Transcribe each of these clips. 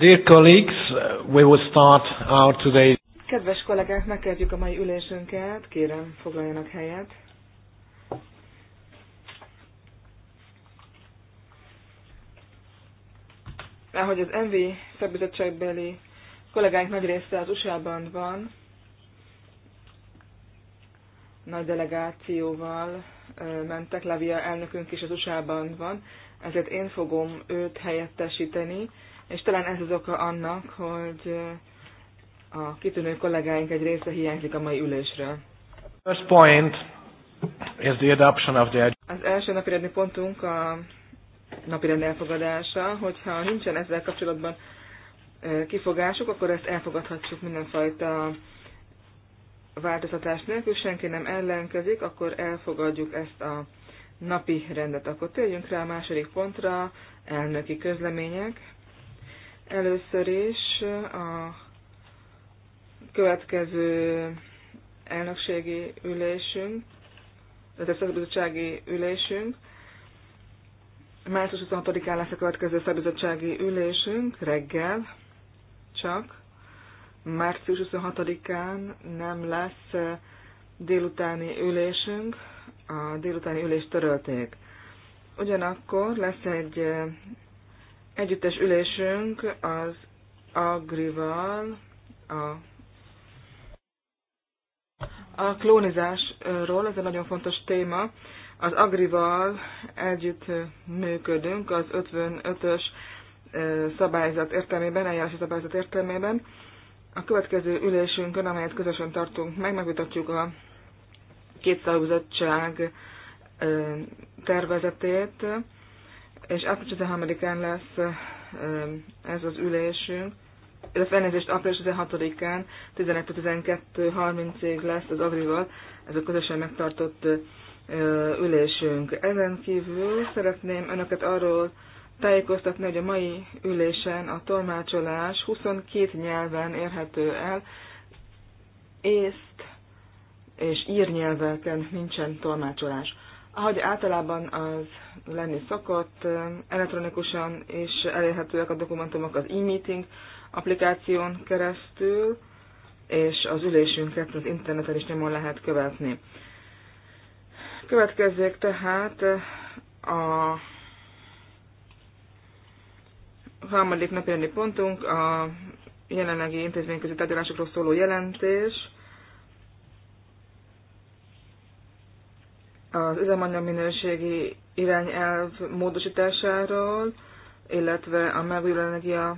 Dear colleagues, we will start our today. Kedves kollégák, megkezdjük a mai ülésünket. Kérem, foglaljanak helyet. Ahogy az MV szakbizottságbeli kollégáink nagy része az USA-ban van, nagy delegációval mentek, Lavia elnökünk is az USA-ban van, ezért én fogom őt helyettesíteni és talán ez az oka annak, hogy a kitűnő kollégáink egy része hiányzik a mai ülésről. First point is the adoption of the... Az első napirendi pontunk a napirend elfogadása, hogyha nincsen ezzel kapcsolatban kifogásuk, akkor ezt elfogadhatjuk mindenfajta változtatás nélkül, senki nem ellenkezik, akkor elfogadjuk ezt a napi rendet. Akkor térjünk rá a második pontra, elnöki közlemények. Először is a következő elnökségi ülésünk, tehát a szakbizottsági ülésünk, március 26-án lesz a következő szakbizottsági ülésünk, reggel csak. Március 26-án nem lesz eh, délutáni ülésünk, a délutáni ülést törölték. Ugyanakkor lesz egy eh, Együttes ülésünk az Agrival, a, a klónizásról, ez egy nagyon fontos téma. Az Agrival együtt működünk az 55-ös szabályzat értelmében, eljárási szabályzat értelmében. A következő ülésünkön, amelyet közösen tartunk meg, megvitatjuk a két tervezetét, és április 13-án lesz ez az ülésünk, illetve elnézést április 16-án 11-12.30-ig lesz az Agrival, ez a közösen megtartott ülésünk. Ezen kívül szeretném önöket arról tájékoztatni, hogy a mai ülésen a tolmácsolás 22 nyelven érhető el, észt és írnyelveken nincsen tolmácsolás ahogy általában az lenni szokott, elektronikusan is elérhetőek a dokumentumok az e-meeting applikáción keresztül, és az ülésünket az interneten is nyomon lehet követni. Következzék tehát a harmadik napi pontunk, a jelenlegi intézményközi tárgyalásokról szóló jelentés, az üzemanyag minőségi irányelv módosításáról, illetve a megújuló energia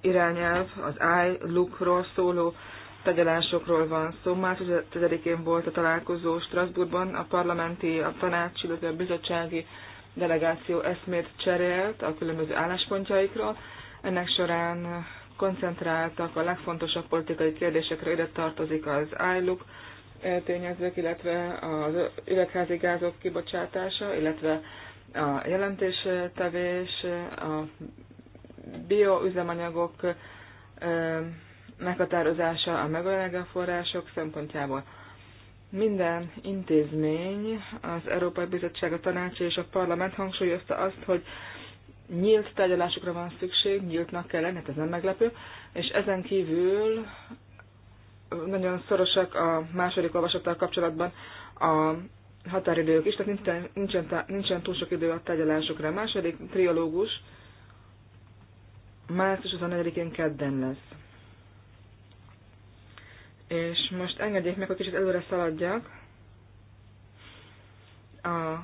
irányelv, az look ról szóló tegyelásokról van szó. Már 10-én volt a találkozó Strasbourgban, a parlamenti, a tanács, illetve a bizottsági delegáció eszmét cserélt a különböző álláspontjaikról. Ennek során koncentráltak a legfontosabb politikai kérdésekre, ide tartozik az AI/look tényezők, illetve az üvegházi gázok kibocsátása, illetve a jelentéstevés, a bioüzemanyagok meghatározása a megújuló források szempontjából. Minden intézmény, az Európai Bizottság, a Tanács és a Parlament hangsúlyozta azt, hogy nyílt tárgyalásokra van szükség, nyíltnak kell lenni, hát ez nem meglepő, és ezen kívül nagyon szorosak a második olvasattal kapcsolatban a határidők is, tehát nincsen, nincsen, nincsen túl sok idő a tárgyalásokra. A második triológus március 24-én kedden lesz. És most engedjék meg, hogy kicsit előre szaladjak. A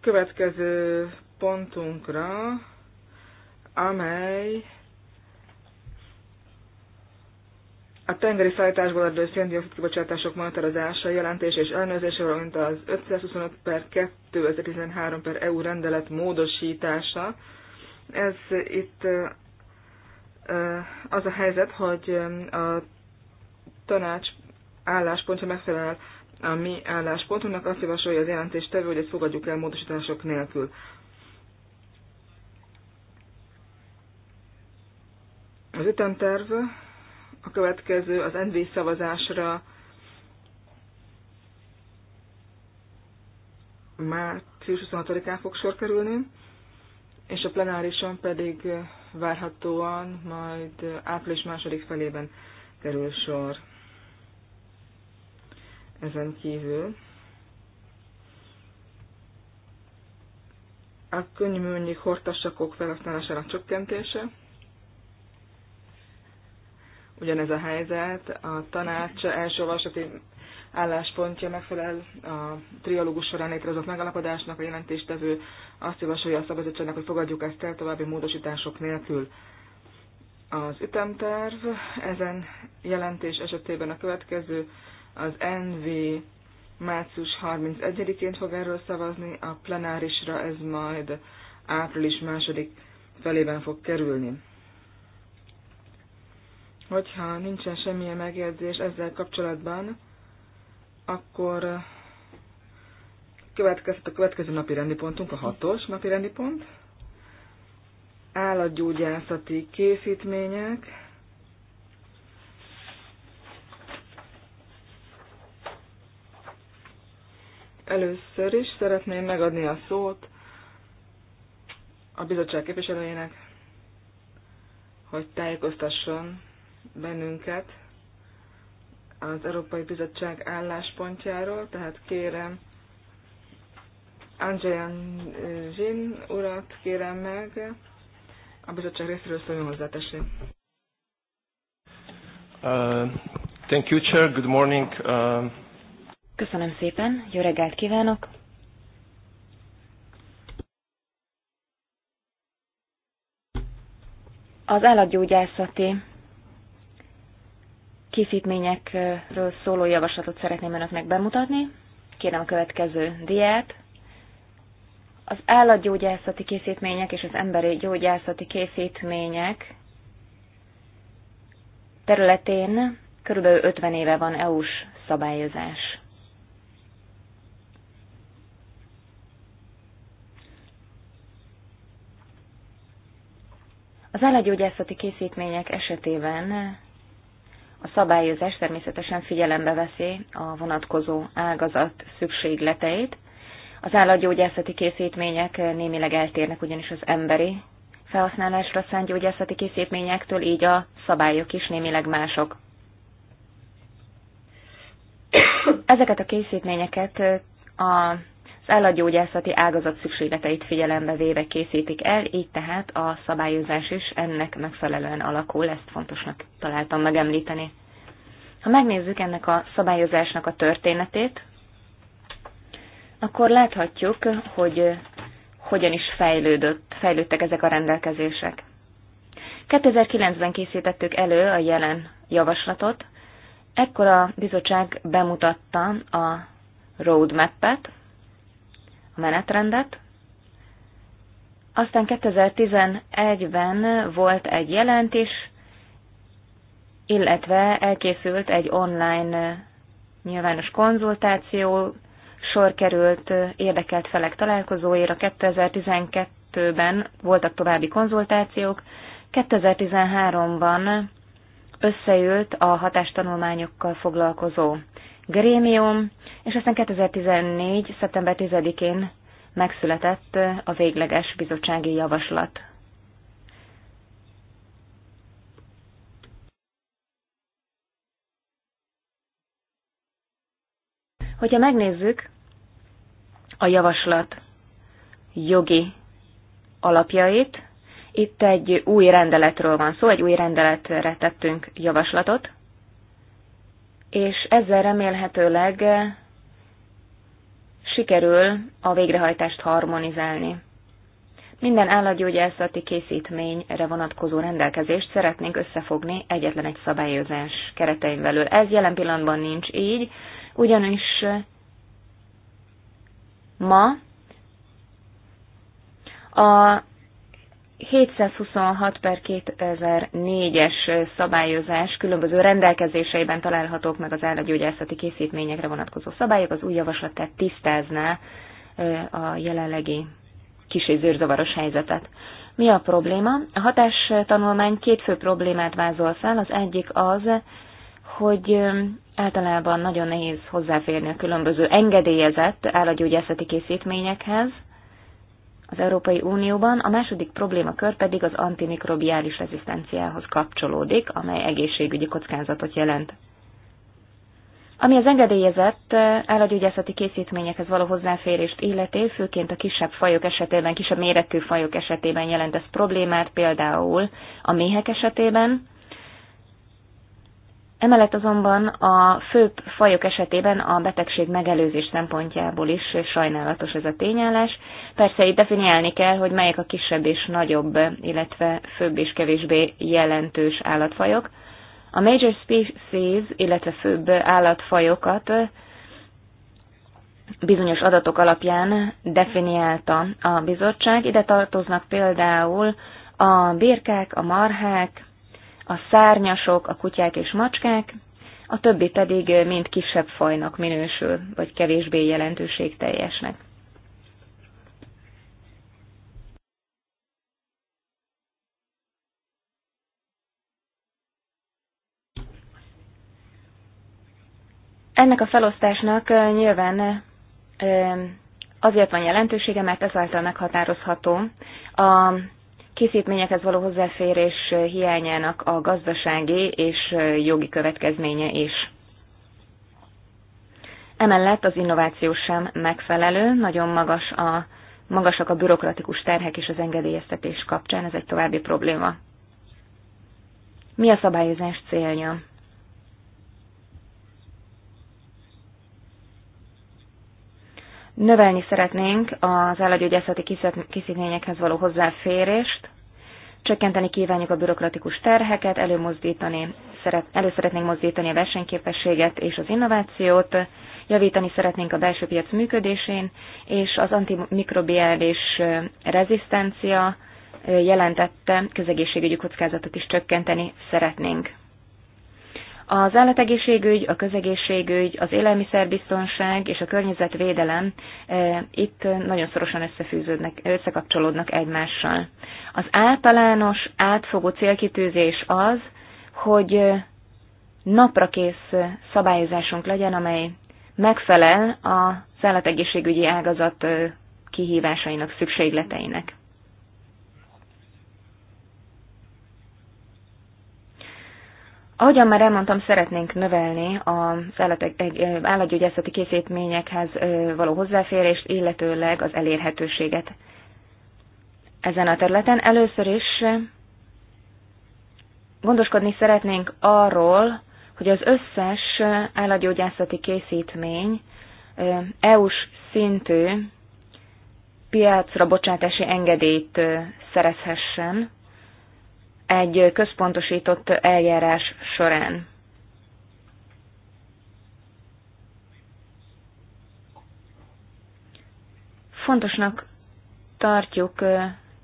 következő pontunkra, amely a tengeri szállításból adó széndiokszid kibocsátások monitorozása, jelentése és ellenőrzése, valamint az 525 per 2013 per EU rendelet módosítása. Ez itt az a helyzet, hogy a tanács álláspontja megfelel a mi álláspontunknak, azt javasolja az tevő, hogy ezt fogadjuk el módosítások nélkül. Az ütemterv a következő az NV szavazásra március 26-án fog sor kerülni, és a plenárison pedig várhatóan majd április második felében kerül sor. Ezen kívül a könnyű műanyag hortassakok felhasználásának csökkentése, ugyanez a helyzet. A tanács első olvasati álláspontja megfelel a trialógus során létrehozott megalapodásnak, a jelentéstevő azt javasolja a szabadítsanak, hogy fogadjuk ezt el további módosítások nélkül. Az ütemterv ezen jelentés esetében a következő, az NV március 31-én fog erről szavazni, a plenárisra ez majd április második felében fog kerülni. Hogyha nincsen semmilyen megjegyzés ezzel kapcsolatban, akkor következett a következő napi rendi pontunk, a hatos napi rendi pont. Állatgyógyászati készítmények. Először is szeretném megadni a szót a bizottság képviselőjének, hogy tájékoztasson bennünket az Európai Bizottság álláspontjáról, tehát kérem Andrzejan Zsin urat kérem meg, a bizottság részéről szóljon hozzá, tessék. Uh, thank you, Chair. Good morning. Uh... Köszönöm szépen. Jó reggelt kívánok. Az állatgyógyászati készítményekről szóló javaslatot szeretném önöknek bemutatni. Kérem a következő diát. Az állatgyógyászati készítmények és az emberi gyógyászati készítmények területén körülbelül 50 éve van EU-s szabályozás. Az állatgyógyászati készítmények esetében a szabályozás természetesen figyelembe veszi a vonatkozó ágazat szükségleteit. Az állatgyógyászati készítmények némileg eltérnek ugyanis az emberi felhasználásra szánt gyógyászati készítményektől, így a szabályok is némileg mások. Ezeket a készítményeket a állatgyógyászati ágazat szükségleteit figyelembe véve készítik el, így tehát a szabályozás is ennek megfelelően alakul, ezt fontosnak találtam megemlíteni. Ha megnézzük ennek a szabályozásnak a történetét, akkor láthatjuk, hogy hogyan is fejlődött, fejlődtek ezek a rendelkezések. 2009-ben készítettük elő a jelen javaslatot, ekkor a bizottság bemutatta a roadmap-et, menetrendet. Aztán 2011-ben volt egy jelentés, illetve elkészült egy online nyilvános konzultáció, sor került érdekelt felek találkozóira. 2012-ben voltak további konzultációk, 2013-ban összeült a hatástanulmányokkal foglalkozó grémium, és aztán 2014. szeptember 10-én megszületett a végleges bizottsági javaslat. Hogyha megnézzük a javaslat jogi alapjait, itt egy új rendeletről van szó, egy új rendeletre tettünk javaslatot, és ezzel remélhetőleg eh, sikerül a végrehajtást harmonizálni. Minden állatgyógyászati készítményre vonatkozó rendelkezést szeretnénk összefogni egyetlen egy szabályozás keretein belül. Ez jelen pillanatban nincs így, ugyanis eh, ma a 726 per 2004-es szabályozás különböző rendelkezéseiben találhatók meg az állatgyógyászati készítményekre vonatkozó szabályok. Az új javaslat tehát tisztázná a jelenlegi kis és zűrzavaros helyzetet. Mi a probléma? A hatástanulmány két fő problémát vázol fel. Az egyik az, hogy általában nagyon nehéz hozzáférni a különböző engedélyezett állatgyógyászati készítményekhez, az Európai Unióban, a második problémakör pedig az antimikrobiális rezisztenciához kapcsolódik, amely egészségügyi kockázatot jelent. Ami az engedélyezett állatgyógyászati eh, készítményekhez való hozzáférést illeti, főként a kisebb fajok esetében, kisebb méretű fajok esetében jelent ez problémát, például a méhek esetében, Emellett azonban a főbb fajok esetében a betegség megelőzés szempontjából is sajnálatos ez a tényállás. Persze itt definiálni kell, hogy melyek a kisebb és nagyobb, illetve főbb és kevésbé jelentős állatfajok. A major species, illetve főbb állatfajokat bizonyos adatok alapján definiálta a bizottság. Ide tartoznak például a birkák, a marhák, a szárnyasok, a kutyák és macskák, a többi pedig mind kisebb fajnak minősül, vagy kevésbé teljesnek. Ennek a felosztásnak nyilván azért van jelentősége, mert ezáltal meghatározható a készítményekhez való hozzáférés hiányának a gazdasági és jogi következménye is. Emellett az innováció sem megfelelő, nagyon magas a, magasak a bürokratikus terhek és az engedélyeztetés kapcsán, ez egy további probléma. Mi a szabályozás célja? Növelni szeretnénk az állatgyógyászati készítményekhez való hozzáférést, csökkenteni kívánjuk a bürokratikus terheket, előmozdítani, szeret, elő szeretnénk mozdítani a versenyképességet és az innovációt, javítani szeretnénk a belső piac működésén, és az antimikrobiális rezisztencia jelentette közegészségügyi kockázatot is csökkenteni szeretnénk. Az állategészségügy, a közegészségügy, az élelmiszerbiztonság és a környezetvédelem e, itt nagyon szorosan összefűződnek, összekapcsolódnak egymással. Az általános, átfogó célkitűzés az, hogy naprakész szabályozásunk legyen, amely megfelel az állategészségügyi ágazat e, kihívásainak, szükségleteinek. Ahogyan már elmondtam, szeretnénk növelni az állatgyógyászati készítményekhez való hozzáférést, illetőleg az elérhetőséget ezen a területen. Először is gondoskodni szeretnénk arról, hogy az összes állatgyógyászati készítmény EU-s szintű piacra bocsátási engedélyt szerezhessen, egy központosított eljárás során. Fontosnak tartjuk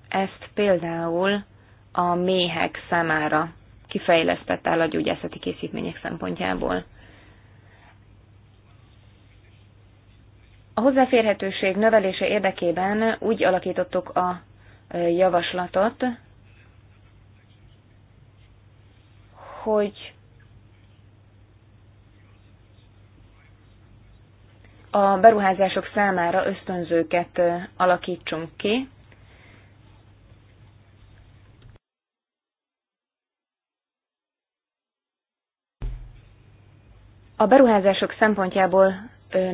ezt például a méhek számára kifejlesztett állatgyógyászati készítmények szempontjából. A hozzáférhetőség növelése érdekében úgy alakítottuk a javaslatot, hogy a beruházások számára ösztönzőket alakítsunk ki. A beruházások szempontjából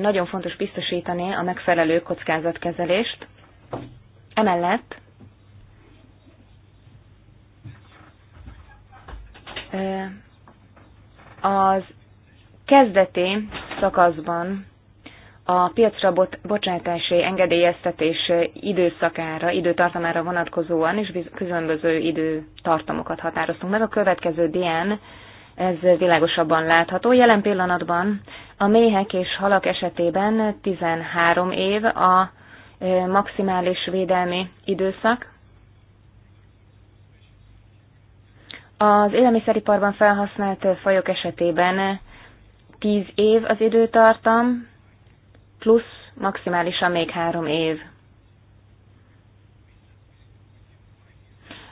nagyon fontos biztosítani a megfelelő kockázatkezelést. Emellett Az kezdeti szakaszban a piacra bot- bocsátási engedélyeztetés időszakára, időtartamára vonatkozóan is különböző időtartamokat határoztunk meg. A következő dián ez világosabban látható. Jelen pillanatban a méhek és halak esetében 13 év a maximális védelmi időszak, Az élelmiszeriparban felhasznált fajok esetében 10 év az időtartam, plusz maximálisan még 3 év.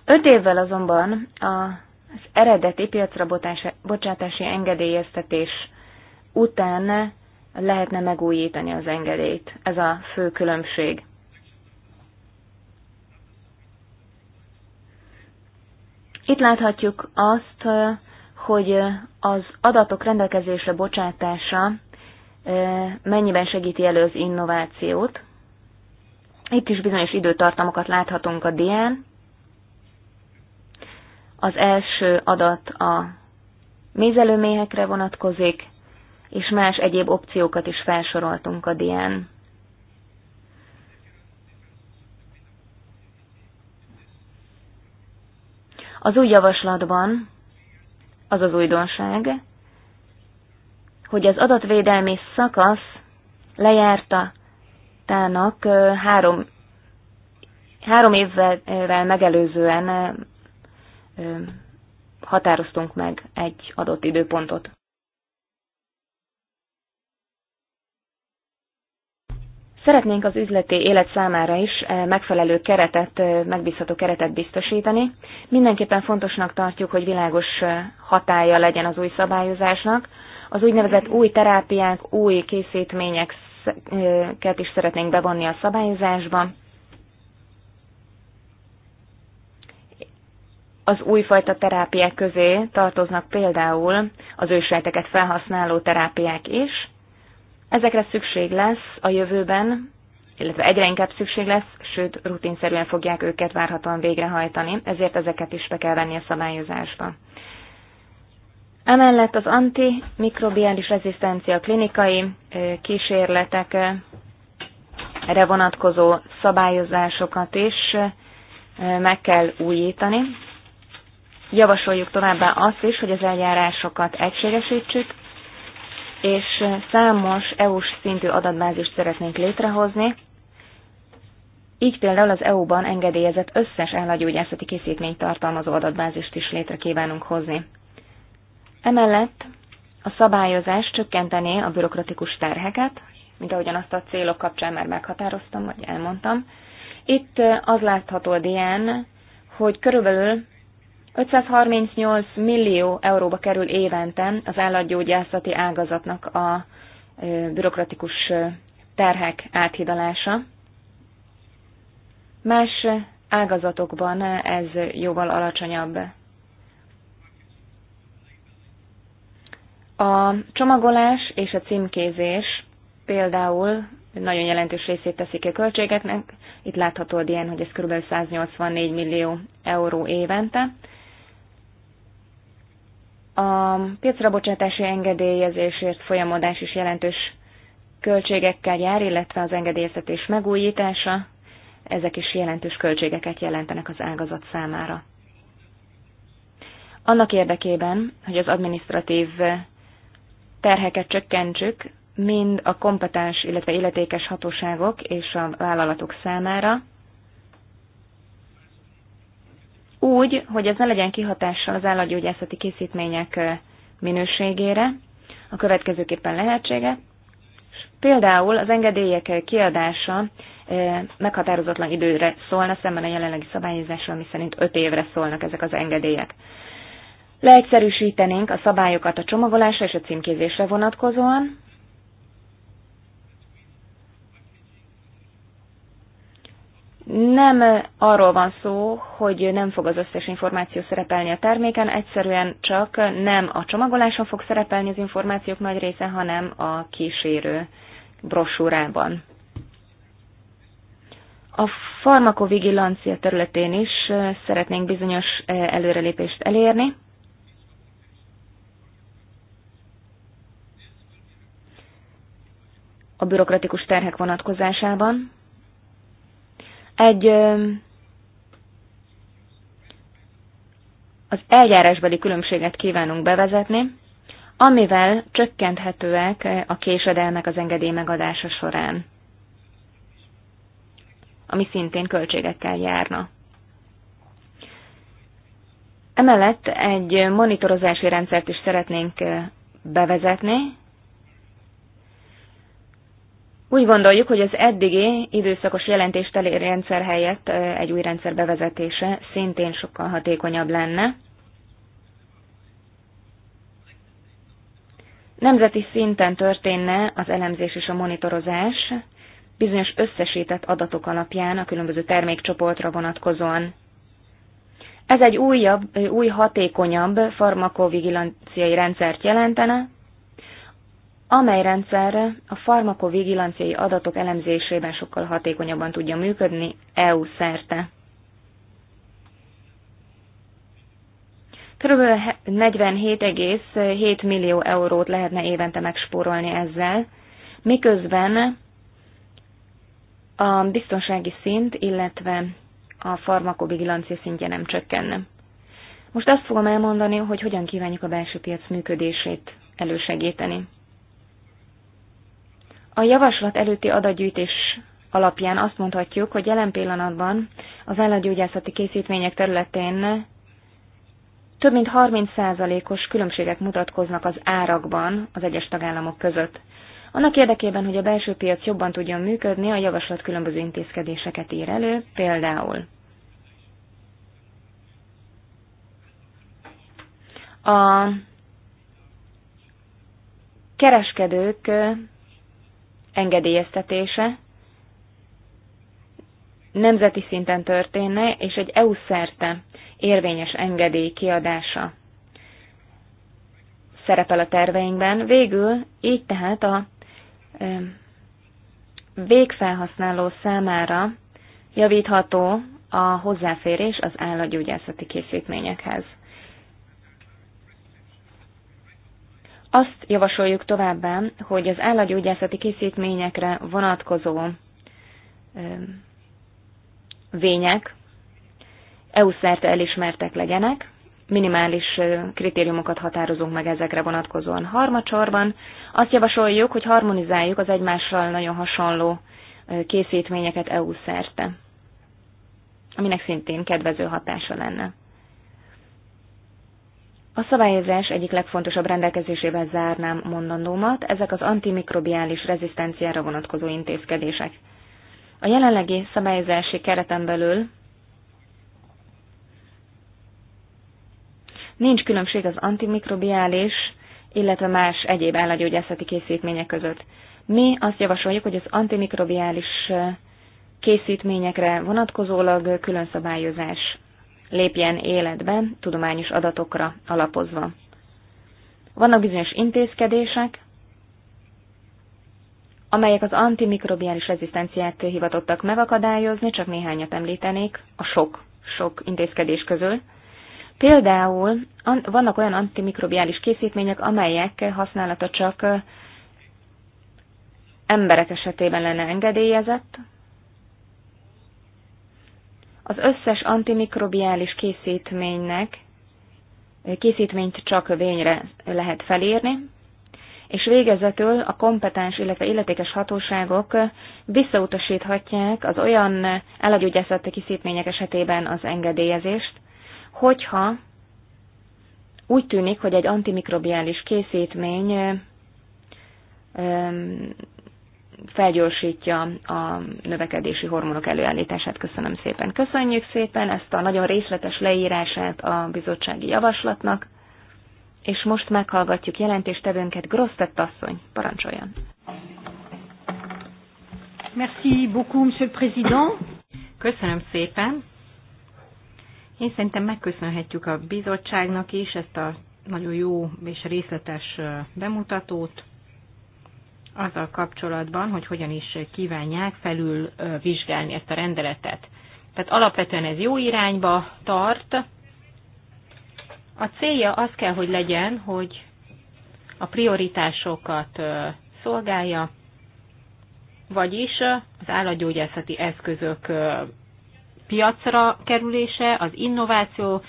5 évvel azonban az eredeti piacra bocsátási engedélyeztetés után lehetne megújítani az engedélyt. Ez a fő különbség. Itt láthatjuk azt, hogy az adatok rendelkezésre bocsátása mennyiben segíti elő az innovációt. Itt is bizonyos időtartamokat láthatunk a dián. Az első adat a mézelőméhekre vonatkozik, és más egyéb opciókat is felsoroltunk a dián. Az új javaslatban az az újdonság, hogy az adatvédelmi szakasz lejárta tának három, három évvel megelőzően határoztunk meg egy adott időpontot. Szeretnénk az üzleti élet számára is eh, megfelelő keretet, eh, megbízható keretet biztosítani. Mindenképpen fontosnak tartjuk, hogy világos eh, hatája legyen az új szabályozásnak. Az úgynevezett új terápiák, új készítményeket is szeretnénk bevonni a szabályozásba. Az újfajta terápiák közé tartoznak például az őseleteket felhasználó terápiák is, Ezekre szükség lesz a jövőben, illetve egyre inkább szükség lesz, sőt, rutinszerűen fogják őket várhatóan végrehajtani, ezért ezeket is be kell venni a szabályozásba. Emellett az antimikrobiális rezisztencia klinikai kísérletekre vonatkozó szabályozásokat is meg kell újítani. Javasoljuk továbbá azt is, hogy az eljárásokat egységesítsük, és számos EU-s szintű adatbázist szeretnénk létrehozni, így például az EU-ban engedélyezett összes állatgyógyászati készítményt tartalmazó adatbázist is létre kívánunk hozni. Emellett a szabályozás csökkentené a bürokratikus terheket, mint ahogyan azt a célok kapcsán már meghatároztam, vagy elmondtam. Itt az látható a DN, hogy körülbelül 538 millió euróba kerül évente az állatgyógyászati ágazatnak a bürokratikus terhek áthidalása. Más ágazatokban ez jóval alacsonyabb. A csomagolás és a címkézés például nagyon jelentős részét teszik a költségeknek. Itt látható ilyen, hogy ez kb. 184 millió euró évente. A piacra bocsátási engedélyezésért folyamodás is jelentős költségekkel jár, illetve az és megújítása, ezek is jelentős költségeket jelentenek az ágazat számára. Annak érdekében, hogy az administratív terheket csökkentsük, mind a kompetens, illetve illetékes hatóságok és a vállalatok számára, úgy, hogy ez ne legyen kihatással az állatgyógyászati készítmények minőségére, a következőképpen lehetséges. Például az engedélyek kiadása meghatározatlan időre szólna, szemben a jelenlegi szabályozással, ami szerint 5 évre szólnak ezek az engedélyek. Leegyszerűsítenénk a szabályokat a csomagolásra és a címkézésre vonatkozóan, nem arról van szó, hogy nem fog az összes információ szerepelni a terméken, egyszerűen csak nem a csomagoláson fog szerepelni az információk nagy része, hanem a kísérő brosúrában. A farmakovigilancia területén is eh, szeretnénk bizonyos eh, előrelépést elérni. A bürokratikus terhek vonatkozásában. Egy az eljárásbeli különbséget kívánunk bevezetni, amivel csökkenthetőek a késedelmek az engedély megadása során, ami szintén költségekkel járna. Emellett egy monitorozási rendszert is szeretnénk bevezetni, úgy gondoljuk, hogy az eddigi időszakos jelentésteli rendszer helyett egy új rendszer bevezetése szintén sokkal hatékonyabb lenne. Nemzeti szinten történne az elemzés és a monitorozás bizonyos összesített adatok alapján a különböző termékcsoportra vonatkozóan. Ez egy újabb, új hatékonyabb farmakovigilanciai rendszert jelentene, amely rendszerre a farmakovigilanciai adatok elemzésében sokkal hatékonyabban tudja működni EU szerte. Körülbelül 47,7 millió eurót lehetne évente megspórolni ezzel, miközben a biztonsági szint, illetve a farmakovigilancia szintje nem csökkenne. Most azt fogom elmondani, hogy hogyan kívánjuk a belső piac működését elősegíteni. A javaslat előtti adatgyűjtés alapján azt mondhatjuk, hogy jelen pillanatban az állatgyógyászati készítmények területén több mint 30%-os különbségek mutatkoznak az árakban az egyes tagállamok között. Annak érdekében, hogy a belső piac jobban tudjon működni, a javaslat különböző intézkedéseket ír elő, például a kereskedők engedélyeztetése nemzeti szinten történne, és egy EU szerte érvényes engedély kiadása szerepel a terveinkben. Végül így tehát a végfelhasználó számára javítható a hozzáférés az állatgyógyászati készítményekhez. Azt javasoljuk továbbá, hogy az állatgyógyászati készítményekre vonatkozó vények EU-szerte elismertek legyenek, minimális kritériumokat határozunk meg ezekre vonatkozóan harmacsorban. Azt javasoljuk, hogy harmonizáljuk az egymással nagyon hasonló készítményeket EU-szerte, aminek szintén kedvező hatása lenne. A szabályozás egyik legfontosabb rendelkezésével zárnám mondandómat, ezek az antimikrobiális rezisztenciára vonatkozó intézkedések. A jelenlegi szabályozási kereten belül nincs különbség az antimikrobiális, illetve más egyéb állagyógyászati készítmények között. Mi azt javasoljuk, hogy az antimikrobiális készítményekre vonatkozólag külön szabályozás lépjen életbe, tudományos adatokra alapozva. Vannak bizonyos intézkedések, amelyek az antimikrobiális rezisztenciát hivatottak megakadályozni, csak néhányat említenék a sok-sok intézkedés közül. Például vannak olyan antimikrobiális készítmények, amelyek használata csak emberek esetében lenne engedélyezett, az összes antimikrobiális készítménynek készítményt csak vényre lehet felírni, és végezetül a kompetens, illetve illetékes hatóságok visszautasíthatják az olyan elegyógyászati készítmények esetében az engedélyezést, hogyha úgy tűnik, hogy egy antimikrobiális készítmény felgyorsítja a növekedési hormonok előállítását. Köszönöm szépen. Köszönjük szépen ezt a nagyon részletes leírását a bizottsági javaslatnak, és most meghallgatjuk jelentéstevőnket, Grosztett asszony, parancsoljon. Merci beaucoup, monsieur le président. Köszönöm szépen. Én szerintem megköszönhetjük a bizottságnak is ezt a nagyon jó és részletes bemutatót azzal kapcsolatban, hogy hogyan is kívánják felül vizsgálni ezt a rendeletet. Tehát alapvetően ez jó irányba tart. A célja az kell, hogy legyen, hogy a prioritásokat szolgálja, vagyis az állatgyógyászati eszközök piacra kerülése, az innováció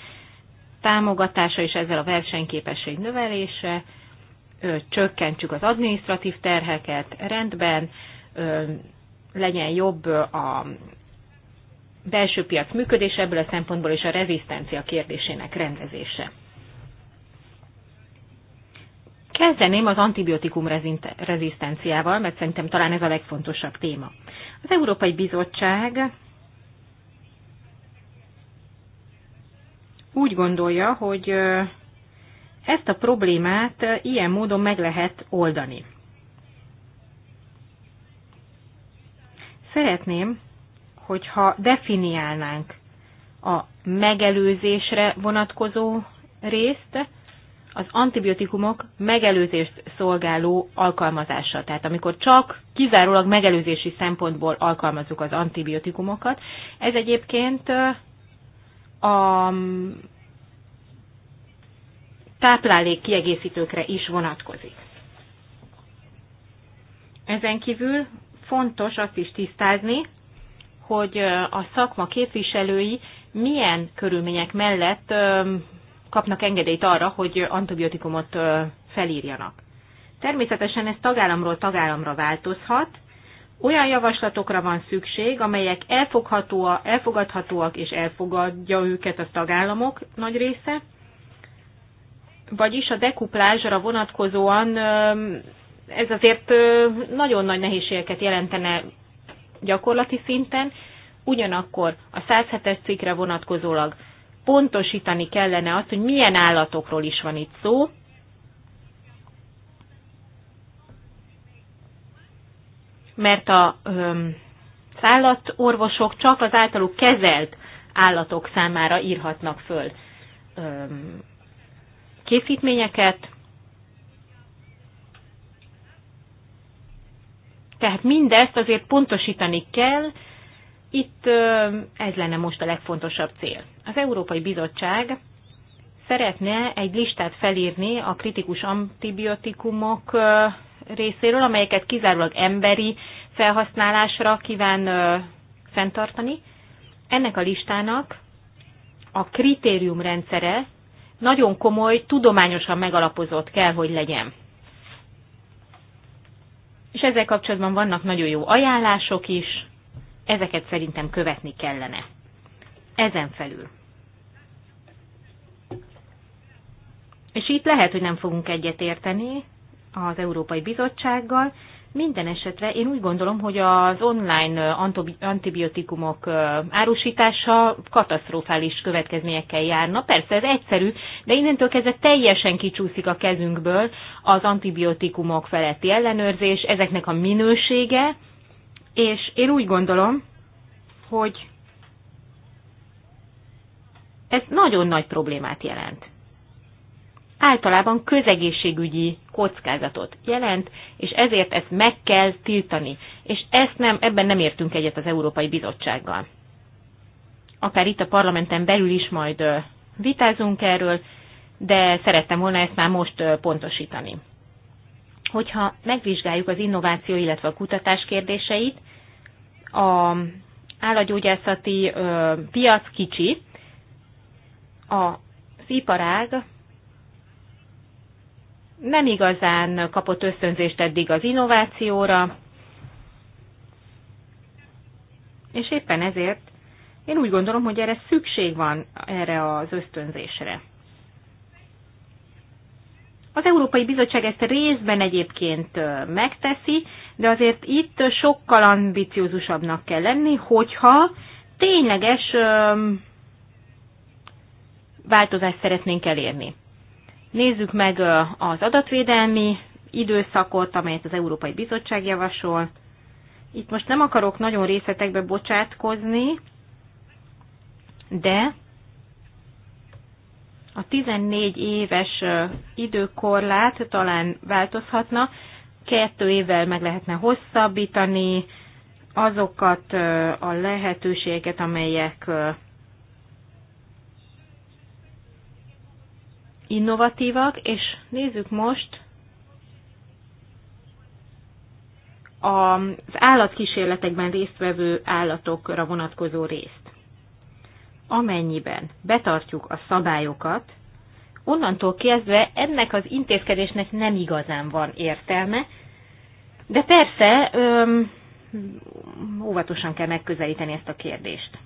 támogatása és ezzel a versenyképesség növelése, csökkentsük az adminisztratív terheket, rendben, legyen jobb a belső piac működés ebből a szempontból is a rezisztencia kérdésének rendezése. Kezdeném az antibiotikum rezisztenciával, mert szerintem talán ez a legfontosabb téma. Az Európai Bizottság úgy gondolja, hogy ezt a problémát eh, ilyen módon meg lehet oldani. Szeretném, hogyha definiálnánk a megelőzésre vonatkozó részt, az antibiotikumok megelőzést szolgáló alkalmazása. Tehát amikor csak kizárólag megelőzési szempontból alkalmazzuk az antibiotikumokat, ez egyébként eh, a táplálék kiegészítőkre is vonatkozik. Ezen kívül fontos azt is tisztázni, hogy a szakma képviselői milyen körülmények mellett kapnak engedélyt arra, hogy antibiotikumot felírjanak. Természetesen ez tagállamról tagállamra változhat. Olyan javaslatokra van szükség, amelyek elfogadhatóak és elfogadja őket a tagállamok nagy része, vagyis a dekuplázsra vonatkozóan ez azért nagyon nagy nehézségeket jelentene gyakorlati szinten, ugyanakkor a 107-es cikkre vonatkozólag pontosítani kellene azt, hogy milyen állatokról is van itt szó, mert a szállatorvosok csak az általuk kezelt állatok számára írhatnak föl öm, készítményeket, tehát mindezt azért pontosítani kell, itt ez lenne most a legfontosabb cél. Az Európai Bizottság szeretne egy listát felírni a kritikus antibiotikumok részéről, amelyeket kizárólag emberi felhasználásra kíván fenntartani. Ennek a listának a kritériumrendszere nagyon komoly, tudományosan megalapozott kell, hogy legyen. És ezzel kapcsolatban vannak nagyon jó ajánlások is, ezeket szerintem követni kellene. Ezen felül. És itt lehet, hogy nem fogunk egyetérteni az Európai Bizottsággal, minden esetre én úgy gondolom, hogy az online antibiotikumok árusítása katasztrofális következményekkel járna. Persze ez egyszerű, de innentől kezdve teljesen kicsúszik a kezünkből az antibiotikumok feletti ellenőrzés, ezeknek a minősége, és én úgy gondolom, hogy ez nagyon nagy problémát jelent általában közegészségügyi kockázatot jelent, és ezért ezt meg kell tiltani. És ezt nem, ebben nem értünk egyet az Európai Bizottsággal. Akár itt a parlamenten belül is majd vitázunk erről, de szerettem volna ezt már most pontosítani. Hogyha megvizsgáljuk az innováció, illetve a kutatás kérdéseit, a állagyógyászati piac kicsi, a iparág nem igazán kapott ösztönzést eddig az innovációra, és éppen ezért én úgy gondolom, hogy erre szükség van erre az ösztönzésre. Az Európai Bizottság ezt részben egyébként megteszi, de azért itt sokkal ambiciózusabbnak kell lenni, hogyha tényleges változást szeretnénk elérni. Nézzük meg az adatvédelmi időszakot, amelyet az Európai Bizottság javasol. Itt most nem akarok nagyon részletekbe bocsátkozni, de a 14 éves időkorlát talán változhatna, kettő évvel meg lehetne hosszabbítani azokat a lehetőségeket, amelyek innovatívak, és nézzük most az állatkísérletekben résztvevő állatokra vonatkozó részt. Amennyiben betartjuk a szabályokat, onnantól kezdve ennek az intézkedésnek nem igazán van értelme, de persze öm, óvatosan kell megközelíteni ezt a kérdést.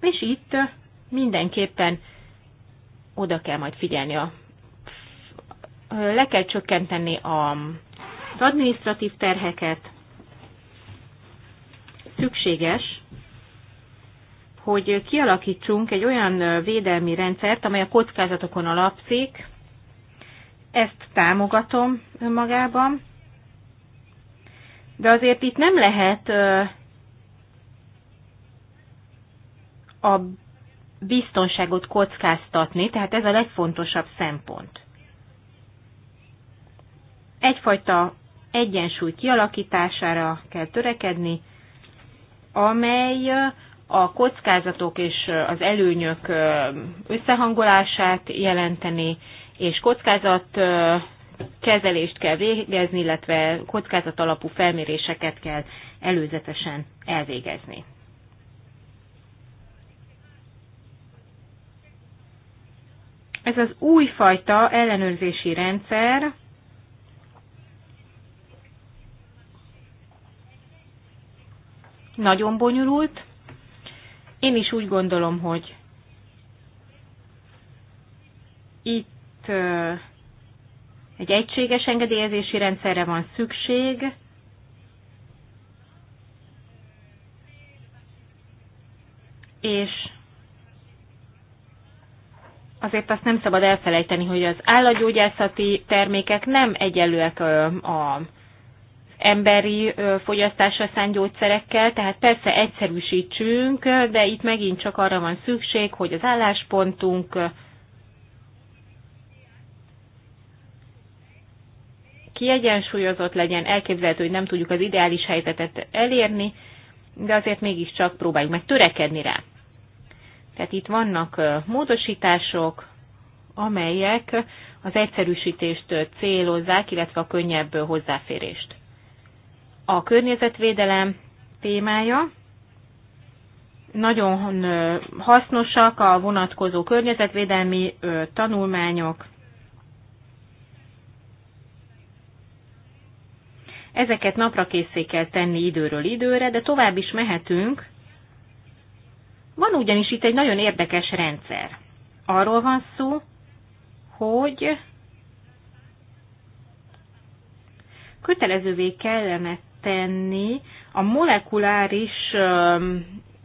És itt mindenképpen oda kell majd figyelni. A, le kell csökkenteni a, az adminisztratív terheket. Szükséges, hogy kialakítsunk egy olyan védelmi rendszert, amely a kockázatokon alapszik. Ezt támogatom önmagában. De azért itt nem lehet a biztonságot kockáztatni, tehát ez a legfontosabb szempont. Egyfajta egyensúly kialakítására kell törekedni, amely a kockázatok és az előnyök összehangolását jelenteni, és kockázat kezelést kell végezni, illetve kockázat alapú felméréseket kell előzetesen elvégezni. Ez az újfajta ellenőrzési rendszer, nagyon bonyolult. Én is úgy gondolom, hogy itt egy egységes engedélyezési rendszerre van szükség, és azért azt nem szabad elfelejteni, hogy az állatgyógyászati termékek nem egyenlőek a emberi fogyasztásra szánt gyógyszerekkel, tehát persze egyszerűsítsünk, de itt megint csak arra van szükség, hogy az álláspontunk kiegyensúlyozott legyen, elképzelhető, hogy nem tudjuk az ideális helyzetet elérni, de azért mégiscsak próbáljuk meg törekedni rá. Tehát itt vannak módosítások, amelyek az egyszerűsítést célozzák, illetve a könnyebb hozzáférést. A környezetvédelem témája nagyon hasznosak a vonatkozó környezetvédelmi tanulmányok. Ezeket napra készé kell tenni időről időre, de tovább is mehetünk, van ugyanis itt egy nagyon érdekes rendszer. Arról van szó, hogy kötelezővé kellene tenni a molekuláris,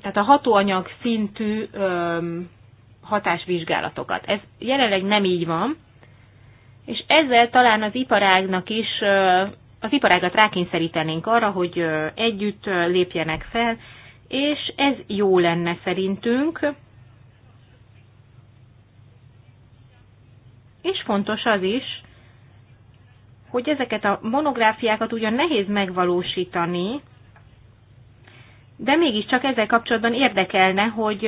tehát a hatóanyag szintű hatásvizsgálatokat. Ez jelenleg nem így van, és ezzel talán az iparágnak is, az iparágat rákényszerítenénk arra, hogy együtt lépjenek fel, és ez jó lenne szerintünk, és fontos az is, hogy ezeket a monográfiákat ugyan nehéz megvalósítani, de mégiscsak ezzel kapcsolatban érdekelne, hogy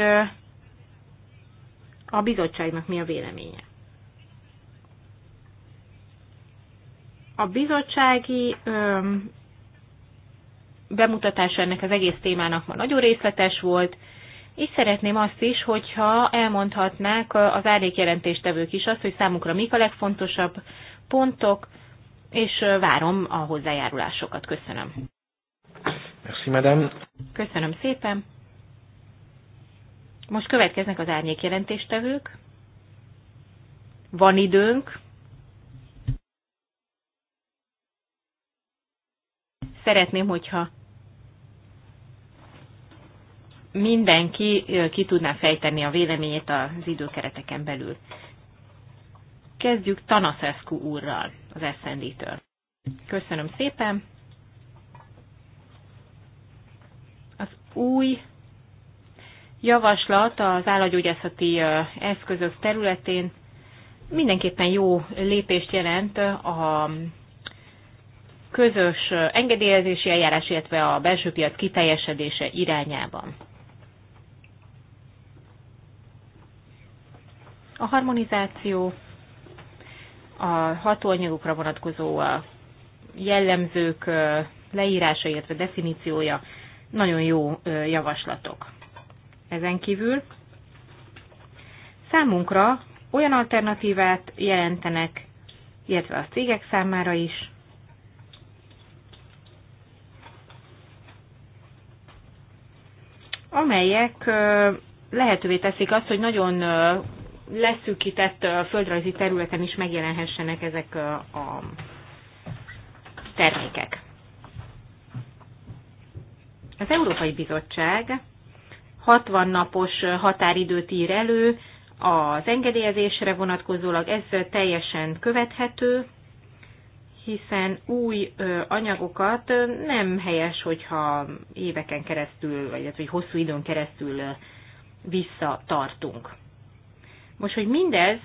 a bizottságnak mi a véleménye. A bizottsági bemutatása ennek az egész témának ma nagyon részletes volt, és szeretném azt is, hogyha elmondhatnák az árnyékjelentéstevők is azt, hogy számukra mik a legfontosabb pontok, és várom a hozzájárulásokat. Köszönöm. Merci, madame. Köszönöm szépen. Most következnek az árnyékjelentéstevők. Van időnk. Szeretném, hogyha mindenki ki tudná fejteni a véleményét az időkereteken belül. Kezdjük Tanaszeszku úrral, az SND-től. Köszönöm szépen. Az új javaslat az állagyógyászati eszközök területén mindenképpen jó lépést jelent a közös engedélyezési eljárás, illetve a belső piac kiteljesedése irányában. A harmonizáció, a hatóanyagokra vonatkozó jellemzők leírása, illetve definíciója nagyon jó javaslatok. Ezen kívül számunkra olyan alternatívát jelentenek, illetve a cégek számára is, amelyek lehetővé teszik azt, hogy nagyon leszűkített földrajzi területen is megjelenhessenek ezek a termékek. Az Európai Bizottság 60 napos határidőt ír elő az engedélyezésre vonatkozólag, ez teljesen követhető, hiszen új anyagokat nem helyes, hogyha éveken keresztül, vagy hogy hosszú időn keresztül visszatartunk. Most, hogy mindez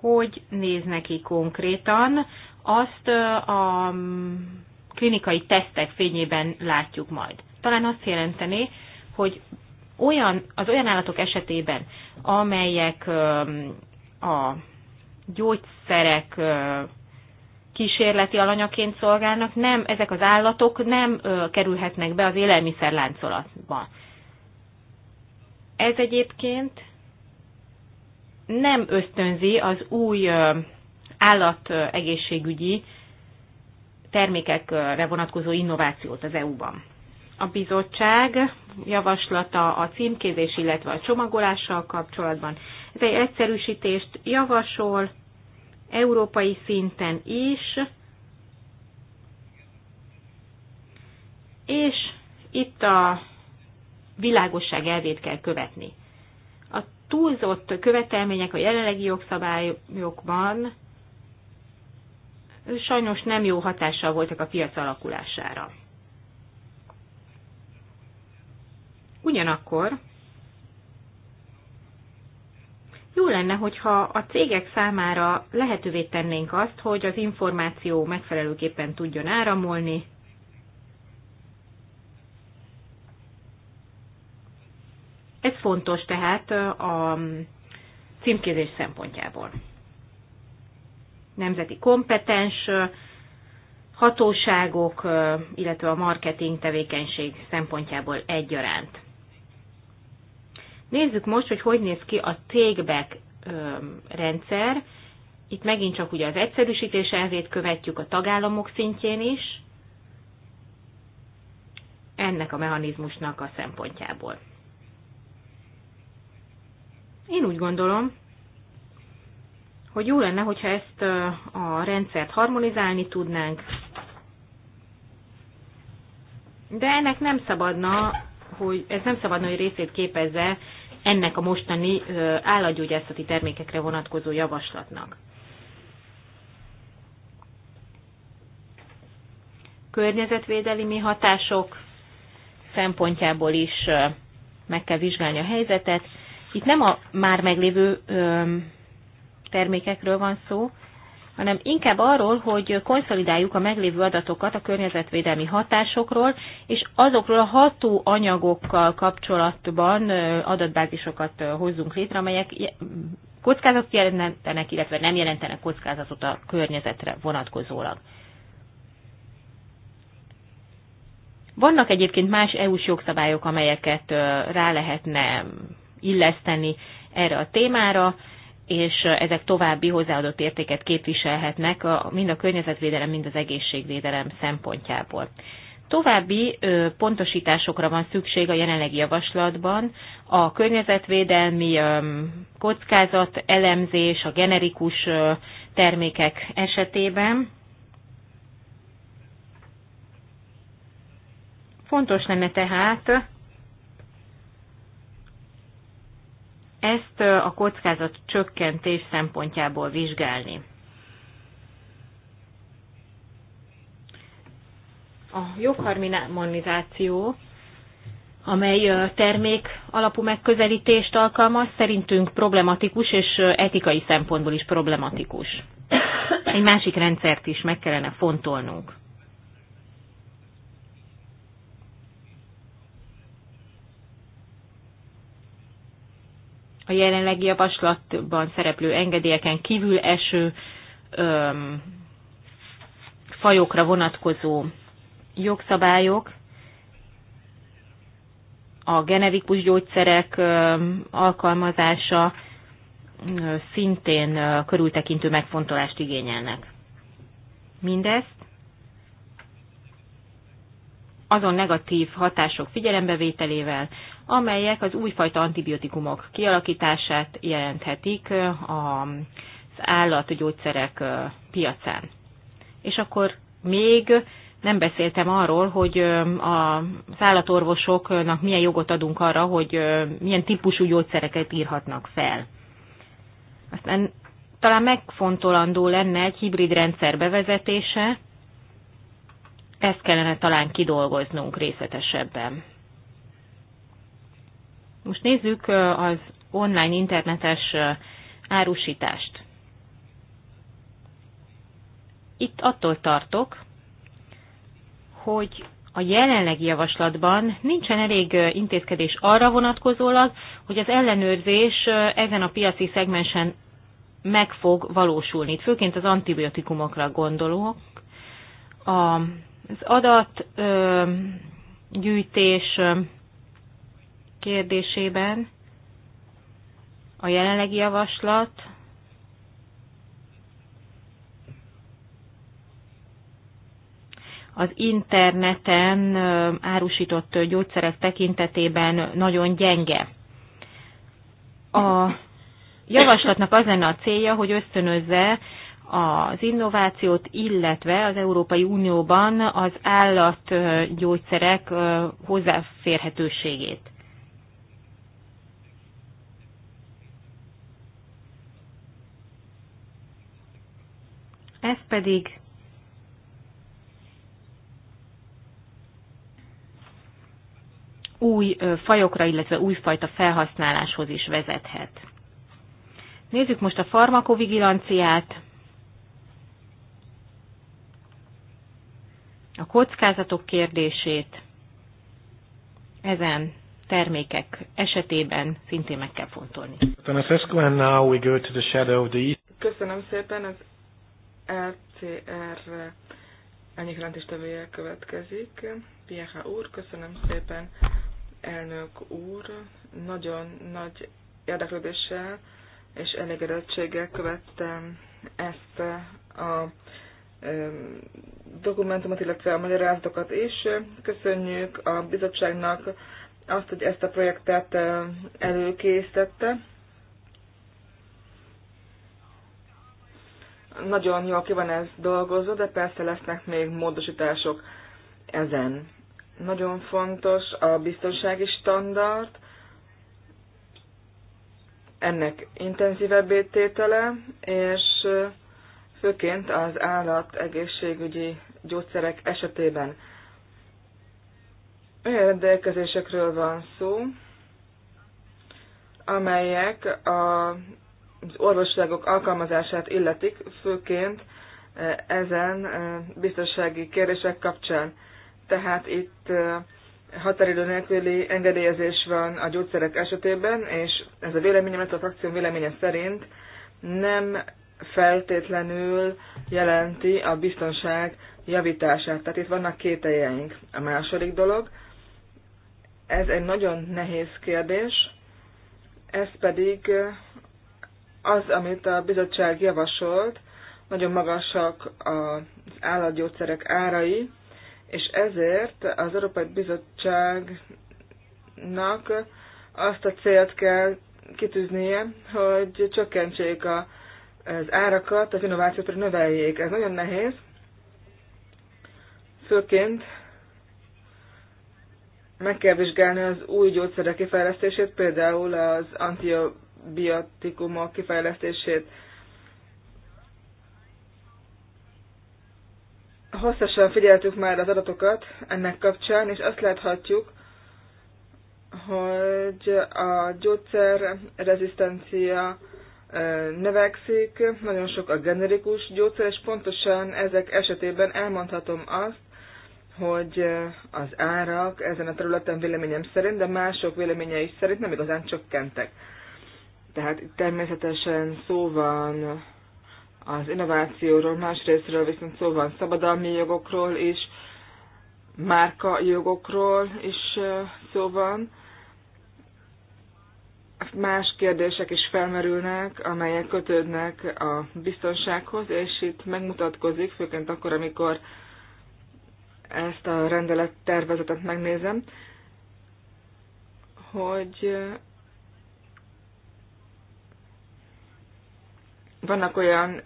hogy néz neki konkrétan, azt a mm, klinikai tesztek fényében látjuk majd. Talán azt jelenteni, hogy olyan, az olyan állatok esetében, amelyek mm, a gyógyszerek kísérleti alanyaként szolgálnak, nem, ezek az állatok nem kerülhetnek be az élelmiszerláncolatba. Ez egyébként nem ösztönzi az új állategészségügyi termékekre vonatkozó innovációt az EU-ban. A bizottság javaslata a címkézés, illetve a csomagolással kapcsolatban. Ez egy egyszerűsítést javasol európai szinten is, és itt a világosság elvét kell követni. A túlzott követelmények a jelenlegi jogszabályokban sajnos nem jó hatással voltak a piac alakulására. Ugyanakkor jó lenne, hogyha a cégek számára lehetővé tennénk azt, hogy az információ megfelelőképpen tudjon áramolni, Ez fontos tehát a címkézés szempontjából. Nemzeti kompetens hatóságok, illetve a marketing tevékenység szempontjából egyaránt. Nézzük most, hogy hogy néz ki a tégbek rendszer. Itt megint csak ugye az egyszerűsítés elvét követjük a tagállamok szintjén is, ennek a mechanizmusnak a szempontjából. Én úgy gondolom, hogy jó lenne, hogyha ezt a rendszert harmonizálni tudnánk, de ennek nem szabadna, hogy ez nem szabadna, hogy részét képezze ennek a mostani állatgyógyászati termékekre vonatkozó javaslatnak. Környezetvédelmi hatások szempontjából is meg kell vizsgálni a helyzetet, itt nem a már meglévő termékekről van szó, hanem inkább arról, hogy konszolidáljuk a meglévő adatokat a környezetvédelmi hatásokról, és azokról a ható anyagokkal kapcsolatban adatbázisokat hozzunk létre, amelyek kockázatot jelentenek, illetve nem jelentenek kockázatot a környezetre vonatkozólag. Vannak egyébként más EU-s jogszabályok, amelyeket rá lehetne illeszteni erre a témára, és ezek további hozzáadott értéket képviselhetnek a, mind a környezetvédelem, mind az egészségvédelem szempontjából. További ö, pontosításokra van szükség a jelenlegi javaslatban. A környezetvédelmi ö, kockázat elemzés a generikus ö, termékek esetében. Fontos lenne tehát ezt a kockázat csökkentés szempontjából vizsgálni. A jogharmonizáció, amely termék alapú megközelítést alkalmaz, szerintünk problematikus és etikai szempontból is problematikus. Egy másik rendszert is meg kellene fontolnunk. a jelenlegi javaslatban szereplő engedélyeken kívül eső öm, fajokra vonatkozó jogszabályok, a generikus gyógyszerek öm, alkalmazása öm, szintén körültekintő megfontolást igényelnek. Mindezt azon negatív hatások figyelembevételével, amelyek az újfajta antibiotikumok kialakítását jelenthetik az állatgyógyszerek piacán. És akkor még nem beszéltem arról, hogy a állatorvosoknak milyen jogot adunk arra, hogy milyen típusú gyógyszereket írhatnak fel. Aztán talán megfontolandó lenne egy hibrid rendszer bevezetése, ezt kellene talán kidolgoznunk részletesebben. Most nézzük az online internetes árusítást. Itt attól tartok, hogy a jelenlegi javaslatban nincsen elég intézkedés arra vonatkozólag, hogy az ellenőrzés ezen a piaci szegmensen meg fog valósulni. Itt főként az antibiotikumokra gondolok. A az adatgyűjtés kérdésében a jelenlegi javaslat az interneten árusított gyógyszerek tekintetében nagyon gyenge. A javaslatnak az lenne a célja, hogy ösztönözze az innovációt, illetve az Európai Unióban az állatgyógyszerek hozzáférhetőségét. Ez pedig új fajokra, illetve újfajta felhasználáshoz is vezethet. Nézzük most a farmakovigilanciát. a kockázatok kérdését ezen termékek esetében szintén meg kell fontolni. Köszönöm szépen, az LCR ennyi jelentéstevője következik. Pieha úr, köszönöm szépen, elnök úr. Nagyon nagy érdeklődéssel és elégedettséggel követtem ezt a dokumentumot, illetve a magyarázatokat is. Köszönjük a bizottságnak azt, hogy ezt a projektet előkészítette. Nagyon jól ki van ez dolgozva, de persze lesznek még módosítások ezen. Nagyon fontos a biztonsági standard, ennek intenzívebb tétele, és főként az állat egészségügyi gyógyszerek esetében. Olyan rendelkezésekről van szó, amelyek a, az orvosságok alkalmazását illetik, főként e, ezen e, biztonsági kérdések kapcsán. Tehát itt e, határidő nélküli engedélyezés van a gyógyszerek esetében, és ez a véleményem, ez a frakció véleménye szerint nem feltétlenül jelenti a biztonság javítását. Tehát itt vannak kételjeink. A második dolog, ez egy nagyon nehéz kérdés, ez pedig az, amit a bizottság javasolt, nagyon magasak az állatgyógyszerek árai, és ezért az Európai Bizottságnak azt a célt kell kitűznie, hogy csökkentsék a az árakat, az innovációt, hogy növeljék. Ez nagyon nehéz, főként meg kell vizsgálni az új gyógyszerek kifejlesztését, például az antibiotikumok kifejlesztését. Hosszasan figyeltük már az adatokat ennek kapcsán, és azt láthatjuk, hogy a gyógyszerrezisztencia növekszik, nagyon sok a generikus gyógyszer, és pontosan ezek esetében elmondhatom azt, hogy az árak ezen a területen véleményem szerint, de mások véleménye is szerint nem igazán csökkentek. Tehát természetesen szó van az innovációról, másrésztről viszont szó van szabadalmi jogokról is, márka jogokról is szó van, más kérdések is felmerülnek, amelyek kötődnek a biztonsághoz, és itt megmutatkozik, főként akkor, amikor ezt a rendelet tervezetet megnézem, hogy vannak olyan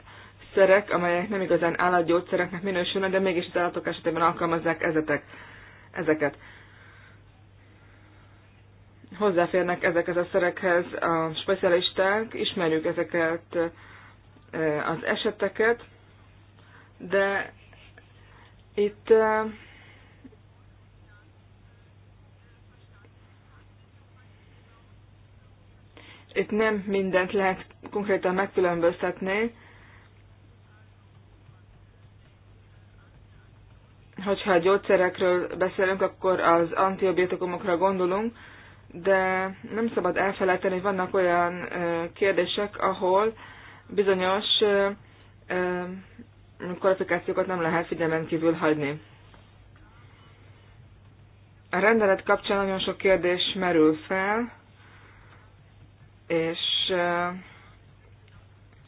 szerek, amelyek nem igazán állatgyógyszereknek minősülnek, de mégis az állatok esetében alkalmazzák ezetek, ezeket hozzáférnek ezekhez a szerekhez a specialisták, ismerjük ezeket az eseteket, de itt itt nem mindent lehet konkrétan megkülönböztetni, hogyha a gyógyszerekről beszélünk, akkor az antibiotikumokra gondolunk, de nem szabad elfelejteni, hogy vannak olyan kérdések, ahol bizonyos kvalifikációkat nem lehet figyelmen kívül hagyni. A rendelet kapcsán nagyon sok kérdés merül fel, és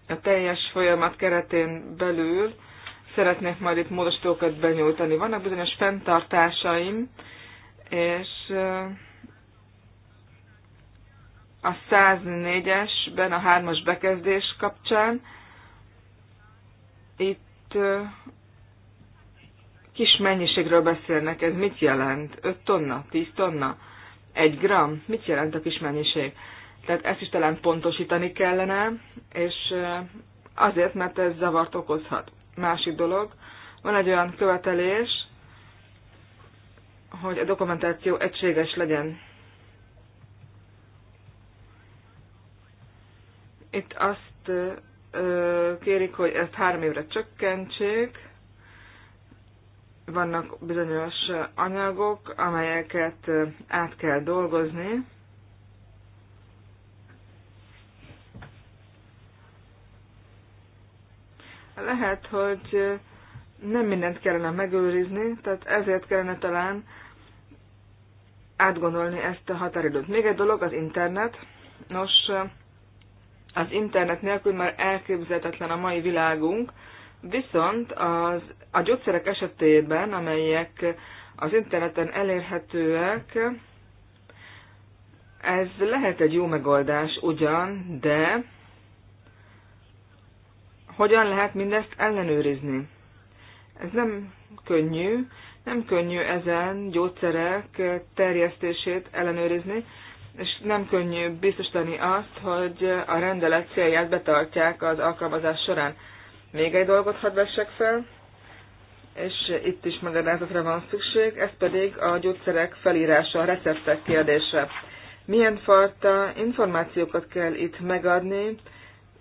a teljes folyamat keretén belül szeretnék majd itt módosítókat benyújtani. Vannak bizonyos fenntartásaim, és a 104-esben a hármas bekezdés kapcsán. Itt kis mennyiségről beszélnek, ez mit jelent? 5 tonna, 10 tonna, 1 gram, mit jelent a kis mennyiség? Tehát ezt is talán pontosítani kellene, és azért, mert ez zavart okozhat. Másik dolog, van egy olyan követelés, hogy a dokumentáció egységes legyen Itt azt kérik, hogy ezt három évre csökkentsék. Vannak bizonyos anyagok, amelyeket át kell dolgozni. Lehet, hogy nem mindent kellene megőrizni, tehát ezért kellene talán átgondolni ezt a határidőt. Még egy dolog, az internet. Nos, az internet nélkül már elképzelhetetlen a mai világunk, viszont az, a gyógyszerek esetében, amelyek az interneten elérhetőek, ez lehet egy jó megoldás ugyan, de hogyan lehet mindezt ellenőrizni? Ez nem könnyű, nem könnyű ezen gyógyszerek terjesztését ellenőrizni, és nem könnyű biztosítani azt, hogy a rendelet célját betartják az alkalmazás során. Még egy dolgot hadd vessek fel, és itt is magyarázatra van szükség, ez pedig a gyógyszerek felírása, a receptek kérdése. Milyen fajta információkat kell itt megadni?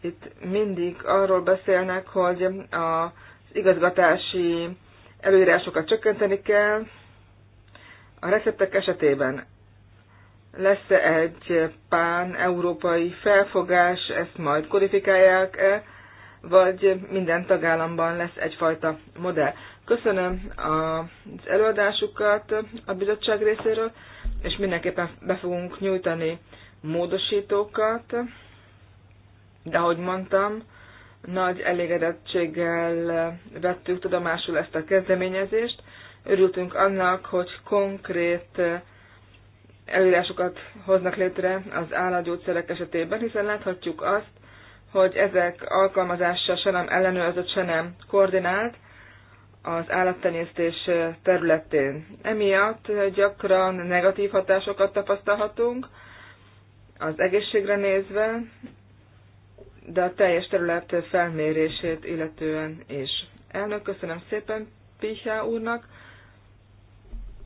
Itt mindig arról beszélnek, hogy az igazgatási előírásokat csökkenteni kell, a receptek esetében lesz -e egy pán-európai felfogás, ezt majd kodifikálják-e, vagy minden tagállamban lesz egyfajta modell. Köszönöm az előadásukat a bizottság részéről, és mindenképpen be fogunk nyújtani módosítókat, de ahogy mondtam, nagy elégedettséggel vettük tudomásul ezt a kezdeményezést. Örültünk annak, hogy konkrét előírásokat hoznak létre az állatgyógyszerek esetében, hiszen láthatjuk azt, hogy ezek alkalmazása se nem ellenőrzött, se nem koordinált az állattenyésztés területén. Emiatt gyakran negatív hatásokat tapasztalhatunk az egészségre nézve, de a teljes terület felmérését illetően is. Elnök, köszönöm szépen Pihá úrnak,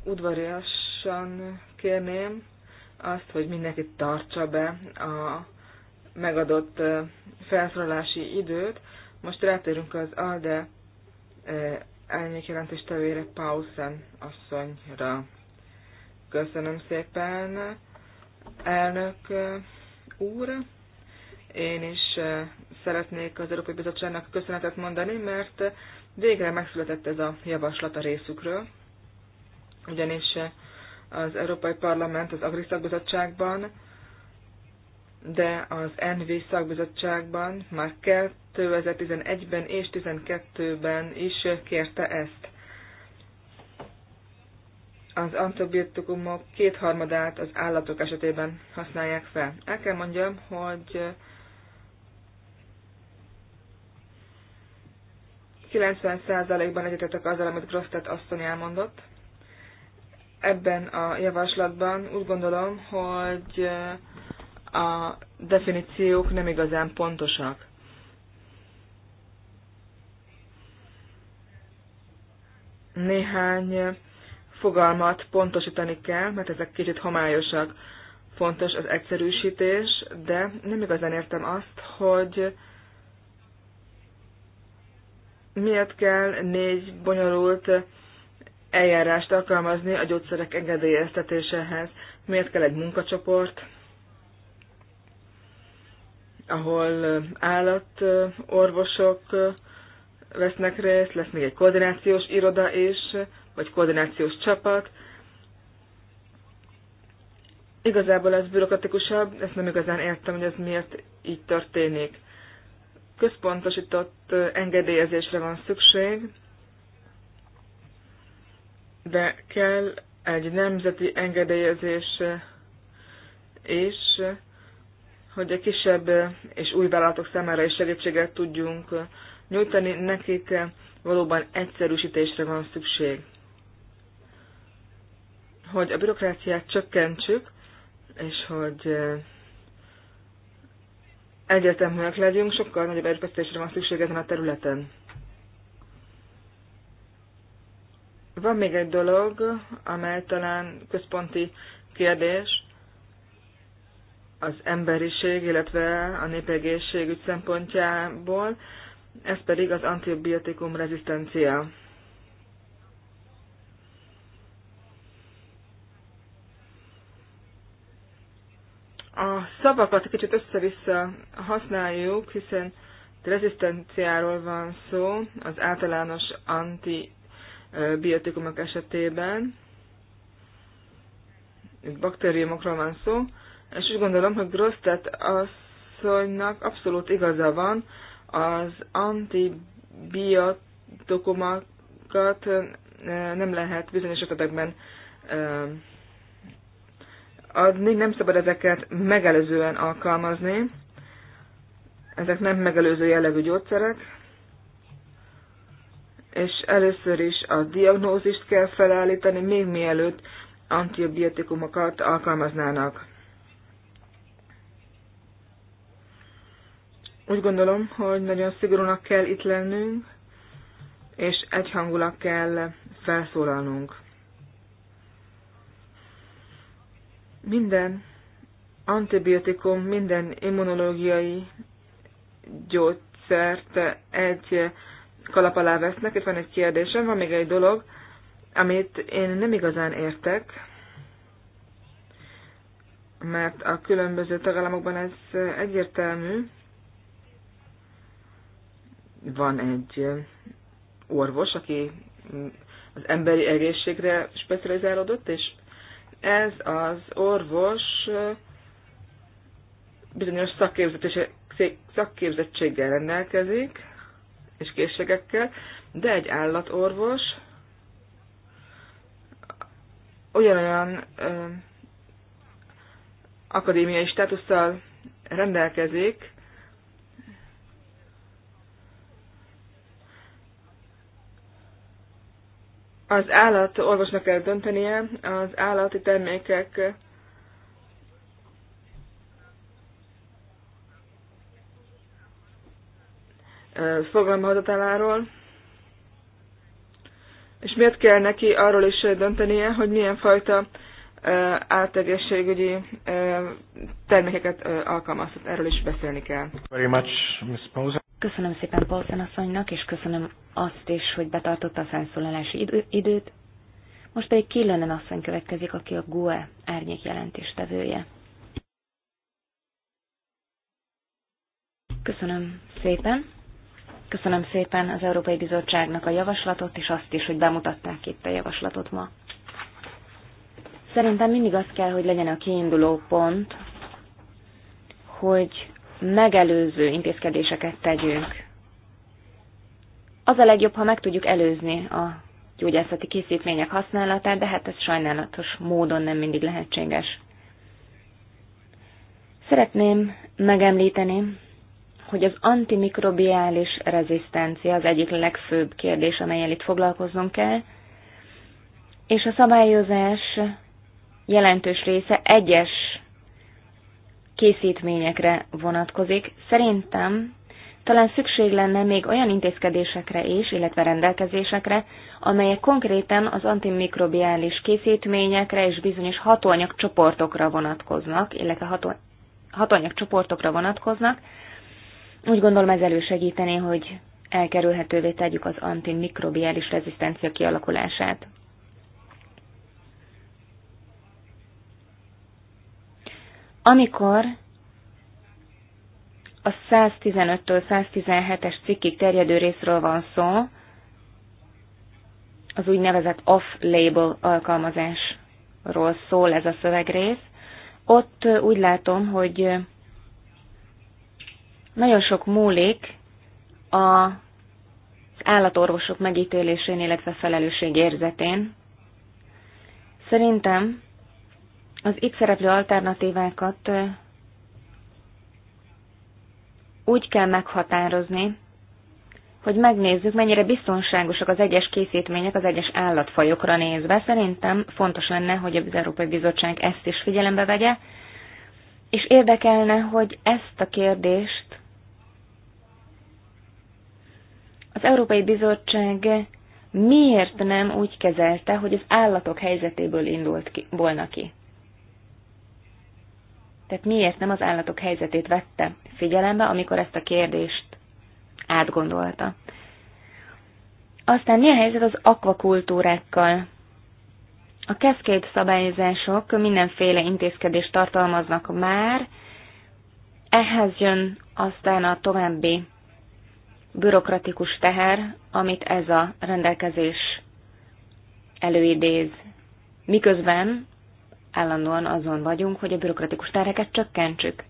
udvariasan kérném azt, hogy mindenki tartsa be a megadott felszólalási időt. Most rátérünk az ALDE tevére Pausen asszonyra. Köszönöm szépen, elnök úr. Én is szeretnék az Európai Bizottságnak köszönetet mondani, mert végre megszületett ez a javaslat a részükről, ugyanis az Európai Parlament az Agri Szakbizottságban, de az NV Szakbizottságban már 2011-ben és 2012-ben is kérte ezt. Az antibiotikumok kétharmadát az állatok esetében használják fel. El kell mondjam, hogy 90%-ban egyetetek azzal, amit Grosztet asszony elmondott, ebben a javaslatban úgy gondolom, hogy eh, a definíciók nem igazán pontosak. Néhány fogalmat pontosítani kell, mert ezek kicsit homályosak. Fontos az egyszerűsítés, de nem igazán értem azt, hogy miért kell négy bonyolult eljárást alkalmazni a gyógyszerek engedélyeztetésehez. Miért kell egy munkacsoport, ahol állatorvosok vesznek részt, lesz még egy koordinációs iroda is, vagy koordinációs csapat. Igazából ez bürokratikusabb, ezt nem igazán értem, hogy ez miért így történik. Központosított engedélyezésre van szükség, de kell egy nemzeti engedélyezés és hogy a kisebb és új vállalatok számára is segítséget tudjunk nyújtani, nekik valóban egyszerűsítésre van szükség. Hogy a bürokráciát csökkentsük, és hogy egyeteműek legyünk, sokkal nagyobb erőfeszítésre van szükség ezen a területen. Van még egy dolog, amely talán központi kérdés, az emberiség, illetve a népegészségügy szempontjából, ez pedig az antibiotikum rezisztencia. a szavakat kicsit össze-vissza használjuk, hiszen rezisztenciáról van szó, az általános anti biotikumok esetében. Itt baktériumokról van szó, és úgy gondolom, hogy Grosztet asszonynak abszolút igaza van, az antibiotikumokat nem lehet bizonyos esetekben adni, nem szabad ezeket megelőzően alkalmazni. Ezek nem megelőző jellegű gyógyszerek, és először is a diagnózist kell felállítani, még mielőtt antibiotikumokat alkalmaznának. Úgy gondolom, hogy nagyon szigorúnak kell itt lennünk, és egyhangulak kell felszólalnunk. Minden antibiotikum, minden immunológiai gyógyszert egy kalap alá vesznek. Itt van egy kérdésem, van még egy dolog, amit én nem igazán értek, mert a különböző tagállamokban ez egyértelmű. Van egy orvos, aki az emberi egészségre specializálódott, és ez az orvos bizonyos szakképzettséggel rendelkezik, és készségekkel, de egy állatorvos ugyanolyan ö, akadémiai státusszal rendelkezik, az állat orvosnak kell döntenie az állati termékek fogalmazataláról, és miért kell neki arról is döntenie, hogy milyen fajta áltegészségügyi termékeket alkalmazhat. Erről is beszélni kell. Köszönöm szépen Paulsen asszonynak, és köszönöm azt is, hogy betartotta a felszólalási időt. Most pedig Killenen asszony következik, aki a GUE árnyék jelentéstevője. Köszönöm szépen. Köszönöm szépen az Európai Bizottságnak a javaslatot, és azt is, hogy bemutatták itt a javaslatot ma. Szerintem mindig az kell, hogy legyen a kiinduló pont, hogy megelőző intézkedéseket tegyünk. Az a legjobb, ha meg tudjuk előzni a gyógyászati készítmények használatát, de hát ez sajnálatos módon nem mindig lehetséges. Szeretném megemlíteni hogy az antimikrobiális rezisztencia az egyik legfőbb kérdés, amelyel itt foglalkoznunk kell, és a szabályozás jelentős része egyes készítményekre vonatkozik. Szerintem talán szükség lenne még olyan intézkedésekre is, illetve rendelkezésekre, amelyek konkrétan az antimikrobiális készítményekre és bizonyos hatóanyagcsoportokra vonatkoznak, illetve hatóanyagcsoportokra vonatkoznak, úgy gondolom ez elősegítené, hogy elkerülhetővé tegyük az antimikrobiális rezisztencia kialakulását. Amikor a 115-től 117-es cikkig terjedő részről van szó, az úgynevezett off-label alkalmazásról szól ez a szövegrész. Ott úgy látom, hogy nagyon sok múlik a állatorvosok megítélésén, illetve érzetén. Szerintem az itt szereplő alternatívákat úgy kell meghatározni, hogy megnézzük, mennyire biztonságosak az egyes készítmények az egyes állatfajokra nézve. Szerintem fontos lenne, hogy az Európai Bizottság ezt is figyelembe vegye, és érdekelne, hogy ezt a kérdést az Európai Bizottság miért nem úgy kezelte, hogy az állatok helyzetéből indult ki, volna ki? Tehát miért nem az állatok helyzetét vette figyelembe, amikor ezt a kérdést átgondolta? Aztán mi a helyzet az akvakultúrákkal? A keszkét szabályozások mindenféle intézkedést tartalmaznak már, ehhez jön aztán a további bürokratikus teher, amit ez a rendelkezés előidéz. Miközben állandóan azon vagyunk, hogy a bürokratikus terheket csökkentsük.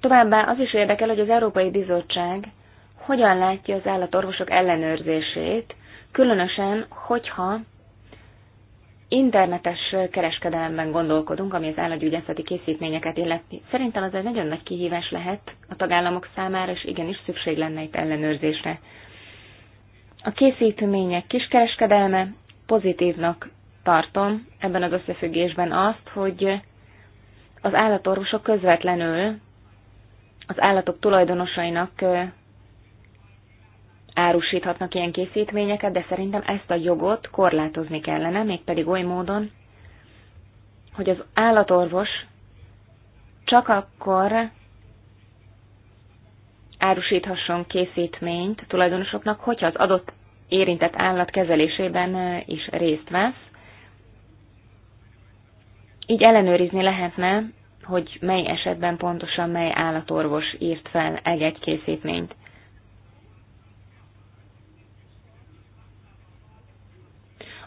Továbbá az is érdekel, hogy az Európai Bizottság hogyan látja az állatorvosok ellenőrzését, különösen, hogyha internetes kereskedelemben gondolkodunk, ami az állatgyógyászati készítményeket illeti. Szerintem az egy nagyon nagy kihívás lehet a tagállamok számára, és igenis szükség lenne itt ellenőrzésre. A készítmények kiskereskedelme pozitívnak tartom ebben az összefüggésben azt, hogy az állatorvosok közvetlenül az állatok tulajdonosainak árusíthatnak ilyen készítményeket, de szerintem ezt a jogot korlátozni kellene, mégpedig oly módon, hogy az állatorvos csak akkor árusíthasson készítményt tulajdonosoknak, hogyha az adott érintett állat kezelésében is részt vesz. Így ellenőrizni lehetne, hogy mely esetben pontosan mely állatorvos írt fel egy-egy készítményt.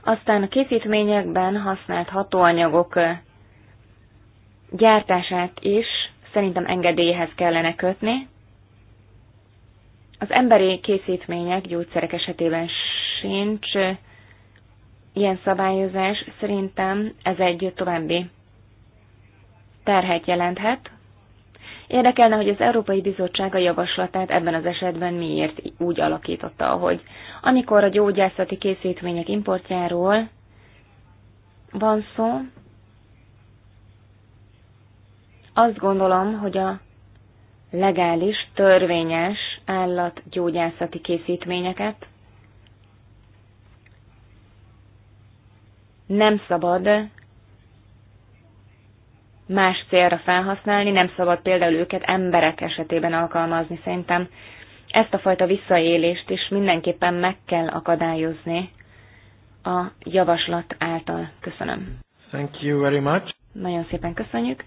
Aztán a készítményekben használt hatóanyagok gyártását is szerintem engedélyhez kellene kötni. Az emberi készítmények gyógyszerek esetében sincs ilyen szabályozás. Szerintem ez egy további terhet jelenthet. Érdekelne, hogy az Európai Bizottság a javaslatát ebben az esetben miért úgy alakította, ahogy amikor a gyógyászati készítmények importjáról van szó, azt gondolom, hogy a legális, törvényes állatgyógyászati készítményeket nem szabad más célra felhasználni, nem szabad például őket emberek esetében alkalmazni. Szerintem ezt a fajta visszaélést is mindenképpen meg kell akadályozni a javaslat által. Köszönöm. Thank you very much. Nagyon szépen köszönjük.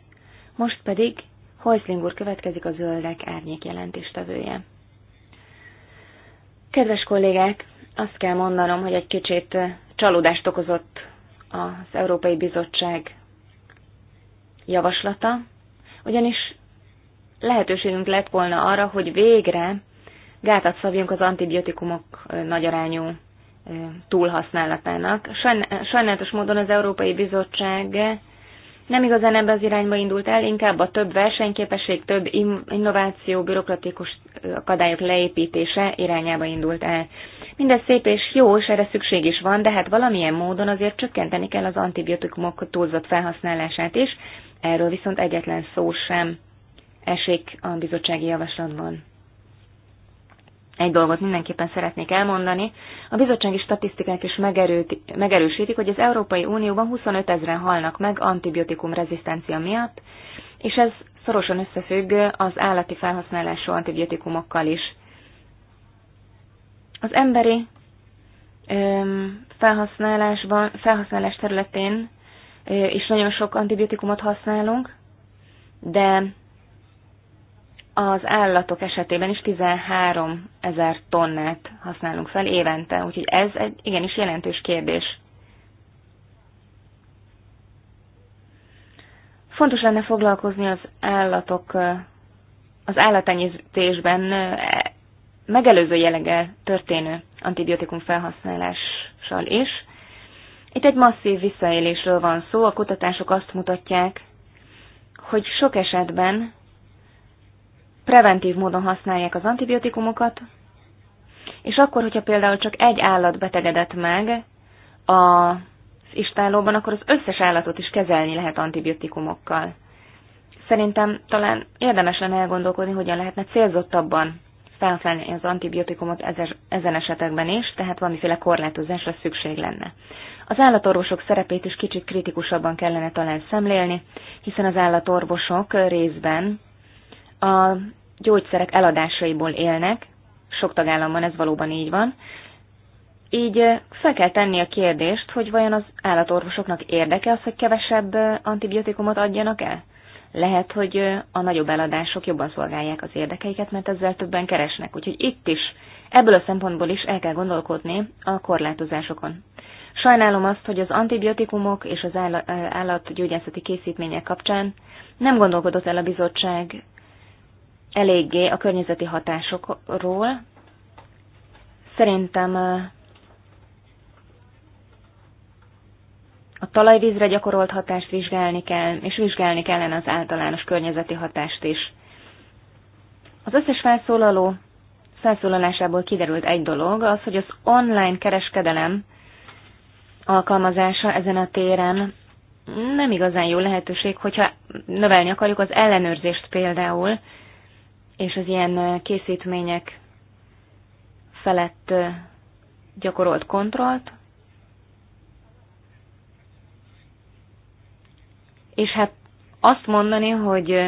Most pedig Hojszling úr következik a zöldek árnyék jelentéstevője. Kedves kollégák, azt kell mondanom, hogy egy kicsit csalódást okozott az Európai Bizottság javaslata, ugyanis lehetőségünk lett volna arra, hogy végre gátat szabjunk az antibiotikumok nagy arányú túlhasználatának. Sajnálatos módon az Európai Bizottság nem igazán ebbe az irányba indult el, inkább a több versenyképesség, több innováció, bürokratikus akadályok leépítése irányába indult el. Mindez szép és jó, és erre szükség is van, de hát valamilyen módon azért csökkenteni kell az antibiotikumok túlzott felhasználását is, erről viszont egyetlen szó sem esik a bizottsági javaslatban. Egy dolgot mindenképpen szeretnék elmondani. A bizottsági statisztikák is megerősítik, hogy az Európai Unióban 25 ezeren halnak meg antibiotikum rezisztencia miatt, és ez szorosan összefügg az állati felhasználású antibiotikumokkal is. Az emberi felhasználásban, felhasználás területén is nagyon sok antibiotikumot használunk, de az állatok esetében is 13 ezer tonnát használunk fel évente, úgyhogy ez egy igenis jelentős kérdés. Fontos lenne foglalkozni az állatok, az állatenyésztésben megelőző jelleggel történő antibiotikum felhasználással is. Itt egy masszív visszaélésről van szó, a kutatások azt mutatják, hogy sok esetben preventív módon használják az antibiotikumokat, és akkor, hogyha például csak egy állat betegedett meg az istállóban, akkor az összes állatot is kezelni lehet antibiotikumokkal. Szerintem talán érdemes lenne elgondolkodni, hogyan lehetne célzottabban felhasználni az antibiotikumot ezen esetekben is, tehát valamiféle korlátozásra szükség lenne. Az állatorvosok szerepét is kicsit kritikusabban kellene talán szemlélni, hiszen az állatorvosok részben a gyógyszerek eladásaiból élnek, sok tagállamban ez valóban így van, így fel kell tenni a kérdést, hogy vajon az állatorvosoknak érdeke az, hogy kevesebb antibiotikumot adjanak el? Lehet, hogy a nagyobb eladások jobban szolgálják az érdekeiket, mert ezzel többen keresnek. Úgyhogy itt is, ebből a szempontból is el kell gondolkodni a korlátozásokon. Sajnálom azt, hogy az antibiotikumok és az állatgyógyászati készítmények kapcsán nem gondolkodott el a bizottság eléggé a környezeti hatásokról. Szerintem a talajvízre gyakorolt hatást vizsgálni kell, és vizsgálni kellene az általános környezeti hatást is. Az összes felszólaló felszólalásából kiderült egy dolog, az, hogy az online kereskedelem alkalmazása ezen a téren nem igazán jó lehetőség, hogyha növelni akarjuk az ellenőrzést például, és az ilyen készítmények felett gyakorolt kontrollt, és hát azt mondani, hogy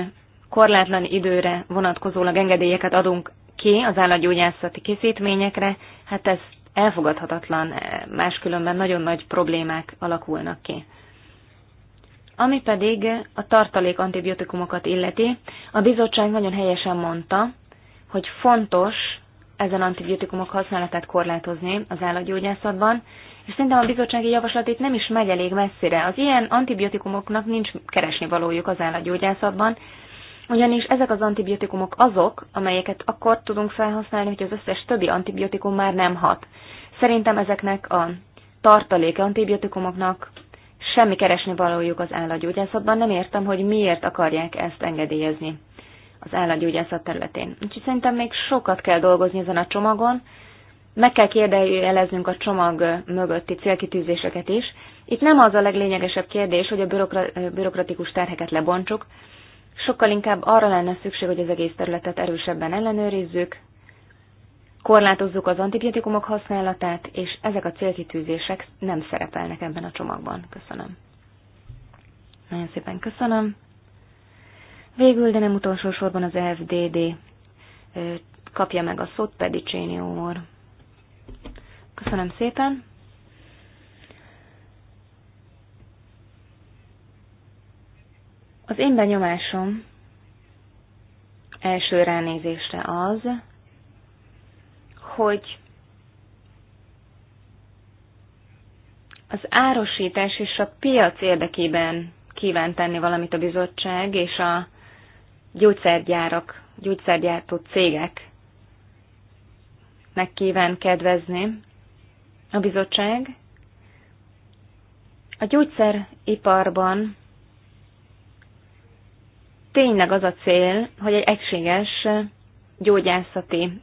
korlátlan időre vonatkozólag engedélyeket adunk ki az állatgyógyászati készítményekre, hát ez elfogadhatatlan, e, máskülönben nagyon nagy problémák alakulnak ki. Ami pedig a tartalék antibiotikumokat illeti, a bizottság nagyon helyesen mondta, hogy fontos ezen antibiotikumok használatát korlátozni az állatgyógyászatban, és szerintem a bizottsági javaslat itt nem is megy elég messzire. Az ilyen antibiotikumoknak nincs keresni valójuk az állatgyógyászatban, ugyanis ezek az antibiotikumok azok, amelyeket akkor tudunk felhasználni, hogy az összes többi antibiotikum már nem hat. Szerintem ezeknek a tartalék antibiotikumoknak semmi keresni valójuk az állatgyógyászatban, nem értem, hogy miért akarják ezt engedélyezni az állatgyógyászat területén. Úgyhogy szerintem még sokat kell dolgozni ezen a csomagon, meg kell kérdejeleznünk a csomag mögötti célkitűzéseket is. Itt nem az a leglényegesebb kérdés, hogy a bürokratikus terheket lebontsuk, sokkal inkább arra lenne szükség, hogy az egész területet erősebben ellenőrizzük, korlátozzuk az antibiotikumok használatát, és ezek a célkitűzések nem szerepelnek ebben a csomagban. Köszönöm. Nagyon szépen köszönöm. Végül, de nem utolsó sorban az FDD kapja meg a szót Cséni úr. Köszönöm szépen. Az én benyomásom első ránézésre az, hogy az árosítás és a piac érdekében kíván tenni valamit a bizottság és a gyógyszergyárak, gyógyszergyártó cégeknek kíván kedvezni a bizottság. A gyógyszeriparban tényleg az a cél, hogy egy egységes gyógyászati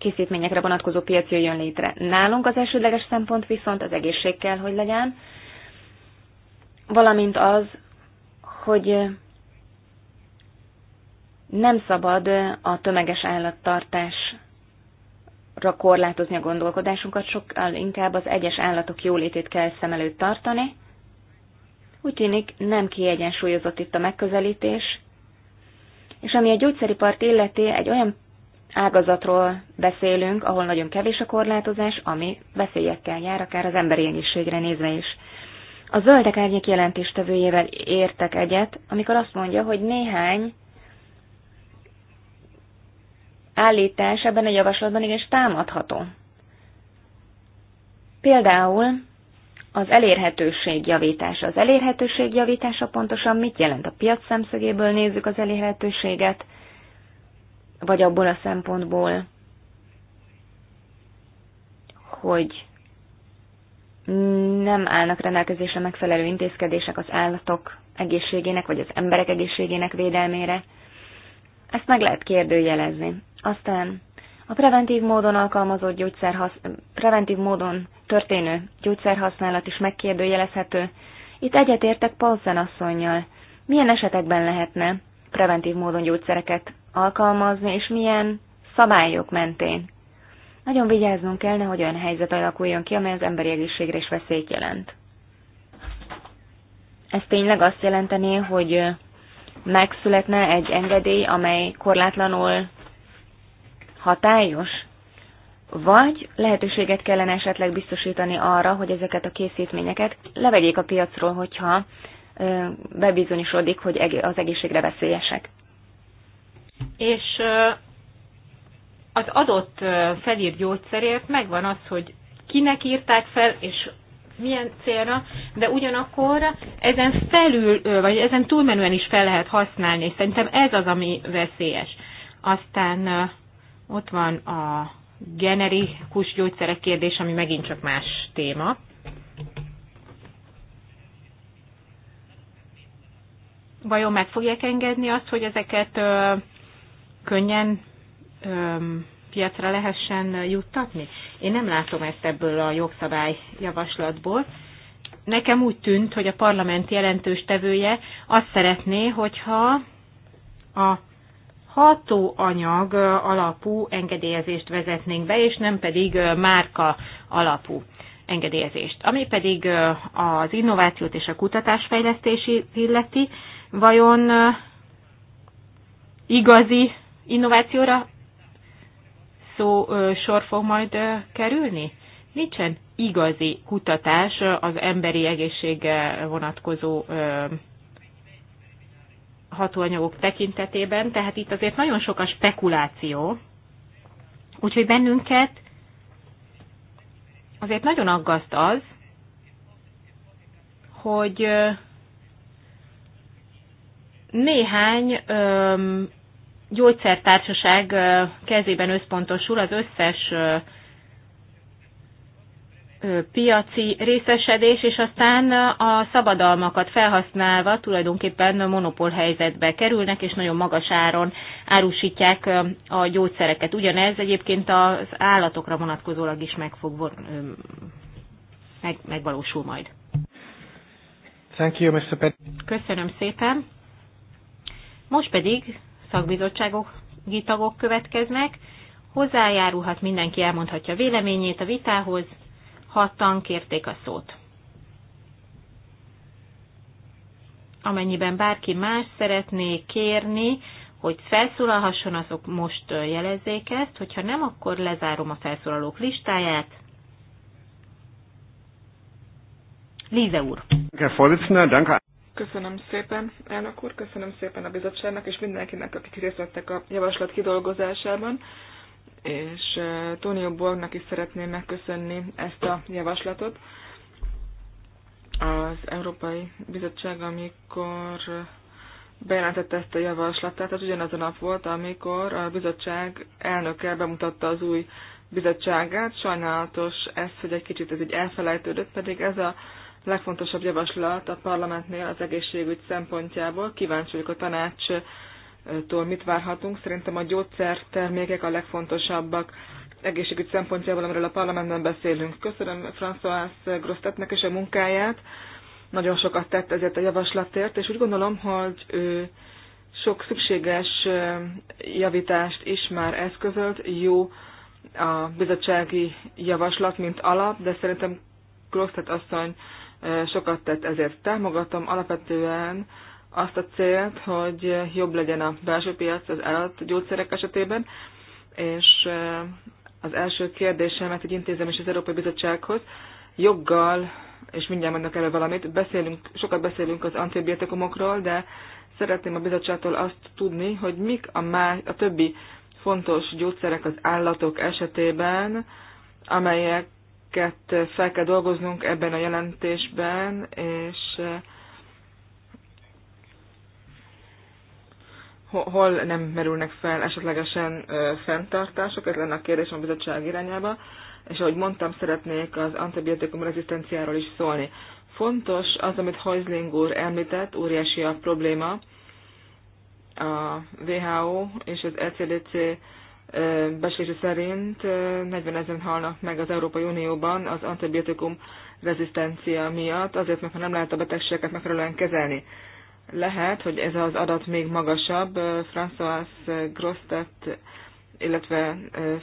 készítményekre vonatkozó piac jön létre. Nálunk az elsődleges szempont viszont az egészség kell, hogy legyen, valamint az, hogy nem szabad a tömeges állattartásra korlátozni a gondolkodásunkat, sokkal inkább az egyes állatok jólétét kell szem előtt tartani. Úgy tűnik, nem kiegyensúlyozott itt a megközelítés, és ami a gyógyszeripart illeti, egy olyan ágazatról beszélünk, ahol nagyon kevés a korlátozás, ami veszélyekkel jár, akár az emberi egészségre nézve is. A zöldek árnyék jelentéstevőjével értek egyet, amikor azt mondja, hogy néhány állítás ebben a javaslatban igenis támadható. Például az elérhetőség javítása. Az elérhetőség javítása pontosan mit jelent? A piac szemszögéből nézzük az elérhetőséget, vagy abból a szempontból, hogy nem állnak rendelkezésre megfelelő intézkedések az állatok egészségének, vagy az emberek egészségének védelmére. Ezt meg lehet kérdőjelezni. Aztán a preventív módon alkalmazott gyógyszer, preventív módon történő gyógyszerhasználat is megkérdőjelezhető. Itt egyetértek Paulsen asszonynal. Milyen esetekben lehetne preventív módon gyógyszereket alkalmazni, és milyen szabályok mentén. Nagyon vigyáznunk kellene, hogy olyan helyzet alakuljon ki, amely az emberi egészségre is veszélyt jelent. Ez tényleg azt jelenteni, hogy megszületne egy engedély, amely korlátlanul hatályos? Vagy lehetőséget kellene esetleg biztosítani arra, hogy ezeket a készítményeket levegyék a piacról, hogyha bebizonyosodik, hogy az egészségre veszélyesek és az adott felírt gyógyszerért megvan az, hogy kinek írták fel, és milyen célra, de ugyanakkor ezen felül, vagy ezen túlmenően is fel lehet használni, és szerintem ez az, ami veszélyes. Aztán ott van a generikus gyógyszerek kérdés, ami megint csak más téma. Vajon meg fogják engedni azt, hogy ezeket könnyen öm, piacra lehessen juttatni? Én nem látom ezt ebből a jogszabály javaslatból. Nekem úgy tűnt, hogy a parlament jelentős tevője azt szeretné, hogyha a hatóanyag alapú engedélyezést vezetnénk be, és nem pedig márka alapú engedélyezést. Ami pedig az innovációt és a kutatásfejlesztési illeti, vajon igazi innovációra szó sor fog majd kerülni? Nincsen igazi kutatás az emberi egészségre vonatkozó hatóanyagok tekintetében, tehát itt azért nagyon sok a spekuláció, úgyhogy bennünket azért nagyon aggaszt az, hogy néhány gyógyszertársaság kezében összpontosul az összes piaci részesedés, és aztán a szabadalmakat felhasználva tulajdonképpen monopól helyzetbe kerülnek, és nagyon magas áron árusítják a gyógyszereket. Ugyanez egyébként az állatokra vonatkozólag is meg fog, meg, megvalósul majd. Thank you, Mr. Köszönöm szépen. Most pedig szakbizottságok tagok következnek. Hozzájárulhat mindenki, elmondhatja véleményét a vitához. Hatan kérték a szót. Amennyiben bárki más szeretné kérni, hogy felszólalhasson, azok most jelezzék ezt, hogyha nem, akkor lezárom a felszólalók listáját. Líze úr. Köszönöm szépen, elnök úr, köszönöm szépen a bizottságnak és mindenkinek, akik részt vettek a javaslat kidolgozásában, és Tónió Borgnak is szeretném megköszönni ezt a javaslatot. Az Európai Bizottság, amikor bejelentette ezt a javaslatát, az ugyanaz a nap volt, amikor a bizottság elnöke bemutatta az új bizottságát. Sajnálatos ez, hogy egy kicsit ez így elfelejtődött, pedig ez a legfontosabb javaslat a parlamentnél az egészségügy szempontjából. Kíváncsi vagyok a tanácstól, mit várhatunk. Szerintem a gyógyszertermékek a legfontosabbak egészségügy szempontjából, amiről a parlamentben beszélünk. Köszönöm François Grosztetnek és a munkáját. Nagyon sokat tett ezért a javaslatért, és úgy gondolom, hogy ő sok szükséges javítást is már eszközölt. Jó a bizottsági javaslat, mint alap, de szerintem Grosztet asszony sokat tett, ezért támogatom alapvetően azt a célt, hogy jobb legyen a belső piac az gyógyszerek esetében, és az első kérdésemet egy intézem is az Európai Bizottsághoz. Joggal, és mindjárt mondok erről valamit, beszélünk, sokat beszélünk az antibiotikumokról, de szeretném a bizottságtól azt tudni, hogy mik a, má, a többi fontos gyógyszerek az állatok esetében, amelyek amiket fel kell dolgoznunk ebben a jelentésben, és eh, hol nem merülnek fel esetlegesen fenntartások, ez lenne a kérdés a bizottság irányába, és ahogy mondtam, szeretnék az antibiotikum rezisztenciáról is szólni. Fontos az, amit Heusling úr említett, óriási a probléma, a WHO és az ECDC beszélése szerint 40 ezeren halnak meg az Európai Unióban az antibiotikum rezisztencia miatt, azért, mert nem lehet a betegségeket megfelelően kezelni. Lehet, hogy ez az adat még magasabb. François Grostet, illetve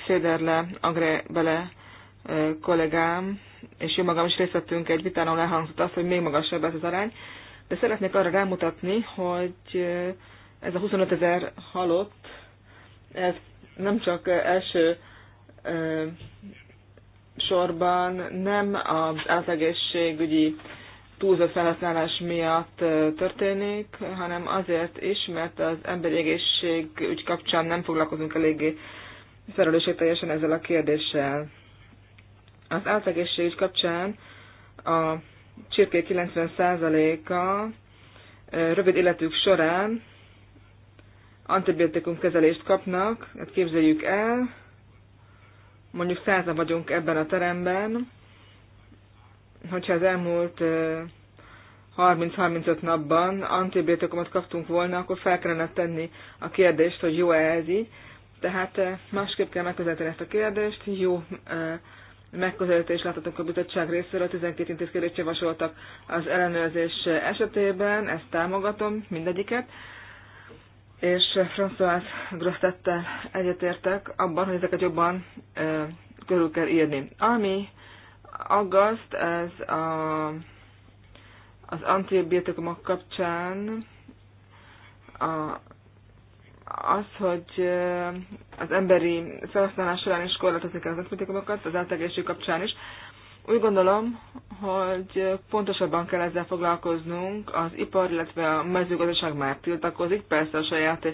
Féderle Agrebele kollégám, és jó magam is részt vettünk egy vitán, ahol elhangzott az, hogy még magasabb ez az arány. De szeretnék arra rámutatni, hogy ez a 25 ezer halott, ez nem csak első sorban nem az átegészségügyi túlzott felhasználás miatt történik, hanem azért is, mert az emberi egészség ügy kapcsán nem foglalkozunk eléggé teljesen ezzel a kérdéssel. Az ügy kapcsán a csirkék 90%-a rövid életük során antibiotikum kezelést kapnak, hát képzeljük el, mondjuk százan vagyunk ebben a teremben, hogyha az elmúlt 30-35 napban antibiotikumot kaptunk volna, akkor fel kellene tenni a kérdést, hogy jó-e ez így. Tehát másképp kell megközelíteni ezt a kérdést, jó megközelítés láthatunk a bizottság részéről, 12 intézkedést javasoltak az ellenőrzés esetében, ezt támogatom mindegyiket, és François Grosztettel egyetértek abban, hogy ezeket jobban e, körül kell írni. Ami aggaszt, ez a, az antibiotikumok kapcsán a, az, hogy az emberi felhasználás során is korlátozni kell az antibiotikumokat, az átegészség kapcsán is. Úgy gondolom, hogy pontosabban kell ezzel foglalkoznunk. Az ipar, illetve a mezőgazdaság már tiltakozik, persze a saját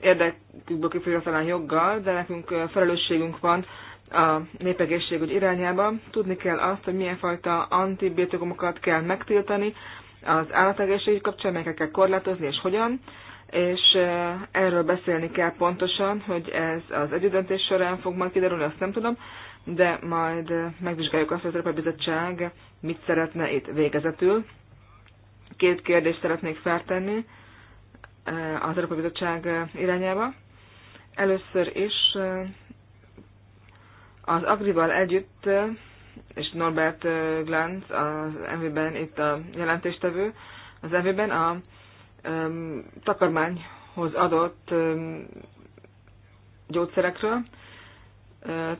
érdekükből kifolyólag talán joggal, de nekünk felelősségünk van a népegészségügy irányába. Tudni kell azt, hogy milyen fajta antibiotikumokat kell megtiltani az állategészségügy kapcsán, melyeket kell korlátozni és hogyan, és erről beszélni kell pontosan, hogy ez az együttdöntés során fog majd kiderülni, azt nem tudom, de majd megvizsgáljuk azt, hogy az Európai Bizottság mit szeretne itt végezetül. Két kérdést szeretnék feltenni az Európai Bizottság irányába. Először is az Agrival együtt, és Norbert Glantz az MV-ben itt a jelentéstevő, az MV-ben a takarmányhoz adott gyógyszerekről,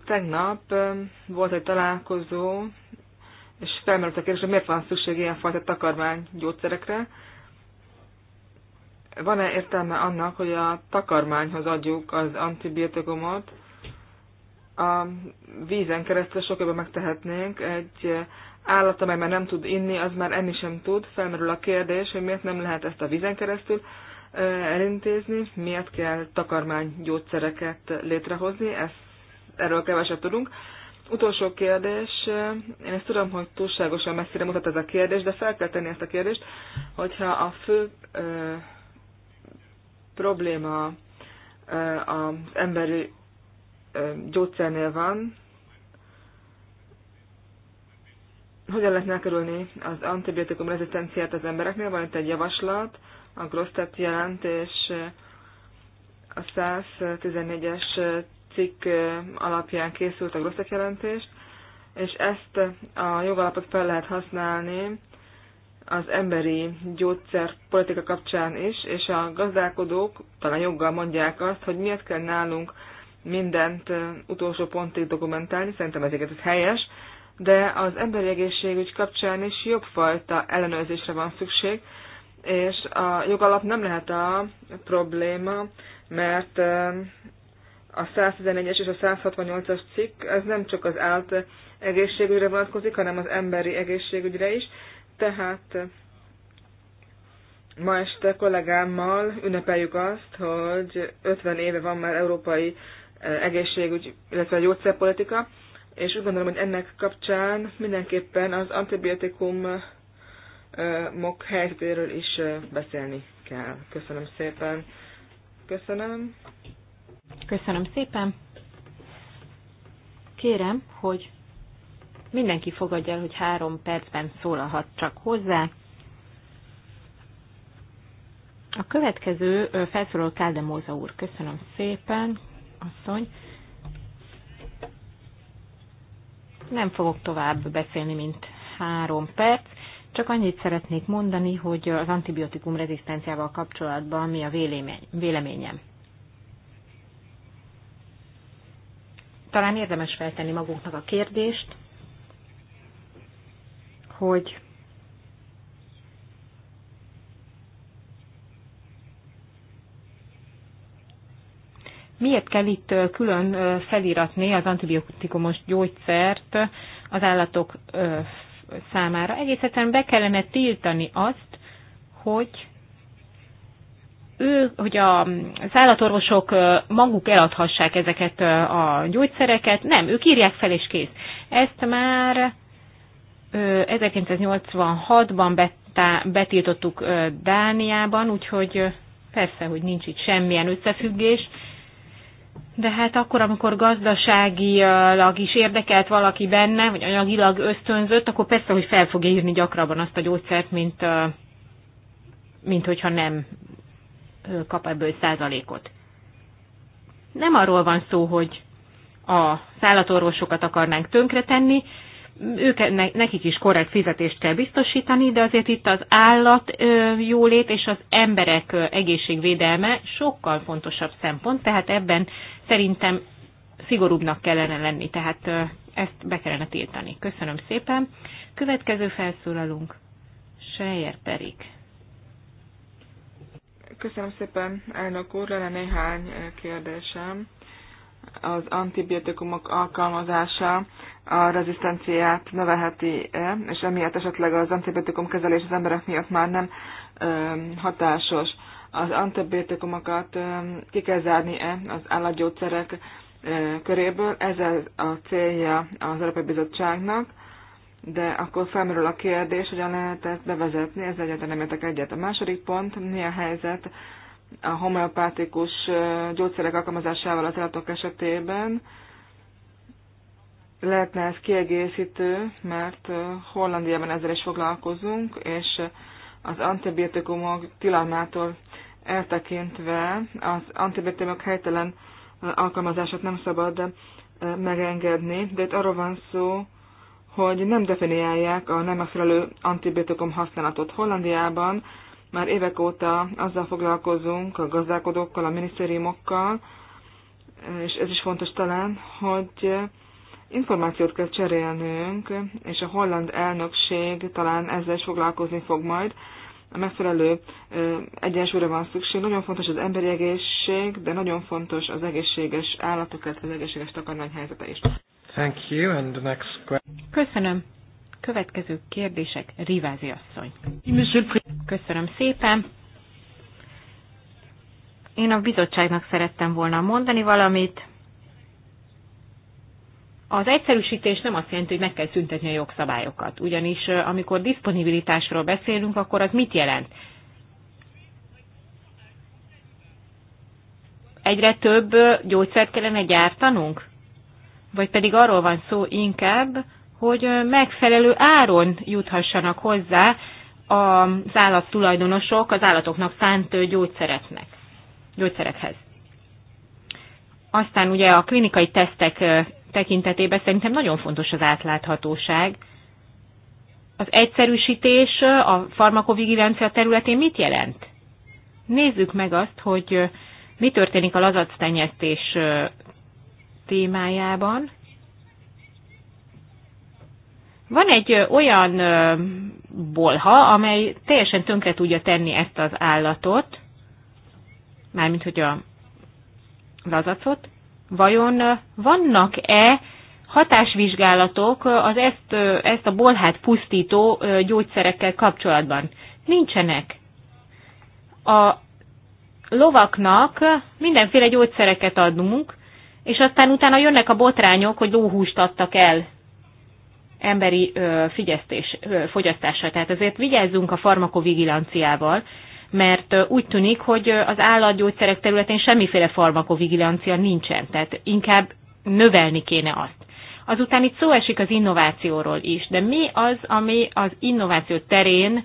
Tegnap volt egy találkozó, és felmerült a kérdés, hogy miért van szükség ilyenfajta takarmánygyógyszerekre. Van-e értelme annak, hogy a takarmányhoz adjuk az antibiotikumot? A vízen keresztül sok jobban megtehetnénk. Egy állat, amely már nem tud inni, az már enni sem tud. Felmerül a kérdés, hogy miért nem lehet ezt a vízen keresztül elintézni, miért kell takarmánygyógyszereket létrehozni, ezt erről keveset tudunk. Utolsó kérdés, én ezt tudom, hogy túlságosan messzire mutat ez a kérdés, de fel kell tenni ezt a kérdést, hogyha a fő ö, probléma ö, az emberi ö, gyógyszernél van, hogyan lehetne elkerülni az antibiotikum rezisztenciát az embereknél? Van itt egy javaslat, a Grosztet jelentés, a 114-es cikk alapján készült a Grosszek jelentést, és ezt a jogalapot fel lehet használni az emberi gyógyszer politika kapcsán is, és a gazdálkodók talán joggal mondják azt, hogy miért kell nálunk mindent utolsó pontig dokumentálni, szerintem ezeket ez helyes, de az emberi egészségügy kapcsán is jobb fajta ellenőrzésre van szükség, és a jogalap nem lehet a probléma, mert a 111-es és a 168-as cikk, ez nem csak az állt egészségügyre vonatkozik, hanem az emberi egészségügyre is. Tehát eh, ma este kollégámmal ünnepeljük azt, hogy 50 éve van már európai eh, egészségügy, illetve gyógyszerpolitika, és úgy gondolom, hogy ennek kapcsán mindenképpen az antibiotikumok eh, helyzetéről is beszélni kell. Köszönöm szépen. Köszönöm. Köszönöm szépen. Kérem, hogy mindenki fogadja el, hogy három percben szólalhat csak hozzá. A következő felszóló Káldemóza úr. Köszönöm szépen, asszony. Nem fogok tovább beszélni, mint három perc. Csak annyit szeretnék mondani, hogy az antibiotikum rezisztenciával kapcsolatban mi a véleményem. talán érdemes feltenni magunknak a kérdést, hogy miért kell itt külön feliratni az antibiotikumos gyógyszert az állatok számára. Egész egyszerűen be kellene tiltani azt, hogy ő, hogy az állatorvosok maguk eladhassák ezeket a gyógyszereket. Nem, ők írják fel és kész. Ezt már 1986-ban betiltottuk Dániában, úgyhogy persze, hogy nincs itt semmilyen összefüggés. De hát akkor, amikor gazdaságilag is érdekelt valaki benne, vagy anyagilag ösztönzött, akkor persze, hogy fel fogja írni gyakrabban azt a gyógyszert, mint, mint hogyha nem kap ebből százalékot. Nem arról van szó, hogy a szállatorvosokat akarnánk tönkretenni, ők, nekik is korrekt fizetést kell biztosítani, de azért itt az állat jólét és az emberek egészségvédelme sokkal fontosabb szempont, tehát ebben szerintem szigorúbbnak kellene lenni, tehát ezt be kellene tiltani. Köszönöm szépen. Következő felszólalunk, Sejer Perik. Köszönöm szépen, elnök úr, lenne néhány eh, kérdésem. Az antibiotikumok alkalmazása a rezisztenciát növelheti-e, és emiatt esetleg az antibiotikum kezelés az emberek miatt már nem ö, eh, hatásos. Az antibiotikumokat ö, eh, ki kell zárni-e az állatgyógyszerek ö, köréből? Ez a célja az Európai Bizottságnak de akkor felmerül a kérdés, hogyan lehet ezt bevezetni, ez egyáltalán nem értek egyet. A második pont, mi a helyzet a homeopátikus gyógyszerek alkalmazásával az állatok esetében. Lehetne ez kiegészítő, mert Hollandiában ezzel is foglalkozunk, és az antibiotikumok tilalmától eltekintve az antibiotikumok helytelen alkalmazását nem szabad megengedni, de itt arról van szó, hogy nem definiálják a nem megfelelő antibiotikum használatot. Hollandiában már évek óta azzal foglalkozunk, a gazdálkodókkal, a minisztériumokkal, és ez is fontos talán, hogy információt kell cserélnünk, és a holland elnökség talán ezzel is foglalkozni fog majd. A megfelelő egyensúlyra van szükség. Nagyon fontos az emberi egészség, de nagyon fontos az egészséges állatok, illetve az egészséges takarmány helyzete is. Thank you, and the next question. Köszönöm. Következő kérdések, Rivázi asszony. Köszönöm szépen. Én a bizottságnak szerettem volna mondani valamit. Az egyszerűsítés nem azt jelenti, hogy meg kell szüntetni a jogszabályokat. Ugyanis amikor diszponibilitásról beszélünk, akkor az mit jelent? Egyre több gyógyszert kellene gyártanunk? vagy pedig arról van szó inkább, hogy megfelelő áron juthassanak hozzá az állattulajdonosok az állatoknak szánt gyógyszereknek, gyógyszerekhez. Aztán ugye a klinikai tesztek tekintetében szerintem nagyon fontos az átláthatóság. Az egyszerűsítés a farmakovigilancia területén mit jelent? Nézzük meg azt, hogy mi történik a lazactenyésztés témájában. Van egy olyan bolha, amely teljesen tönkre tudja tenni ezt az állatot, mármint hogy a lazacot. Vajon vannak-e hatásvizsgálatok az ezt, ezt a bolhát pusztító gyógyszerekkel kapcsolatban? Nincsenek. A lovaknak mindenféle gyógyszereket adunk, és aztán utána jönnek a botrányok, hogy lóhúst adtak el emberi ö, figyeztés, ö, fogyasztása. Tehát ezért vigyázzunk a farmakovigilanciával, mert úgy tűnik, hogy az állatgyógyszerek területén semmiféle farmakovigilancia nincsen, tehát inkább növelni kéne azt. Azután itt szó esik az innovációról is, de mi az, ami az innováció terén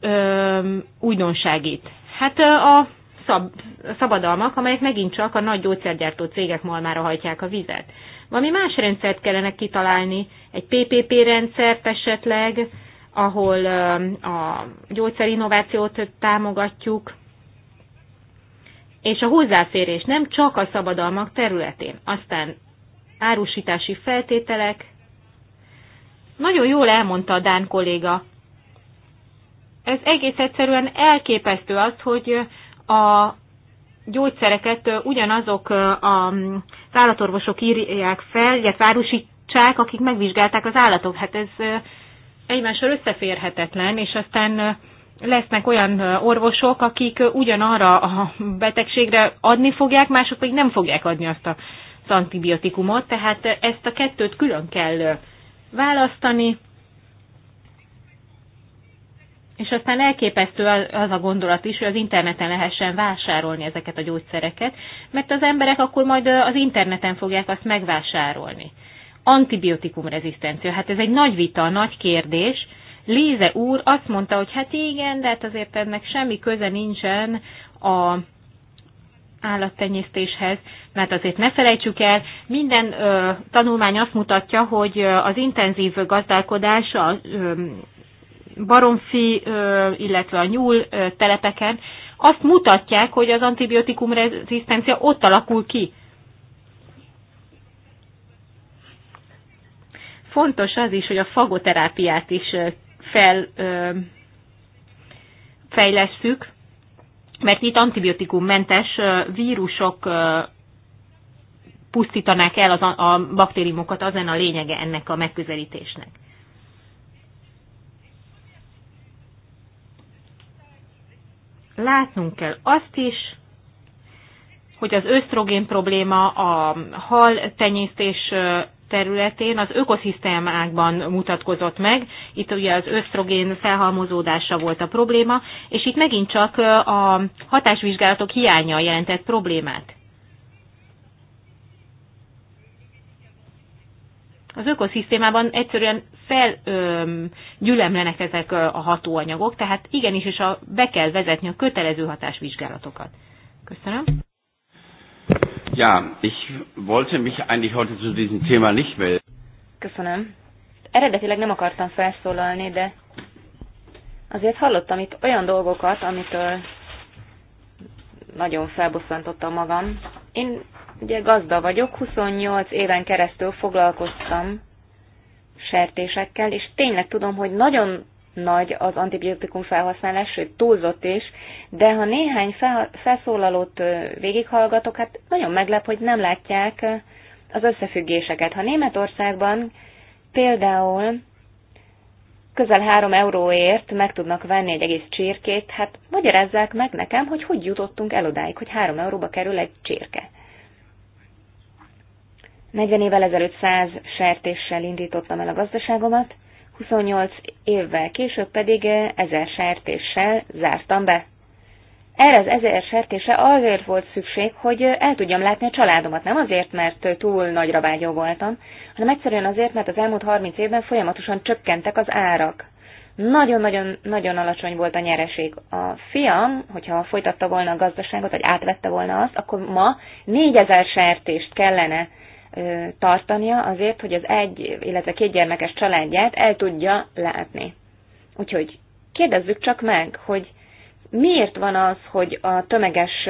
ö, újdonságít? Hát a szab, szabadalmak, amelyek megint csak a nagy gyógyszergyártó cégek malmára hajtják a vizet. Valami más rendszert kellene kitalálni, egy PPP rendszert esetleg, ahol a gyógyszerinnovációt támogatjuk, és a hozzáférés nem csak a szabadalmak területén, aztán árusítási feltételek. Nagyon jól elmondta a Dán kolléga. Ez egész egyszerűen elképesztő az, hogy a gyógyszereket ugyanazok a állatorvosok írják fel, illetve árusítsák, akik megvizsgálták az állatok. Hát ez egymással összeférhetetlen, és aztán lesznek olyan orvosok, akik ugyanarra a betegségre adni fogják, mások pedig nem fogják adni azt az antibiotikumot, tehát ezt a kettőt külön kell választani, és aztán elképesztő az a gondolat is, hogy az interneten lehessen vásárolni ezeket a gyógyszereket, mert az emberek akkor majd az interneten fogják azt megvásárolni. Antibiotikum rezisztencia, hát ez egy nagy vita, nagy kérdés. Léze úr azt mondta, hogy hát igen, de hát azért ennek semmi köze nincsen a állattenyésztéshez, mert azért ne felejtsük el, minden ö, tanulmány azt mutatja, hogy az intenzív gazdálkodás a ö, baromfi, illetve a nyúl telepeken, azt mutatják, hogy az antibiotikum rezisztencia ott alakul ki. Fontos az is, hogy a fagoterápiát is felfejlesszük, mert itt antibiotikummentes vírusok pusztítanák el az a, a baktériumokat, az lenne a lényege ennek a megközelítésnek. látnunk kell azt is, hogy az ösztrogén probléma a hal tenyésztés területén az ökoszisztémákban mutatkozott meg. Itt ugye az ösztrogén felhalmozódása volt a probléma, és itt megint csak a hatásvizsgálatok hiánya jelentett problémát. az ökoszisztémában egyszerűen felgyülemlenek ezek a hatóanyagok, tehát igenis, és a, be kell vezetni a kötelező hatásvizsgálatokat. Köszönöm. Ja, ich wollte mich eigentlich heute zu diesem Thema nicht melden. Köszönöm. Eredetileg nem akartam felszólalni, de azért hallottam itt olyan dolgokat, amitől nagyon felbosszantottam magam. Én Ugye gazda vagyok, 28 éven keresztül foglalkoztam sertésekkel, és tényleg tudom, hogy nagyon nagy az antibiotikum felhasználás, sőt túlzott is, de ha néhány felszólalót végighallgatok, hát nagyon meglep, hogy nem látják az összefüggéseket. Ha Németországban például közel három euróért meg tudnak venni egy egész csirkét, hát magyarázzák meg nekem, hogy hogy jutottunk el odáig, hogy három euróba kerül egy csirke. 40 évvel ezelőtt 100 sertéssel indítottam el a gazdaságomat, 28 évvel később pedig 1000 sertéssel zártam be. Erre az 1000 sertése azért volt szükség, hogy el tudjam látni a családomat, nem azért, mert túl nagyra vágyó voltam, hanem egyszerűen azért, mert az elmúlt 30 évben folyamatosan csökkentek az árak. Nagyon-nagyon-nagyon alacsony volt a nyereség. A fiam, hogyha folytatta volna a gazdaságot, vagy átvette volna azt, akkor ma 4000 sertést kellene tartania azért, hogy az egy, illetve két gyermekes családját el tudja látni. Úgyhogy kérdezzük csak meg, hogy miért van az, hogy a tömeges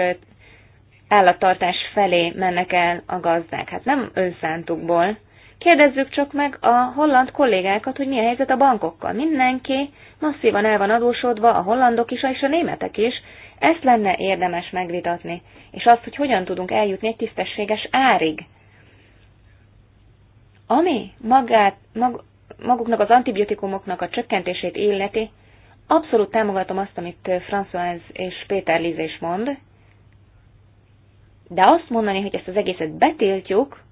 állattartás felé mennek el a gazdák? Hát nem önszántukból. Kérdezzük csak meg a holland kollégákat, hogy mi a helyzet a bankokkal. Mindenki masszívan el van adósodva, a hollandok is, és a németek is. Ezt lenne érdemes megvitatni, és azt, hogy hogyan tudunk eljutni egy tisztességes árig ami magát, mag, maguknak az antibiotikumoknak a csökkentését illeti, abszolút támogatom azt, amit François és Péter Liz is mond, de azt mondani, hogy ezt az egészet betiltjuk,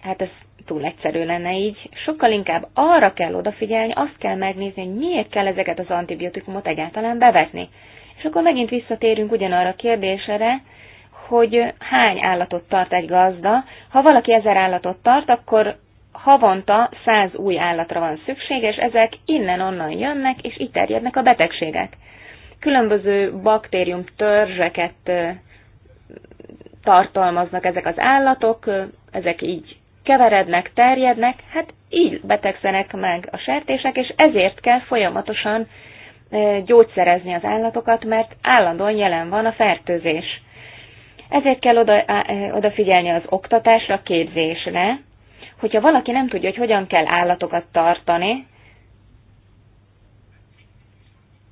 hát ez túl egyszerű lenne így. Sokkal inkább arra kell odafigyelni, azt kell megnézni, hogy miért kell ezeket az antibiotikumot egyáltalán bevetni. És akkor megint visszatérünk ugyanarra a kérdésre, hogy hány állatot tart egy gazda. Ha valaki ezer állatot tart, akkor havonta száz új állatra van szükség, és ezek innen-onnan jönnek, és itt terjednek a betegségek. Különböző baktérium törzseket tartalmaznak ezek az állatok, ezek így keverednek, terjednek, hát így betegszenek meg a sertések, és ezért kell folyamatosan gyógyszerezni az állatokat, mert állandóan jelen van a fertőzés. Ezért kell oda, odafigyelni az oktatásra, a képzésre. Hogyha valaki nem tudja, hogy hogyan kell állatokat tartani,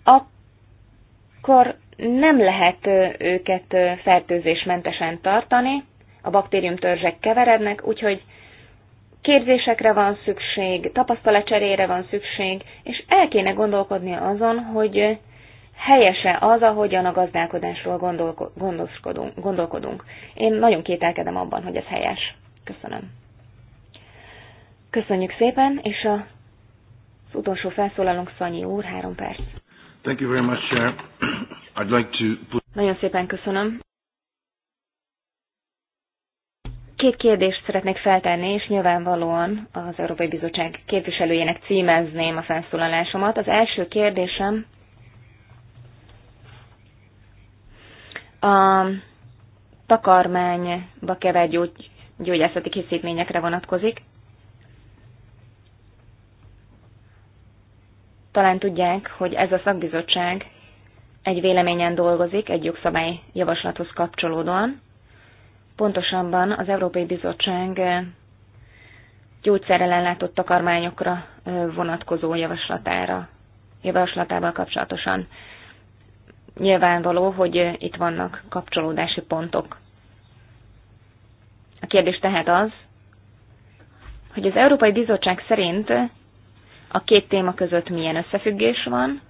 akkor nem lehet őket fertőzésmentesen tartani, a baktériumtörzsek keverednek, úgyhogy képzésekre van szükség, tapasztalatcserére van szükség, és el kéne gondolkodni azon, hogy helyese az, ahogyan a gazdálkodásról gondolko gondolkodunk, gondolkodunk. Én nagyon kételkedem abban, hogy ez helyes. Köszönöm. Köszönjük szépen, és a, az utolsó felszólalónk Szanyi úr, három perc. Thank you very much, Chair. I'd like to put... Nagyon szépen köszönöm. Két kérdést szeretnék feltenni, és nyilvánvalóan az Európai Bizottság képviselőjének címezném a felszólalásomat. Az első kérdésem a takarmányba kevert gyógy, gyógyászati készítményekre vonatkozik. Talán tudják, hogy ez a szakbizottság egy véleményen dolgozik, egy jogszabály javaslathoz kapcsolódóan. Pontosabban az Európai Bizottság eh, gyógyszerrel ellátott takarmányokra eh, vonatkozó javaslatára, javaslatával kapcsolatosan nyilvánvaló, hogy itt vannak kapcsolódási pontok. A kérdés tehát az, hogy az Európai Bizottság szerint a két téma között milyen összefüggés van,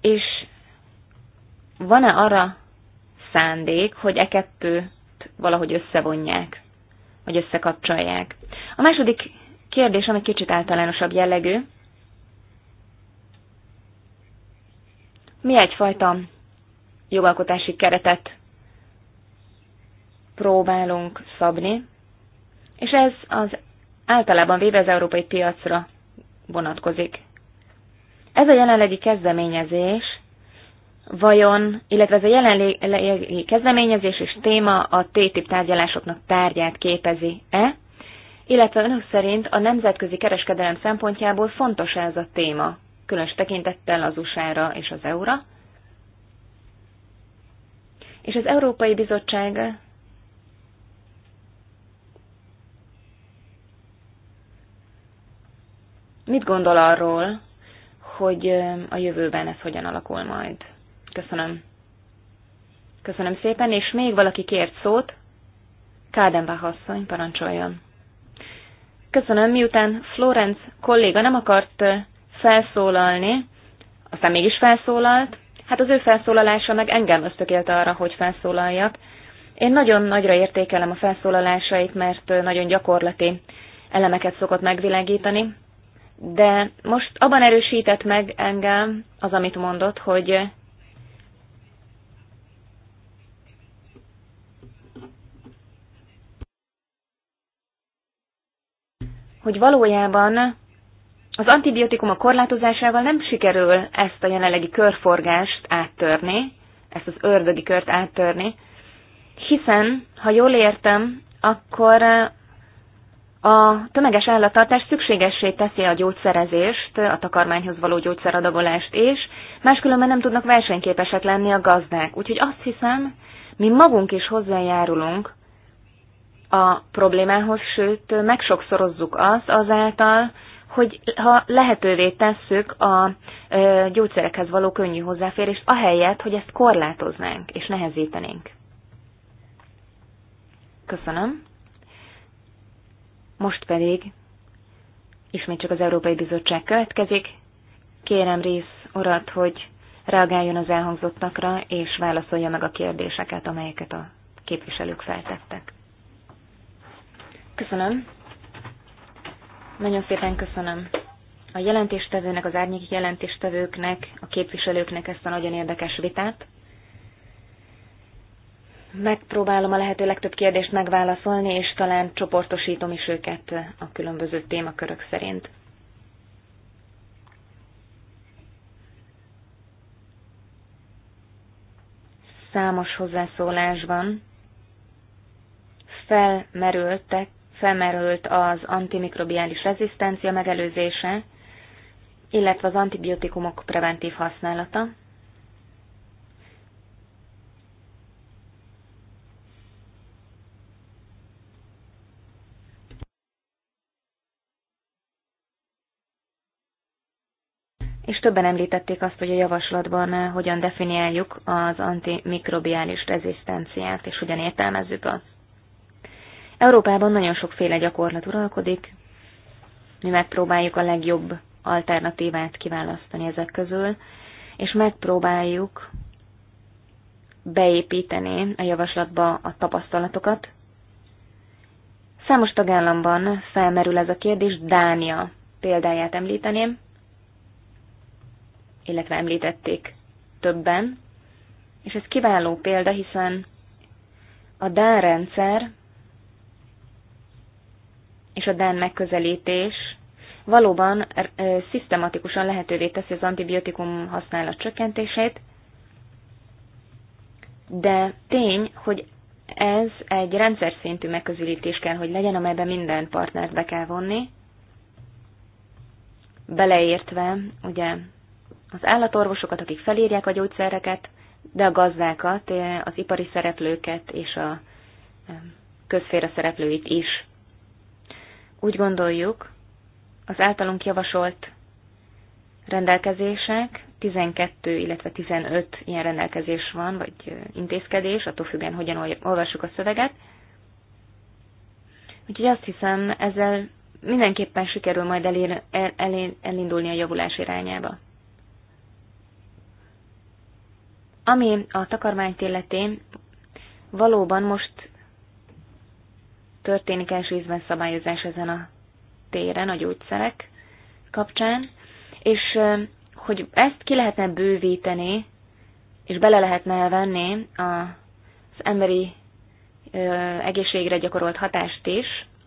és van-e arra szándék, hogy e kettőt valahogy összevonják, vagy összekapcsolják. A második kérdés, ami kicsit általánosabb jellegű. Mi egyfajta jogalkotási keretet próbálunk szabni, és ez az általában véve az európai piacra vonatkozik. Ez a jelenlegi kezdeményezés vajon, illetve ez a jelenlegi kezdeményezés és téma a TTIP tárgyalásoknak tárgyát képezi-e, illetve önök szerint a nemzetközi kereskedelem szempontjából fontos ez a téma? különös tekintettel az USA-ra és az EU-ra. És az Európai Bizottság mit gondol arról, hogy a jövőben ez hogyan alakul majd? Köszönöm. Köszönöm szépen, és még valaki kért szót. Kádenba asszony, parancsoljon. Köszönöm, miután Florence kolléga nem akart felszólalni, aztán mégis felszólalt. Hát az ő felszólalása meg engem ösztökélte arra, hogy felszólaljak. Én nagyon nagyra értékelem a felszólalásait, mert nagyon gyakorlati elemeket szokott megvilágítani, de most abban erősített meg engem az, amit mondott, hogy hogy valójában az antibiotikum a korlátozásával nem sikerül ezt a jelenlegi körforgást áttörni, ezt az ördögi kört áttörni, hiszen, ha jól értem, akkor eh, a tömeges állattartás szükségessé teszi a gyógyszerezést, a takarmányhoz való gyógyszeradagolást is, máskülönben nem tudnak versenyképesek lenni a gazdák. Úgyhogy azt hiszem, mi magunk is hozzájárulunk a problémához, sőt, megsokszorozzuk azt azáltal, hogy ha lehetővé tesszük a gyógyszerekhez való könnyű hozzáférést, ahelyett, hogy ezt korlátoznánk és nehezítenénk. Köszönöm. Most pedig ismét csak az Európai Bizottság következik. Kérem Rész urat, hogy reagáljon az elhangzottakra, és válaszolja meg a kérdéseket, amelyeket a képviselők feltettek. Köszönöm. Nagyon szépen köszönöm a jelentéstevőnek, az árnyék jelentéstevőknek, a képviselőknek ezt a nagyon érdekes vitát. Megpróbálom a lehető legtöbb kérdést megválaszolni, és talán csoportosítom is őket a különböző témakörök szerint. Számos hozzászólásban felmerültek felmerült az antimikrobiális rezisztencia megelőzése, illetve az antibiotikumok preventív használata. És többen említették azt, hogy a javaslatban eh, hogyan definiáljuk az antimikrobiális rezisztenciát, és hogyan értelmezzük azt. Európában nagyon sokféle gyakorlat uralkodik, mi megpróbáljuk a legjobb alternatívát kiválasztani ezek közül, és megpróbáljuk beépíteni a javaslatba a tapasztalatokat. Számos tagállamban felmerül ez a kérdés, Dánia példáját említeném, illetve említették többen, és ez kiváló példa, hiszen a Dán rendszer és a Dán megközelítés valóban szisztematikusan lehetővé teszi az antibiotikum használat csökkentését, de tény, hogy ez egy rendszer szintű megközelítés kell, hogy legyen, amelyben minden partnert be kell vonni, beleértve ugye az állatorvosokat, akik felírják a gyógyszereket, de a gazdákat, az ipari szereplőket és a közféra szereplőit is. Úgy gondoljuk, az általunk javasolt rendelkezések, 12, illetve 15 ilyen rendelkezés van, vagy intézkedés, attól függően, hogyan olvassuk a szöveget. Úgyhogy azt hiszem, ezzel mindenképpen sikerül majd elér, el, el, elindulni a javulás irányába. Ami a takarmányt illeti, valóban most történik első ízben szabályozás ezen a téren, a gyógyszerek kapcsán, és hogy ezt ki lehetne bővíteni, és bele lehetne venni az emberi egészségre gyakorolt hatást is,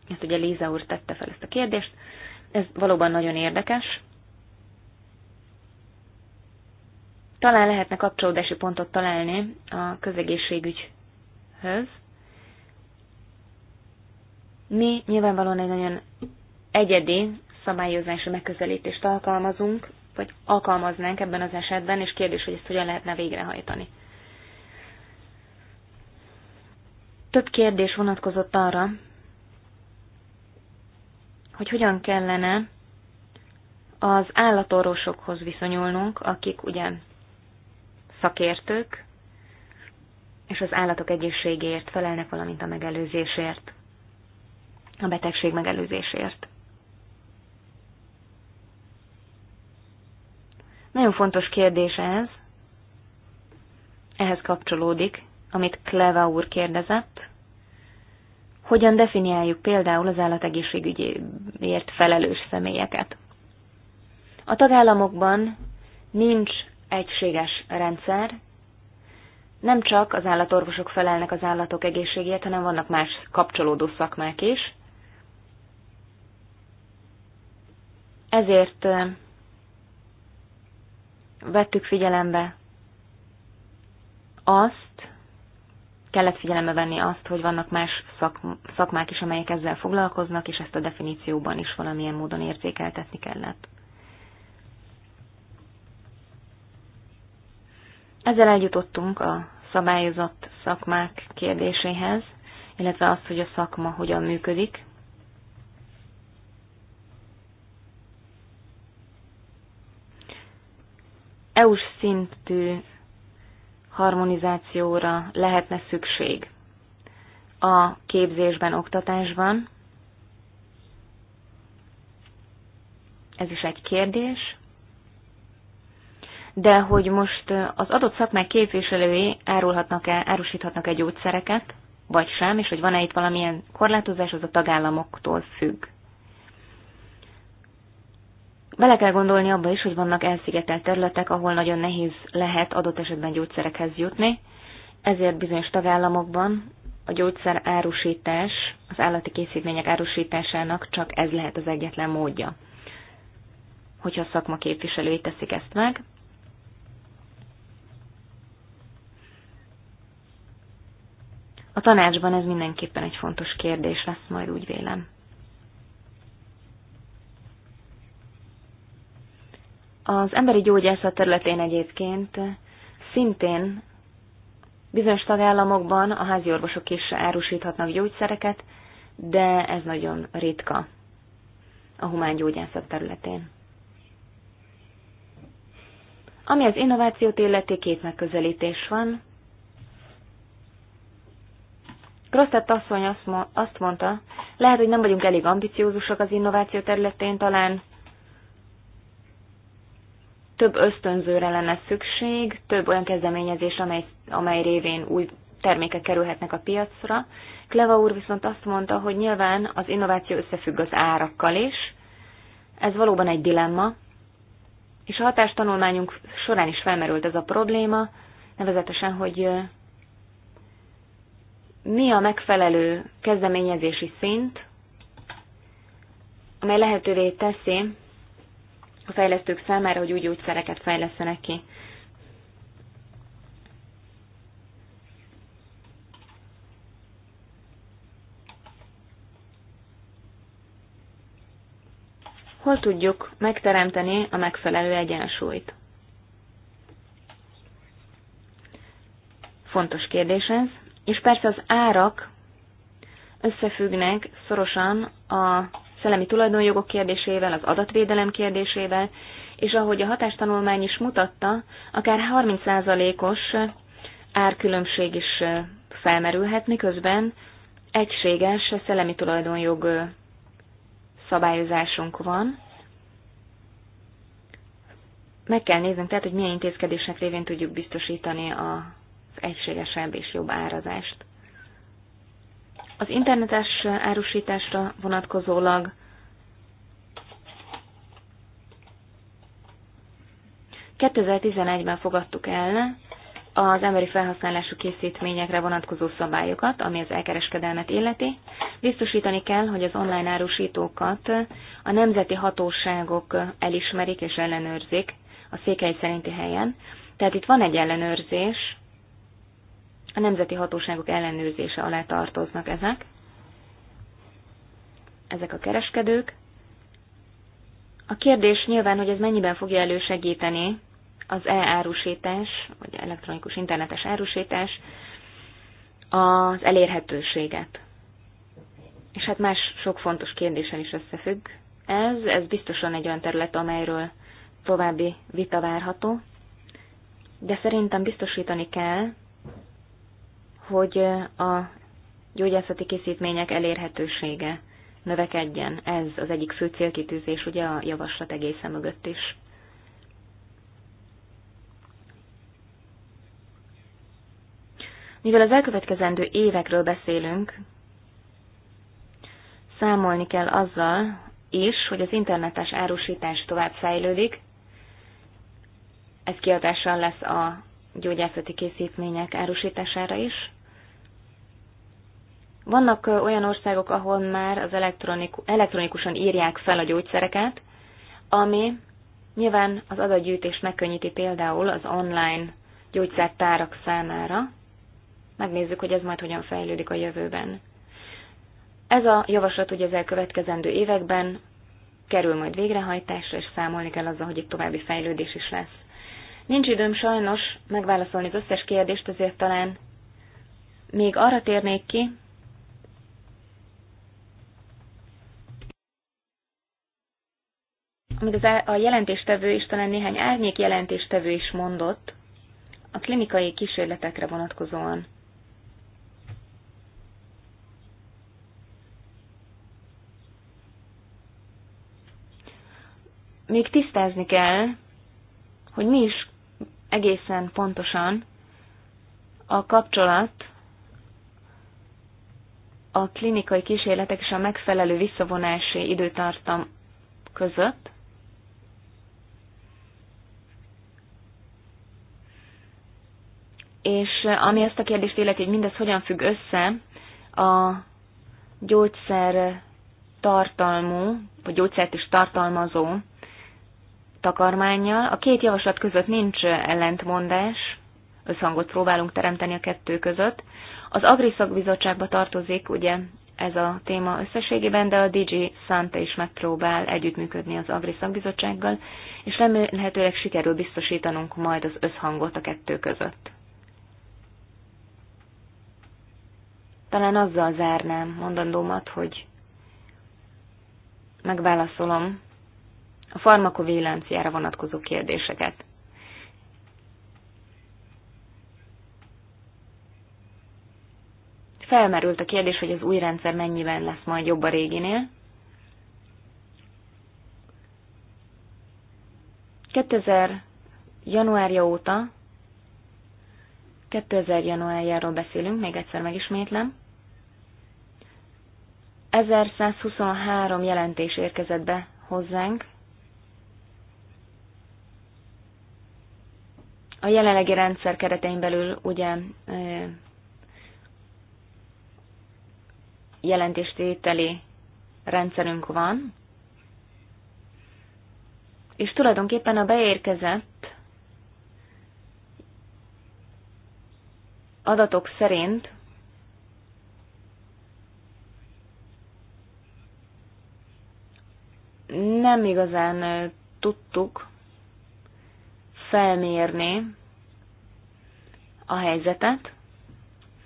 ezt ugye Líza úr tette fel ezt a kérdést, ez valóban nagyon érdekes. Talán lehetne kapcsolódási pontot találni a közegészségügyhöz, mi nyilvánvalóan egy nagyon egyedi szabályozási megközelítést alkalmazunk, vagy alkalmaznánk ebben az esetben, és kérdés, hogy ezt hogyan lehetne végrehajtani. Több kérdés vonatkozott arra, hogy hogyan kellene az állatorvosokhoz viszonyulnunk, akik ugyan szakértők, és az állatok egészségéért felelnek, valamint a megelőzésért a betegség megelőzésért. Nagyon fontos kérdés ez, ehhez kapcsolódik, amit Kleva úr kérdezett. Hogyan definiáljuk például az állategészségügyért felelős személyeket? A tagállamokban nincs egységes rendszer, nem csak az állatorvosok felelnek az állatok egészségért, hanem vannak más kapcsolódó szakmák is. Ezért vettük figyelembe azt, kellett figyelembe venni azt, hogy vannak más szak, szakmák is, amelyek ezzel foglalkoznak, és ezt a definícióban is valamilyen módon értékeltetni kellett. Ezzel eljutottunk a szabályozott szakmák kérdéséhez, illetve az, hogy a szakma hogyan működik. EU-s szintű harmonizációra lehetne szükség a képzésben, oktatásban. Ez is egy kérdés. De hogy most az adott szakmák képviselői árulhatnak-e, árusíthatnak egy gyógyszereket, vagy sem, és hogy van-e itt valamilyen korlátozás, az a tagállamoktól függ. Bele kell gondolni abba is, hogy vannak elszigetelt területek, ahol nagyon nehéz lehet adott esetben gyógyszerekhez jutni, ezért bizonyos tagállamokban a gyógyszer árusítás, az állati készítmények árusításának csak ez lehet az egyetlen módja. Hogyha a szakma képviselői teszik ezt meg, A tanácsban ez mindenképpen egy fontos kérdés lesz, majd úgy vélem. Az emberi gyógyászat területén egyébként szintén bizonyos tagállamokban a orvosok is árusíthatnak gyógyszereket, de ez nagyon ritka a humán gyógyászat területén. Ami az innovációt illeti, két megközelítés van. Grosztett asszony azt mondta, lehet, hogy nem vagyunk elég ambiciózusak az innováció területén, talán több ösztönzőre lenne szükség, több olyan kezdeményezés, amely, amely révén új termékek kerülhetnek a piacra. Kleva úr viszont azt mondta, hogy nyilván az innováció összefügg az árakkal is. Ez valóban egy dilemma, és a hatástanulmányunk során is felmerült ez a probléma, nevezetesen, hogy mi a megfelelő kezdeményezési szint, amely lehetővé teszi a fejlesztők számára, hogy új gyógyszereket fejlesztenek ki. Hol tudjuk megteremteni a megfelelő egyensúlyt? Fontos kérdés ez, és persze az árak összefüggnek szorosan a szellemi tulajdonjogok kérdésével, az adatvédelem kérdésével, és ahogy a hatástanulmány is mutatta, akár 30%-os árkülönbség is felmerülhet, miközben egységes szellemi tulajdonjog szabályozásunk van. Meg kell néznünk tehát, hogy milyen intézkedések révén tudjuk biztosítani az egységesebb és jobb árazást. Az internetes árusításra vonatkozólag ...2011-ben fogadtuk el az emberi felhasználású készítményekre vonatkozó szabályokat, ami az elkereskedelmet illeti. Biztosítani kell, hogy az online árusítókat a nemzeti hatóságok elismerik és ellenőrzik a székely szerinti helyen. Tehát itt van egy ellenőrzés, a nemzeti hatóságok ellenőrzése alá tartoznak ezek, ezek a kereskedők. A kérdés nyilván, hogy ez mennyiben fogja elősegíteni az e-árusítás, vagy elektronikus internetes árusítás, az elérhetőséget. És hát más sok fontos kérdéssel is összefügg. Ez, ez biztosan egy olyan terület, amelyről további vita várható, de szerintem biztosítani kell, hogy a gyógyászati készítmények elérhetősége növekedjen. Ez az egyik fő célkitűzés ugye a javaslat egészen mögött is. Mivel az elkövetkezendő évekről beszélünk, számolni kell azzal is, hogy az internetes árusítás tovább fejlődik, ez kiadással lesz a gyógyászati készítmények árusítására is. Vannak olyan országok, ahol már az elektronikusan írják fel a gyógyszereket, ami nyilván az adatgyűjtés megkönnyíti például az online gyógyszertárak számára. Megnézzük, hogy ez majd hogyan fejlődik a jövőben. Ez a javaslat ugye az elkövetkezendő években kerül majd végrehajtásra, és számolni kell azzal, hogy itt további fejlődés is lesz. Nincs időm sajnos megválaszolni az összes kérdést, ezért talán még arra térnék ki, amit az a jelentéstevő és talán néhány árnyék jelentéstevő is mondott, a klinikai kísérletekre vonatkozóan. Még tisztázni kell, hogy mi is egészen pontosan a kapcsolat a klinikai kísérletek és a megfelelő visszavonási időtartam között, és ami ezt a kérdést illeti, hogy mindez hogyan függ össze a gyógyszer tartalmú, vagy gyógyszert is tartalmazó takarmányjal. A két javaslat között nincs ellentmondás, összhangot próbálunk teremteni a kettő között. Az Agriszak Bizottságba tartozik ugye ez a téma összességében, de a DG Sante is megpróbál együttműködni az Agri Szakbizottsággal, és remélhetőleg sikerül biztosítanunk majd az összhangot a kettő között. Talán azzal zárnám mondandómat, hogy megválaszolom a farmakovigilanciára vonatkozó kérdéseket. Felmerült a kérdés, hogy az új rendszer mennyiben lesz majd jobb a réginél. 2000 januárja óta, 2000 januárjáról beszélünk, még egyszer megismétlem, 1123 jelentés érkezett be hozzánk. A jelenlegi rendszer keretein belül ugye jelentéstételi rendszerünk van, és tulajdonképpen a beérkezett adatok szerint nem igazán tudtuk felmérni a helyzetet.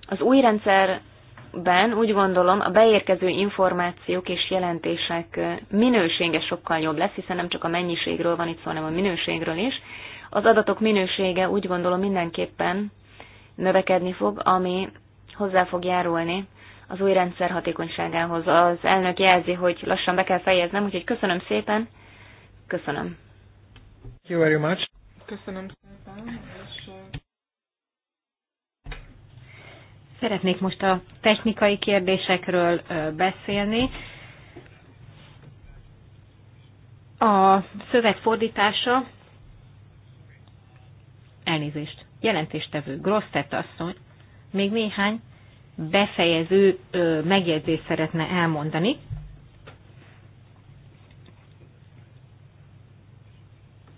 Az új rendszerben úgy gondolom a beérkező információk és jelentések minősége sokkal jobb lesz, hiszen nem csak a mennyiségről van itt szó, hanem a minőségről is. Az adatok minősége úgy gondolom mindenképpen növekedni fog, ami hozzá fog járulni az új rendszer hatékonyságához. Az elnök jelzi, hogy lassan be kell fejeznem, úgyhogy köszönöm szépen. Köszönöm. Thank you very much. Köszönöm szépen. Szeretnék most a technikai kérdésekről beszélni. A szöveg fordítása, elnézést, jelentéstevő, Grosszett asszony, még néhány befejező megjegyzést szeretne elmondani.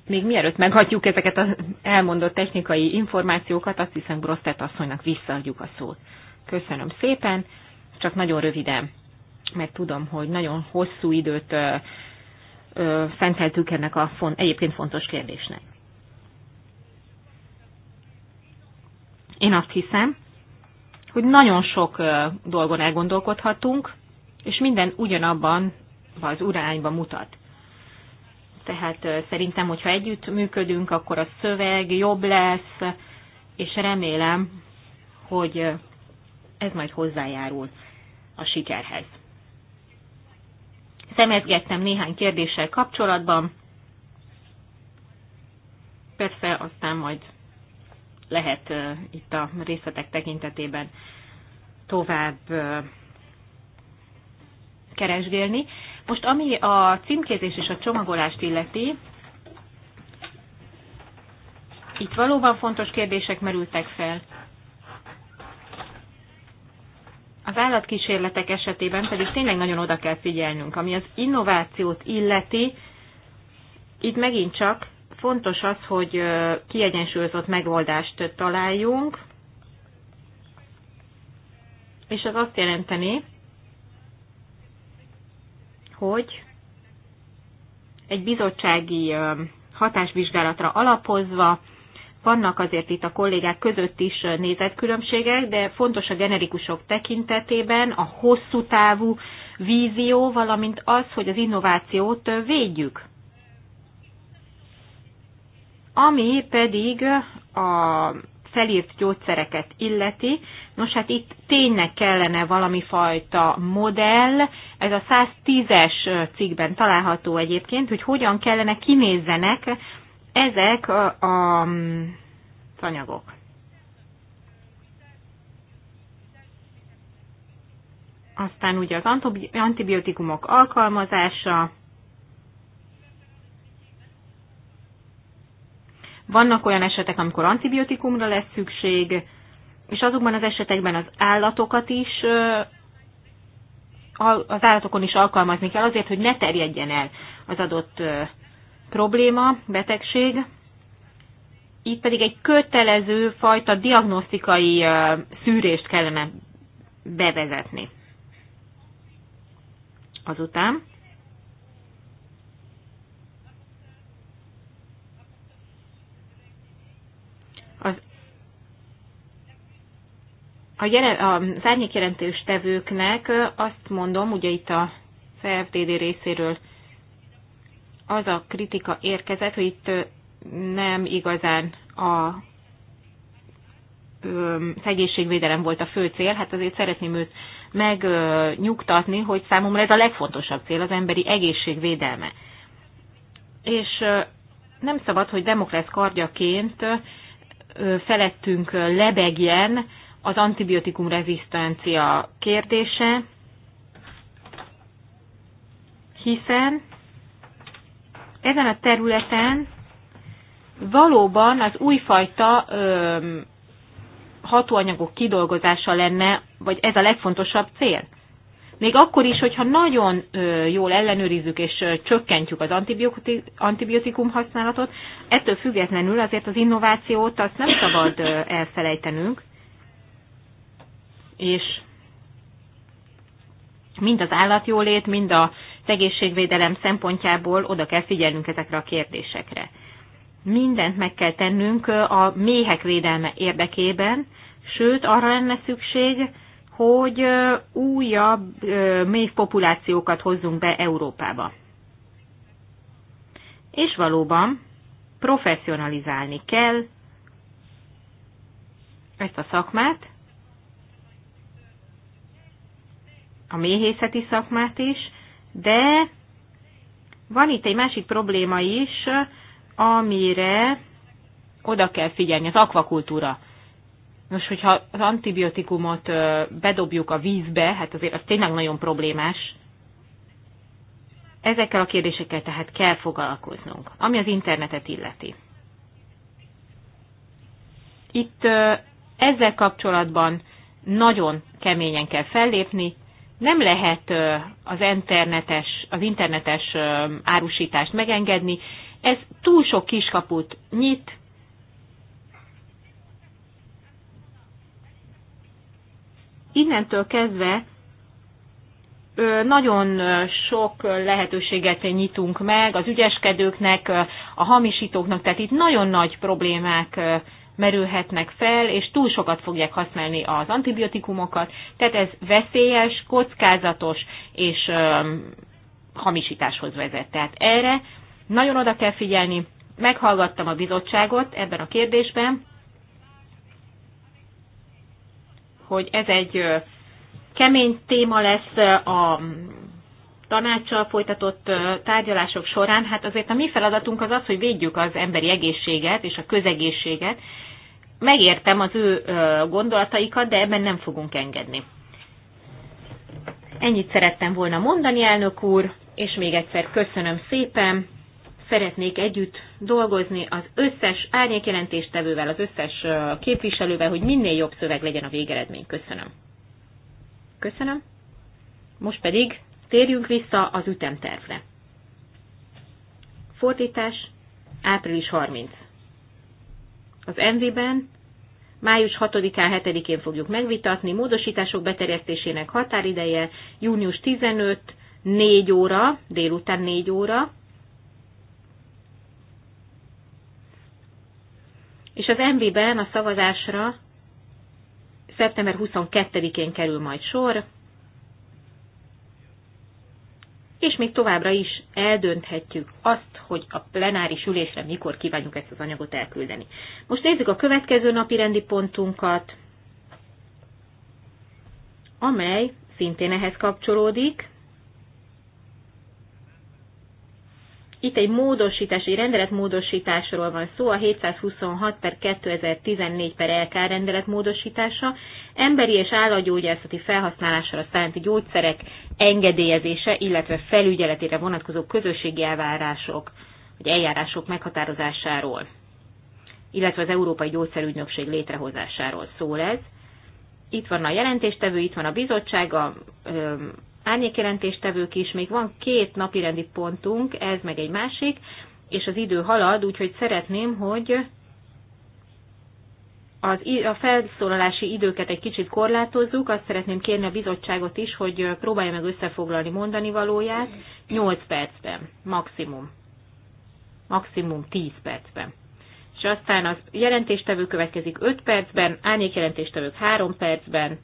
Még mielőtt meghatjuk ezeket az elmondott technikai információkat, azt hiszem Grosztet asszonynak visszaadjuk a szót. Köszönöm szépen, csak nagyon röviden, mert tudom, hogy nagyon hosszú időt ö, ö, szenteltük ennek a font, egyébként fontos kérdésnek. Én azt hiszem, hogy nagyon sok dolgon elgondolkodhatunk, és minden ugyanabban az urányba mutat. Tehát szerintem, hogyha együtt működünk, akkor a szöveg jobb lesz, és remélem, hogy ez majd hozzájárul a sikerhez. Szemezgettem néhány kérdéssel kapcsolatban, persze aztán majd lehet itt a részletek tekintetében tovább keresgélni. Most ami a címkézés és a csomagolást illeti, itt valóban fontos kérdések merültek fel. Az állatkísérletek esetében pedig tényleg nagyon oda kell figyelnünk. Ami az innovációt illeti, itt megint csak Fontos az, hogy kiegyensúlyozott megoldást találjunk, és az azt jelenteni, hogy egy bizottsági hatásvizsgálatra alapozva, vannak azért itt a kollégák között is nézetkülönbségek, de fontos a generikusok tekintetében a hosszú távú vízió, valamint az, hogy az innovációt védjük. Ami pedig a felírt gyógyszereket illeti, nos hát itt tényleg kellene valami fajta modell, ez a 110-es cikkben található egyébként, hogy hogyan kellene kinézzenek ezek a, a mm, anyagok. Aztán ugye az antibiotikumok alkalmazása, Vannak olyan esetek, amikor antibiotikumra lesz szükség, és azokban az esetekben az állatokat is az állatokon is alkalmazni kell azért, hogy ne terjedjen el az adott probléma, betegség. Itt pedig egy kötelező fajta diagnosztikai szűrést kellene bevezetni. Azután a jelen, az árnyékjelentős tevőknek azt mondom, ugye itt a FDD részéről az a kritika érkezett, hogy itt nem igazán a szegészségvédelem egészségvédelem volt a fő cél, hát azért szeretném őt megnyugtatni, hogy számomra ez a legfontosabb cél, az emberi egészségvédelme. És nem szabad, hogy demokrász kardjaként felettünk lebegjen az antibiotikum rezisztencia kérdése, hiszen ezen a területen valóban az újfajta ö, hatóanyagok kidolgozása lenne, vagy ez a legfontosabb cél. Még akkor is, hogyha nagyon ö, jól ellenőrizzük és ö, csökkentjük az antibiotikum használatot, ettől függetlenül azért az innovációt azt nem szabad ö, elfelejtenünk, és mind az állatjólét, mind a egészségvédelem szempontjából oda kell figyelnünk ezekre a kérdésekre. Mindent meg kell tennünk a méhek védelme érdekében, sőt arra lenne szükség, hogy újabb méh populációkat hozzunk be Európába. És valóban professzionalizálni kell ezt a szakmát, a méhészeti szakmát is, de van itt egy másik probléma is, amire oda kell figyelni, az akvakultúra. Most, hogyha az antibiotikumot bedobjuk a vízbe, hát azért az tényleg nagyon problémás. Ezekkel a kérdésekkel tehát kell foglalkoznunk, ami az internetet illeti. Itt ezzel kapcsolatban nagyon keményen kell fellépni, nem lehet az internetes, az internetes árusítást megengedni, ez túl sok kiskaput nyit, innentől kezdve nagyon sok lehetőséget nyitunk meg az ügyeskedőknek, a hamisítóknak, tehát itt nagyon nagy problémák merülhetnek fel, és túl sokat fogják használni az antibiotikumokat, tehát ez veszélyes, kockázatos és hamisításhoz vezet. Tehát erre nagyon oda kell figyelni. Meghallgattam a bizottságot ebben a kérdésben, hogy ez egy kemény téma lesz a tanácssal folytatott tárgyalások során, hát azért a mi feladatunk az az, hogy védjük az emberi egészséget és a közegészséget. Megértem az ő gondolataikat, de ebben nem fogunk engedni. Ennyit szerettem volna mondani, elnök úr, és még egyszer köszönöm szépen. Szeretnék együtt dolgozni az összes árnyékjelentéstevővel, az összes képviselővel, hogy minél jobb szöveg legyen a végeredmény. Köszönöm. Köszönöm. Most pedig Térjünk vissza az ütemtervre. Fordítás április 30. Az MV-ben május 6-án, 7-én fogjuk megvitatni, módosítások beterjesztésének határideje június 15, 4 óra, délután 4 óra, és az mv ben a szavazásra szeptember 22-én kerül majd sor, és még továbbra is eldönthetjük azt, hogy a plenáris ülésre mikor kívánjuk ezt az anyagot elküldeni. Most nézzük a következő napi rendi pontunkat, amely szintén ehhez kapcsolódik, Itt egy módosítás, egy rendeletmódosításról van szó, a 726 per 2014 per LK rendelet módosítása, emberi és állatgyógyászati felhasználásra szánt gyógyszerek engedélyezése, illetve felügyeletére vonatkozó közösségi elvárások, vagy eljárások meghatározásáról, illetve az Európai Gyógyszerügynökség létrehozásáról szól ez. Itt van a jelentéstevő, itt van a bizottság, a árnyékjelentéstevők is, még van két napirendi pontunk, ez meg egy másik, és az idő halad, úgyhogy szeretném, hogy az, a felszólalási időket egy kicsit korlátozzuk, azt szeretném kérni a bizottságot is, hogy próbálja meg összefoglalni mondani valóját 8 percben, maximum. Maximum 10 percben. És aztán az jelentéstevő következik 5 percben, árnyékjelentéstevők 3 percben,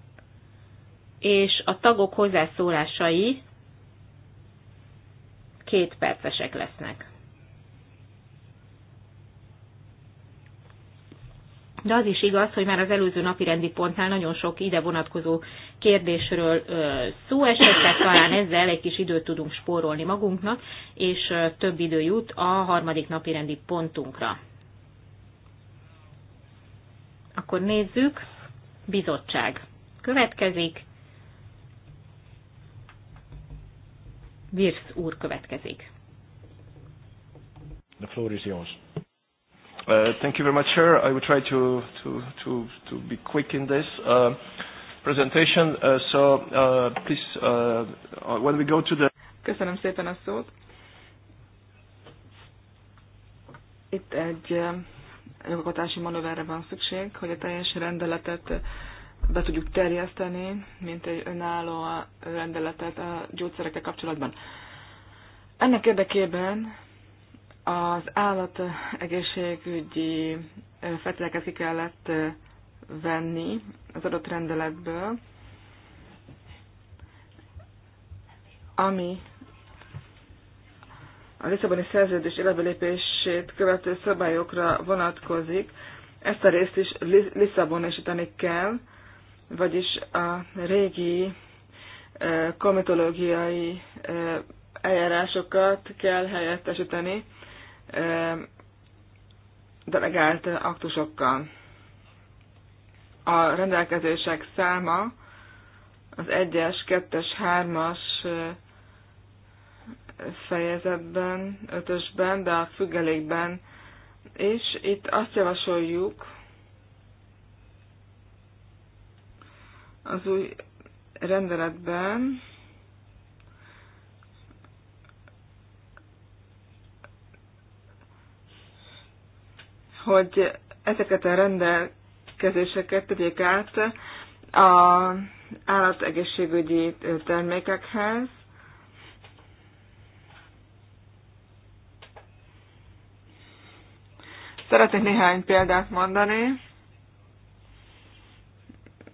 és a tagok hozzászólásai két percesek lesznek. De az is igaz, hogy már az előző napi rendi pontnál nagyon sok ide vonatkozó kérdésről szó esett, tehát talán ezzel egy kis időt tudunk spórolni magunknak, és több idő jut a harmadik napi rendi pontunkra. Akkor nézzük, bizottság következik. Virsz úr következik. The floor is yours. Uh, thank you very much, Chair. I will try to, to, to, to be quick in this. Uh, presentation. Uh, so uh, please, uh, uh when we go to the. Köszönöm szépen a szót. Itt egy uh, jogalkotási manőverre van szükség, hogy a teljes rendeletet be tudjuk terjeszteni, mint egy önálló rendeletet a gyógyszerekkel kapcsolatban. Ennek érdekében az állat egészségügyi feltételeket ki kellett venni az adott rendeletből, ami a Lisszaboni szerződés életbelépését követő szabályokra vonatkozik. Ezt a részt is Lisszabon esíteni kell, vagyis a régi komitológiai eljárásokat kell helyettesíteni delegált aktusokkal. A rendelkezések száma az 1-es, 2-es, 3-as fejezetben, 5-ösben, de a függelékben és itt azt javasoljuk, Az új rendeletben hogy ezeket a rendelkezéseket tegyék át a állategészségügyi termékekhez, Szeretnék néhány példát mondani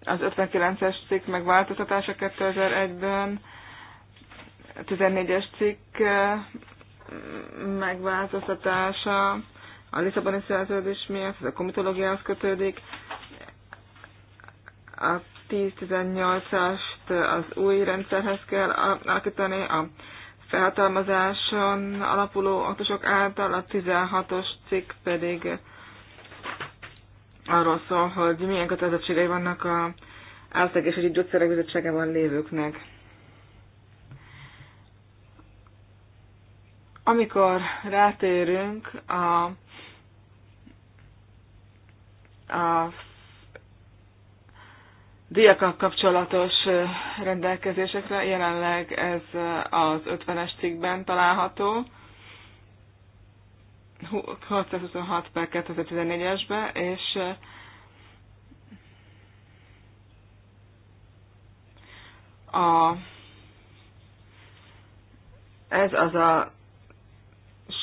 az 59-es cikk megváltoztatása 2001-ben, 14-es cikk megváltoztatása a Lisszaboni szerződés miatt, ez a komitológiához kötődik, a 10-18-ast az új rendszerhez kell alakítani, a felhatalmazáson alapuló aktusok által, a 16-os cikk pedig arról szól, hogy milyen kötelezettségei vannak a állatszegészségügyi gyógyszerek bizottságában lévőknek. Amikor rátérünk a, a díjakkal kapcsolatos rendelkezésekre, jelenleg ez az 50-es cikkben található, 626 per 2014-esbe, és a, ez az a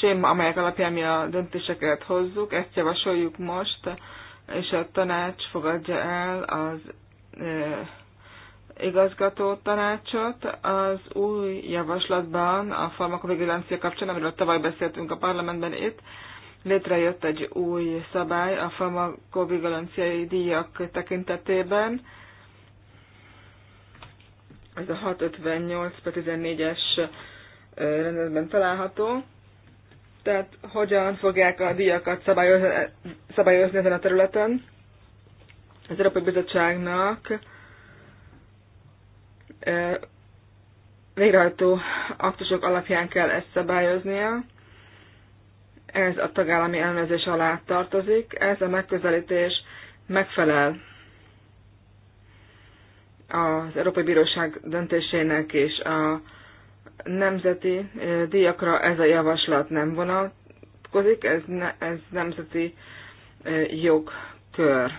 séma, amelyek alapján mi a döntéseket hozzuk, ezt javasoljuk most, és a tanács fogadja el az igazgató tanácsot. Az új javaslatban a farmakovigilancia kapcsán, amiről tavaly beszéltünk a parlamentben itt, létrejött egy új szabály a farmakovigilanciai díjak tekintetében. Ez a 658 14-es rendezben található. Tehát hogyan fogják a díjakat szabályozni, szabályozni ezen a területen? Az Európai Bizottságnak végrehajtó aktusok alapján kell ezt szabályoznia. Ez a tagállami ellenőrzés alá tartozik. Ez a megközelítés megfelel az Európai Bíróság döntésének és a nemzeti díjakra ez a javaslat nem vonatkozik, ez, ne, ez nemzeti jogkör.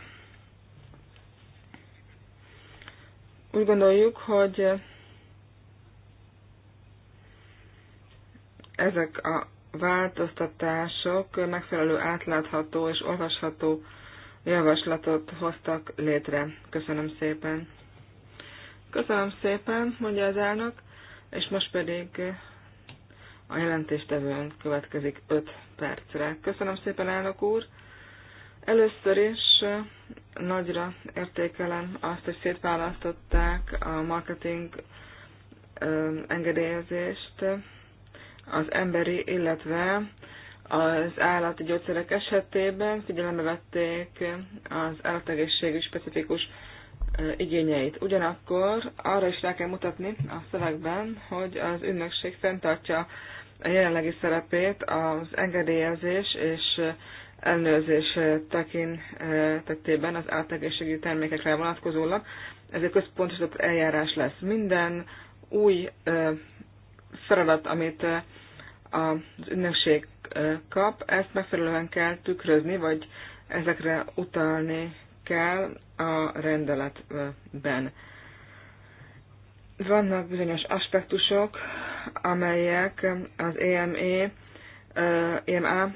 Úgy gondoljuk, hogy ezek a változtatások megfelelő átlátható és olvasható javaslatot hoztak létre. Köszönöm szépen. Köszönöm szépen, mondja az elnök, és most pedig a jelentéstevőn következik 5 percre. Köszönöm szépen, elnök úr! Először is nagyra értékelem azt, hogy szétválasztották a marketing engedélyezést az emberi, illetve az állati gyógyszerek esetében figyelembe vették az állategészségű specifikus igényeit. Ugyanakkor arra is rá kell mutatni a szövegben, hogy az ünnepség fenntartja a jelenlegi szerepét az engedélyezés és ellenőrzés tekintetében az átegészségügyi termékekre vonatkozólag. Ez egy központosított eljárás lesz. Minden új feladat, amit az ünnepség kap, ezt megfelelően kell tükrözni, vagy ezekre utalni kell a rendeletben. Vannak bizonyos aspektusok, amelyek az EME, EMA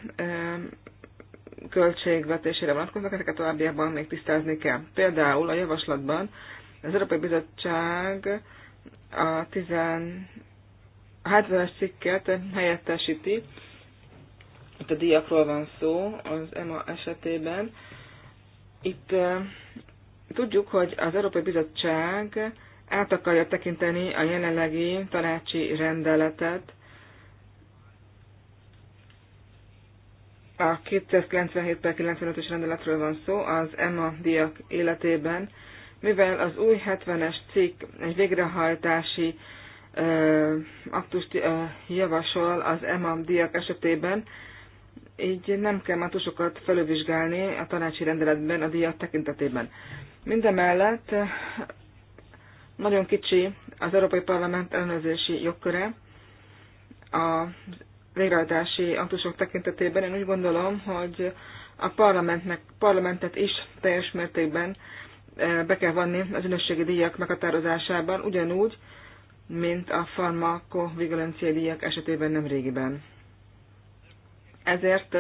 költségvetésére vonatkoznak, ezeket továbbiakban még tisztázni kell. Például a javaslatban az Európai Bizottság a 70-es cikket helyettesíti, itt a diakról van szó az EMA esetében. Itt tudjuk, hogy az Európai Bizottság át akarja tekinteni a jelenlegi tanácsi rendeletet, A 297 per 95-ös rendeletről van szó az EMA diak életében, mivel az új 70-es cikk egy végrehajtási ö, aktust ö, javasol az EMA diak esetében, így nem kell már túl sokat felülvizsgálni a tanácsi rendeletben a díjak tekintetében. Mindemellett nagyon kicsi az Európai Parlament ellenőrzési jogköre, az végrehajtási aktusok tekintetében én úgy gondolom, hogy a parlamentnek, parlamentet is teljes mértékben e, be kell vanni az ünösségi díjak meghatározásában, ugyanúgy, mint a farmakovigilancia díjak esetében nem régiben. Ezért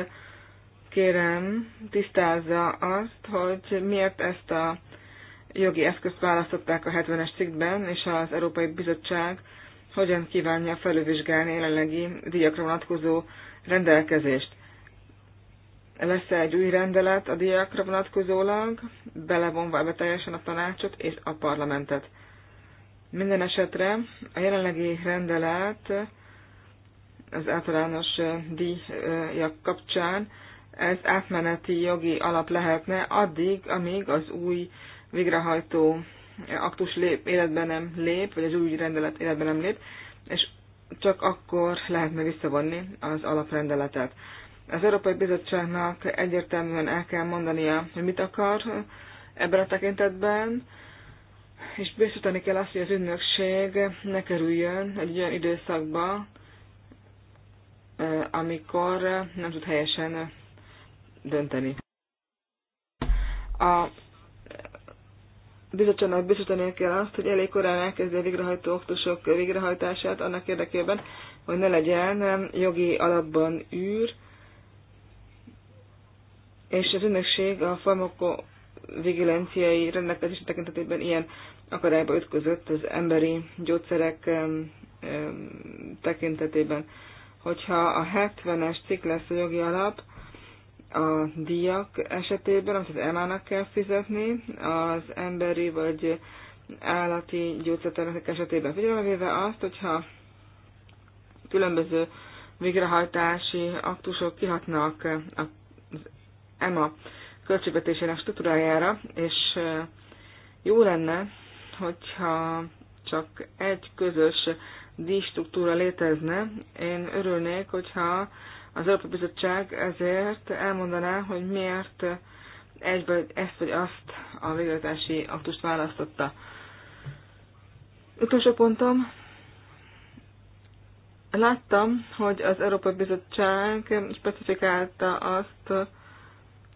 kérem, tisztázza azt, hogy miért ezt a jogi eszközt választották a 70-es cikkben, és az Európai Bizottság hogyan kívánja felülvizsgálni jelenlegi díjakra vonatkozó rendelkezést. Lesz -e egy új rendelet a díjakra vonatkozólag, belevonva be teljesen a tanácsot és a parlamentet. Minden esetre a jelenlegi rendelet az általános díjak kapcsán ez átmeneti jogi alap lehetne addig, amíg az új végrehajtó aktus lép, életben nem lép, vagy az új rendelet életben nem lép, és csak akkor lehetne visszavonni az alaprendeletet. Az Európai Bizottságnak egyértelműen el kell mondania, hogy mit akar ebben a tekintetben, és biztosítani kell azt, hogy az ügynökség ne kerüljön egy olyan időszakba, amikor nem tud helyesen dönteni. A bizottságnak biztosítania kell azt, hogy elég korán elkezdi a végrehajtó oktusok végrehajtását annak érdekében, hogy ne legyen jogi alapban űr, és az ünnepség a vigilenciai rendelkezés tekintetében ilyen akadályba ütközött az emberi gyógyszerek tekintetében. Hogyha a 70-es cikk lesz a jogi alap, a díjak esetében, amit az emának kell fizetni, az emberi vagy állati gyógyszertermékek esetében. figyelmevéve azt, hogyha különböző végrehajtási aktusok kihatnak az EMA költségvetésének struktúrájára, és jó lenne, hogyha csak egy közös díjstruktúra létezne. Én örülnék, hogyha az Európai Bizottság ezért elmondaná, hogy miért egyből ezt vagy azt a végrehajtási aktust választotta. Utolsó pontom. Láttam, hogy az Európai Bizottság specifikálta azt,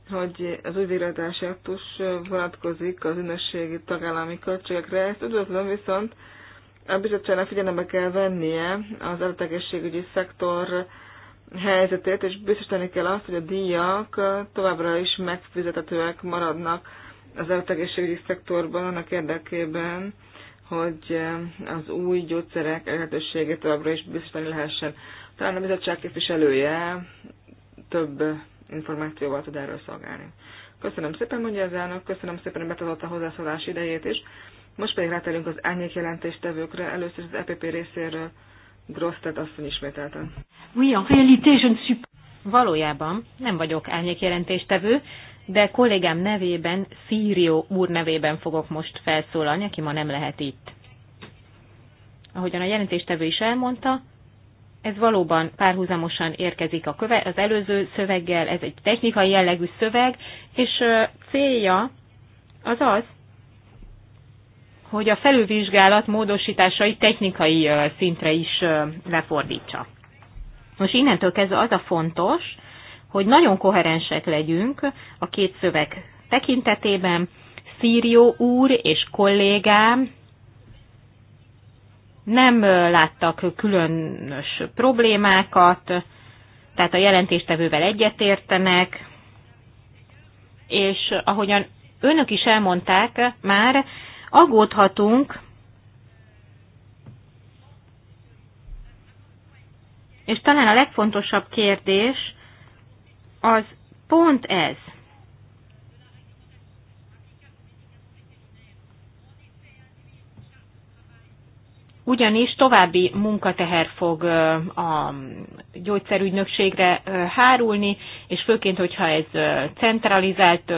hogy az új végrehajtási aktus vonatkozik az ünnepségi tagállami költségekre. Ezt üdvözlöm, viszont a bizottságnak figyelembe kell vennie az előtegészségügyi szektor helyzetét, és biztosítani kell azt, hogy a díjak továbbra is megfizetetőek maradnak az e- egészségügyi szektorban annak érdekében, hogy az új gyógyszerek elérhetőségét továbbra is biztosítani lehessen. Talán a bizottság képviselője több információval tud erről szolgálni. Köszönöm szépen, mondja az elnök, köszönöm szépen, hogy betartotta a hozzászólás idejét is. Most pedig rátelünk az árnyék jelentéstevőkre, először az EPP részéről Grosztet asszony ismételten. Oui, en réalité, je ne suis... Valójában nem vagyok árnyékjelentéstevő, de kollégám nevében, Szírió úr nevében fogok most felszólalni, aki ma nem lehet itt. Ahogyan a jelentéstevő is elmondta, ez valóban párhuzamosan érkezik a köve, az előző szöveggel, ez egy technikai jellegű szöveg, és célja az az, hogy a felülvizsgálat módosításai technikai szintre is lefordítsa. Most innentől kezdve az a fontos, hogy nagyon koherensek legyünk a két szöveg tekintetében. Szírió úr és kollégám nem láttak különös problémákat, tehát a jelentéstevővel egyetértenek, és ahogyan önök is elmondták már, aggódhatunk, és talán a legfontosabb kérdés az pont ez. ugyanis további munkateher fog a gyógyszerügynökségre hárulni, és főként, hogyha ez centralizált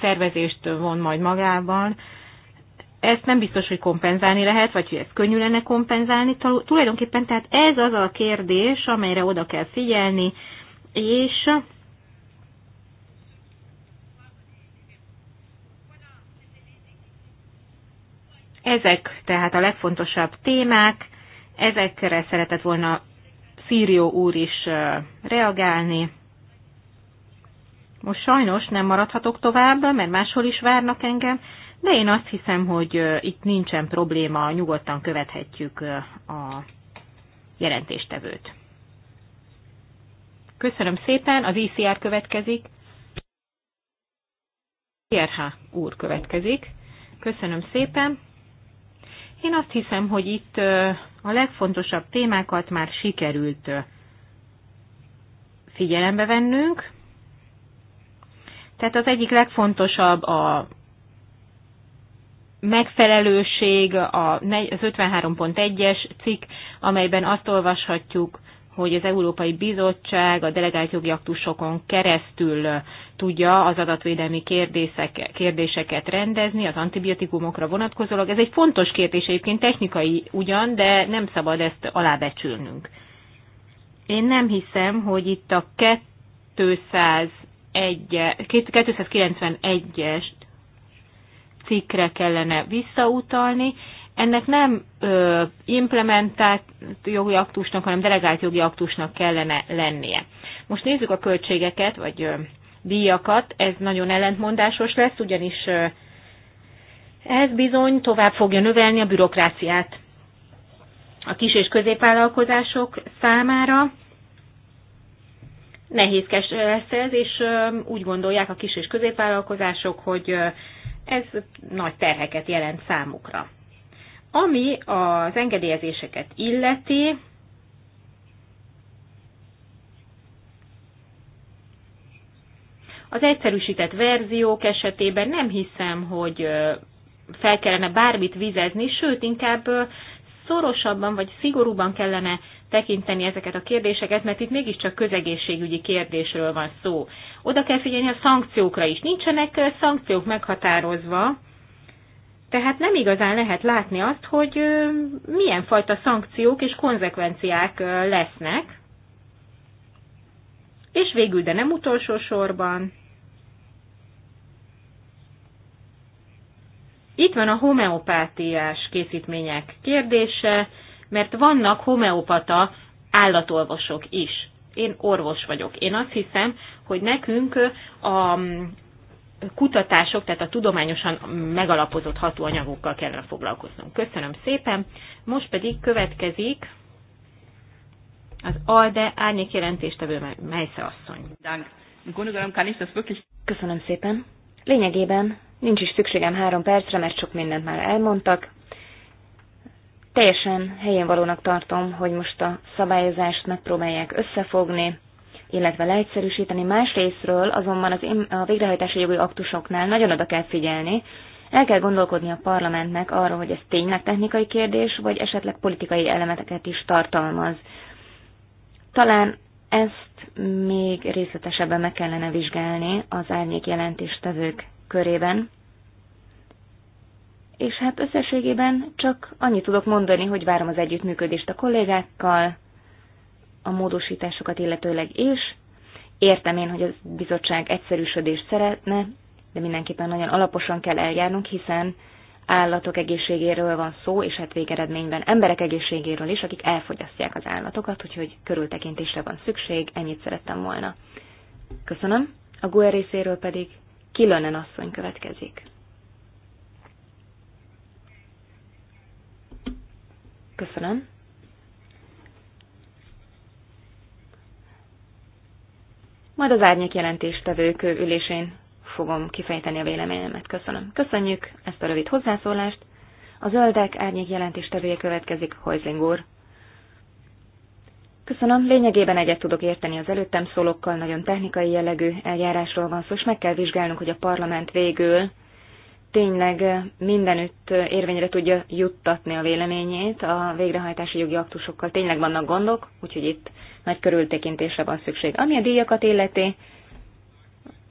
szervezést von majd magában, ezt nem biztos, hogy kompenzálni lehet, vagy hogy ezt könnyű lenne kompenzálni. Tulajdonképpen tehát ez az a kérdés, amelyre oda kell figyelni, és ezek tehát a legfontosabb témák, ezekre szeretett volna Szírió úr is reagálni. Most sajnos nem maradhatok tovább, mert máshol is várnak engem, de én azt hiszem, hogy itt nincsen probléma, nyugodtan követhetjük a jelentéstevőt. Köszönöm szépen, az ICR következik. Kérha úr következik. Köszönöm szépen. Én azt hiszem, hogy itt a legfontosabb témákat már sikerült figyelembe vennünk. Tehát az egyik legfontosabb a megfelelőség, az 53.1-es cikk, amelyben azt olvashatjuk, hogy az Európai Bizottság a delegált jogi aktusokon keresztül tudja az adatvédelmi kérdések, kérdéseket rendezni, az antibiotikumokra vonatkozólag. Ez egy fontos kérdés, egyébként technikai ugyan, de nem szabad ezt alábecsülnünk. Én nem hiszem, hogy itt a 201, 291-est cikkre kellene visszautalni. Ennek nem ö, implementált jogi aktusnak, hanem delegált jogi aktusnak kellene lennie. Most nézzük a költségeket, vagy ö, díjakat. Ez nagyon ellentmondásos lesz, ugyanis ö, ez bizony tovább fogja növelni a bürokráciát a kis és középvállalkozások számára nehézkes lesz ez, és úgy gondolják a kis és középvállalkozások, hogy ez nagy terheket jelent számukra. Ami az engedélyezéseket illeti, az egyszerűsített verziók esetében nem hiszem, hogy fel kellene bármit vizezni, sőt, inkább szorosabban vagy szigorúban kellene tekinteni ezeket a kérdéseket, mert itt mégiscsak közegészségügyi kérdésről van szó. Oda kell figyelni a szankciókra is. Nincsenek szankciók meghatározva, tehát nem igazán lehet látni azt, hogy milyen fajta szankciók és konzekvenciák lesznek. És végül, de nem utolsó sorban, itt van a homeopátiás készítmények kérdése, mert vannak homeopata állatolvosok is. Én orvos vagyok. Én azt hiszem, hogy nekünk a kutatások, tehát a tudományosan megalapozott hatóanyagokkal kellene foglalkoznunk. Köszönöm szépen. Most pedig következik az ALDE árnyék jelentéstevő Mejsze asszony. Köszönöm szépen. Lényegében nincs is szükségem három percre, mert sok mindent már elmondtak. Teljesen helyén valónak tartom, hogy most a szabályozást megpróbálják összefogni, illetve leegyszerűsíteni. Másrésztről azonban az, a végrehajtási jogi aktusoknál nagyon oda kell figyelni, el kell gondolkodni a parlamentnek arról, hogy ez tényleg technikai kérdés, vagy esetleg politikai elemeteket is tartalmaz. Talán ezt még részletesebben meg kellene vizsgálni az árnyék jelentéstevők körében és hát összességében csak annyit tudok mondani, hogy várom az együttműködést a kollégákkal, a módosításokat illetőleg is. Értem én, hogy a bizottság egyszerűsödést szeretne, de mindenképpen nagyon alaposan kell eljárnunk, hiszen állatok egészségéről van szó, és hát végeredményben emberek egészségéről is, akik elfogyasztják az állatokat, úgyhogy körültekintésre van szükség, ennyit szerettem volna. Köszönöm. A GUE részéről pedig Kilönen asszony következik. Köszönöm. Majd az árnyék jelentéstevők ülésén fogom kifejteni a véleményemet. Köszönöm. Köszönjük ezt a rövid hozzászólást. A zöldek árnyék jelentéstevője következik, Hojzing úr. Köszönöm, lényegében egyet tudok érteni az előttem szólókkal, nagyon technikai jellegű eljárásról van szó, és meg kell vizsgálnunk, hogy a parlament végül tényleg mindenütt érvényre tudja juttatni a véleményét, a végrehajtási jogi aktusokkal tényleg vannak gondok, úgyhogy itt nagy körültekintésre van szükség. Ami a díjakat illeti,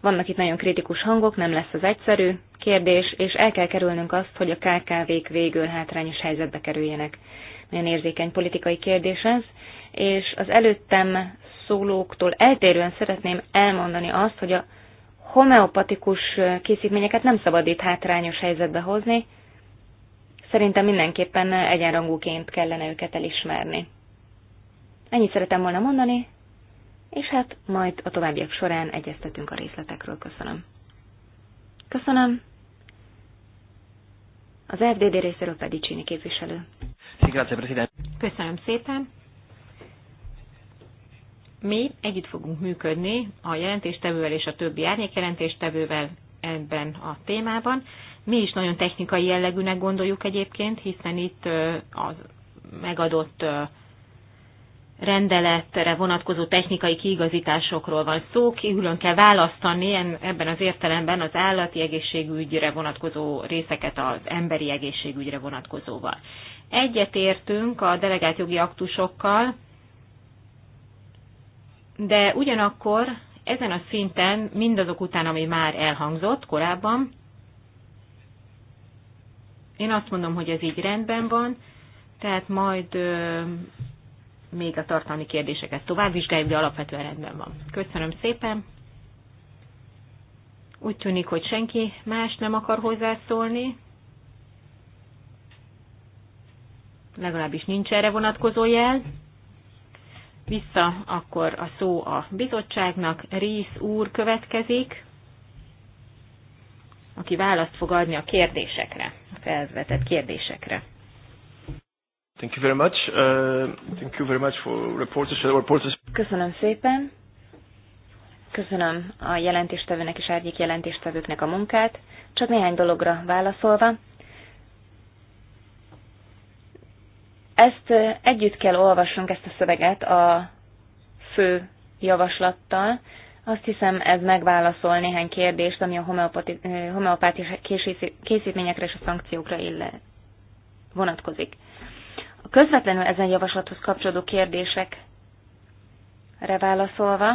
vannak itt nagyon kritikus hangok, nem lesz az egyszerű kérdés, és el kell kerülnünk azt, hogy a KKV-k végül hátrányos helyzetbe kerüljenek. Nagyon érzékeny politikai kérdés ez, és az előttem szólóktól eltérően szeretném elmondani azt, hogy a homeopatikus készítményeket nem szabad itt hátrányos helyzetbe hozni. Szerintem mindenképpen egyenrangúként kellene őket elismerni. Ennyit szeretem volna mondani, és hát majd a továbbiak során egyeztetünk a részletekről. Köszönöm. Köszönöm. Az FDD részéről pedig Csini képviselő. Köszönöm szépen. Mi együtt fogunk működni a jelentéstevővel és a többi árnyékjelentéstevővel ebben a témában. Mi is nagyon technikai jellegűnek gondoljuk egyébként, hiszen itt az megadott rendeletre vonatkozó technikai kiigazításokról van szó, külön kell választani ebben az értelemben az állati egészségügyre vonatkozó részeket az emberi egészségügyre vonatkozóval. Egyetértünk a delegált jogi aktusokkal, de ugyanakkor ezen a szinten, mindazok után, ami már elhangzott korábban, én azt mondom, hogy ez így rendben van, tehát majd ö, még a tartalmi kérdéseket tovább vizsgáljuk, de alapvetően rendben van. Köszönöm szépen. Úgy tűnik, hogy senki más nem akar hozzászólni. Legalábbis nincs erre vonatkozó jel vissza akkor a szó a bizottságnak. Rész úr következik, aki választ fog adni a kérdésekre, a felvetett kérdésekre. Thank you very much. Uh, thank you very much for reporters. reporters. Köszönöm szépen. Köszönöm a jelentéstevőnek és árnyék jelentéstevőknek a munkát. Csak néhány dologra válaszolva. Ezt együtt kell olvasnunk, ezt a szöveget a fő javaslattal. Azt hiszem, ez megválaszol néhány kérdést, ami a homeopáti készítményekre és a szankciókra ille vonatkozik. A közvetlenül ezen javaslathoz kapcsolódó kérdésekre válaszolva,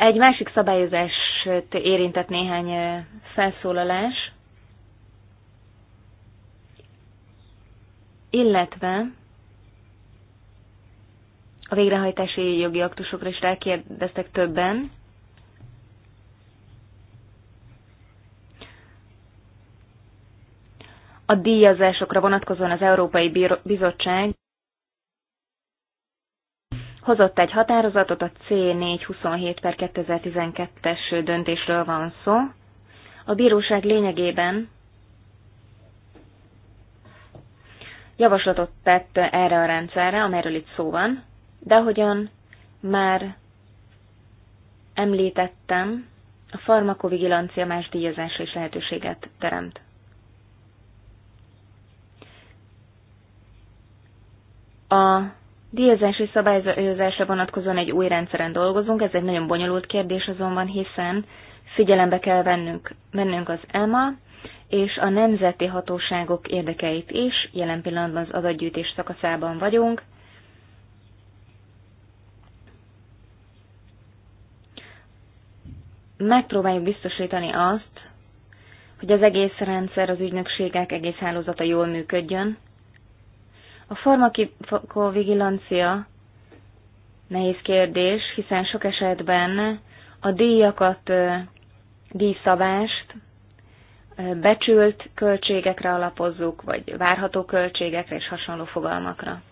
Egy másik szabályozást érintett néhány felszólalás, illetve a végrehajtási jogi aktusokra is rákérdeztek többen. A díjazásokra vonatkozóan az Európai Bizottság hozott egy határozatot, a C427 per 2012-es döntésről van szó. A bíróság lényegében javaslatot tett erre a rendszerre, amelyről itt szó van, de ahogyan már említettem, a farmakovigilancia más díjazásra is lehetőséget teremt. A Díjazási szabályozásra vonatkozóan egy új rendszeren dolgozunk, ez egy nagyon bonyolult kérdés azonban, hiszen figyelembe kell vennünk, vennünk az EMA és a nemzeti hatóságok érdekeit is, jelen pillanatban az adatgyűjtés szakaszában vagyunk. Megpróbáljuk biztosítani azt, hogy az egész rendszer, az ügynökségek egész hálózata jól működjön, a farmakovigilancia nehéz kérdés, hiszen sok esetben a díjakat, díjszabást becsült költségekre alapozzuk, vagy várható költségekre és hasonló fogalmakra.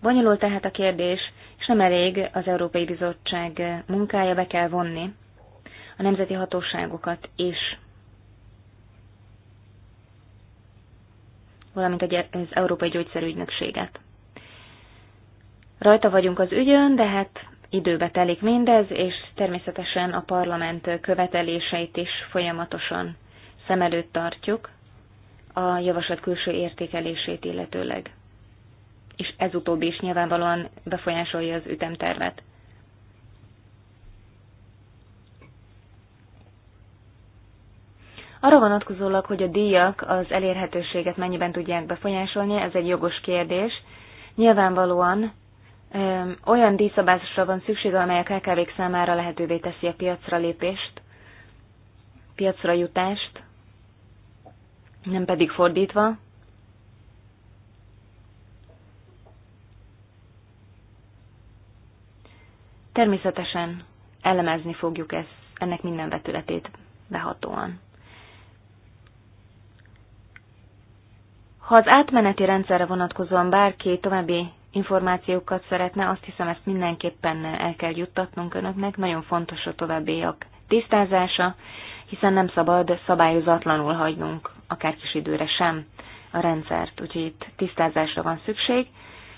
Bonyolult tehát a kérdés, és nem elég az Európai Bizottság munkája, be kell vonni a nemzeti hatóságokat is. valamint az Európai Gyógyszerügynökséget. Rajta vagyunk az ügyön, de hát időbe telik mindez, és természetesen a parlament követeléseit is folyamatosan szem előtt tartjuk, a javaslat külső értékelését illetőleg. És ez utóbbi is nyilvánvalóan befolyásolja az ütemtervet. Arra vonatkozólag, hogy a díjak az elérhetőséget mennyiben tudják befolyásolni, ez egy jogos kérdés. Nyilvánvalóan ö, olyan díjszabásra van szüksége, amely a kkv számára lehetővé teszi a piacra lépést, piacra jutást, nem pedig fordítva. Természetesen elemezni fogjuk ezt, ennek minden vetületét behatóan. Ha az átmeneti rendszerre vonatkozóan bárki további információkat szeretne, azt hiszem ezt mindenképpen el kell juttatnunk önöknek, nagyon fontos a továbbiak tisztázása, hiszen nem szabad szabályozatlanul hagynunk akár kis időre sem a rendszert, úgyhogy itt tisztázásra van szükség,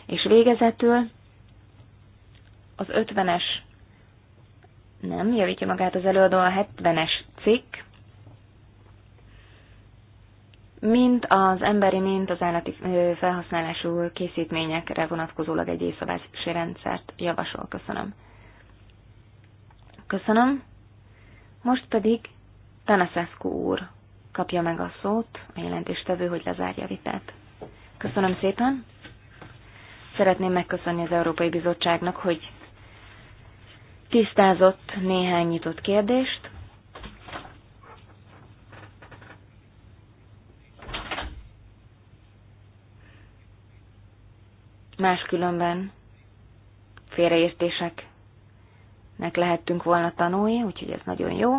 és végezetül az 50-es, nem, javítja magát az előadó a 70-es cikk, mint az emberi, mint az állati felhasználású készítményekre vonatkozólag egy észabási rendszert javasol. Köszönöm. Köszönöm. Most pedig Tanaszeszku úr kapja meg a szót, a jelentéstevő, hogy lezárja vitát. Köszönöm szépen. Szeretném megköszönni az Európai Bizottságnak, hogy tisztázott néhány nyitott kérdést. Máskülönben félreértéseknek lehettünk volna tanulni, úgyhogy ez nagyon jó.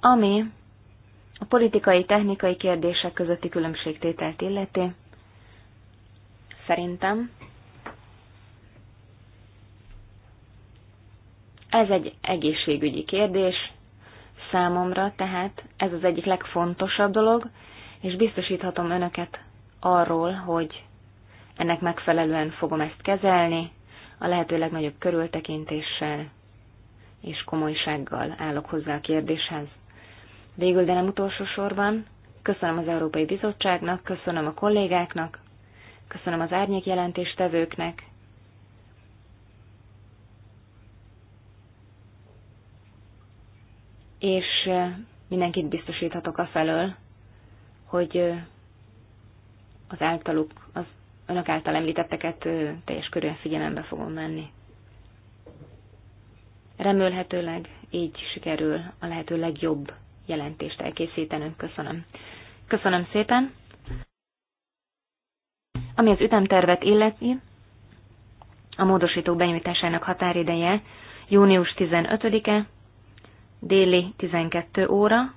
Ami a politikai-technikai kérdések közötti különbségtételt illeti, szerintem ez egy egészségügyi kérdés, Számomra tehát ez az egyik legfontosabb dolog, és biztosíthatom önöket arról, hogy ennek megfelelően fogom ezt kezelni, a lehető legnagyobb körültekintéssel és komolysággal állok hozzá a kérdéshez. Végül, de nem utolsó sorban, köszönöm az Európai Bizottságnak, köszönöm a kollégáknak, köszönöm az árnyék jelentéstevőknek, és mindenkit biztosíthatok a felől, hogy az általuk, az önök által említetteket teljes körűen figyelembe fogom menni. Remélhetőleg így sikerül a lehető legjobb jelentést elkészítenünk. Köszönöm. Köszönöm szépen. Ami az ütemtervet illeti, a módosítók benyújtásának határideje június 15-e, déli 12 óra,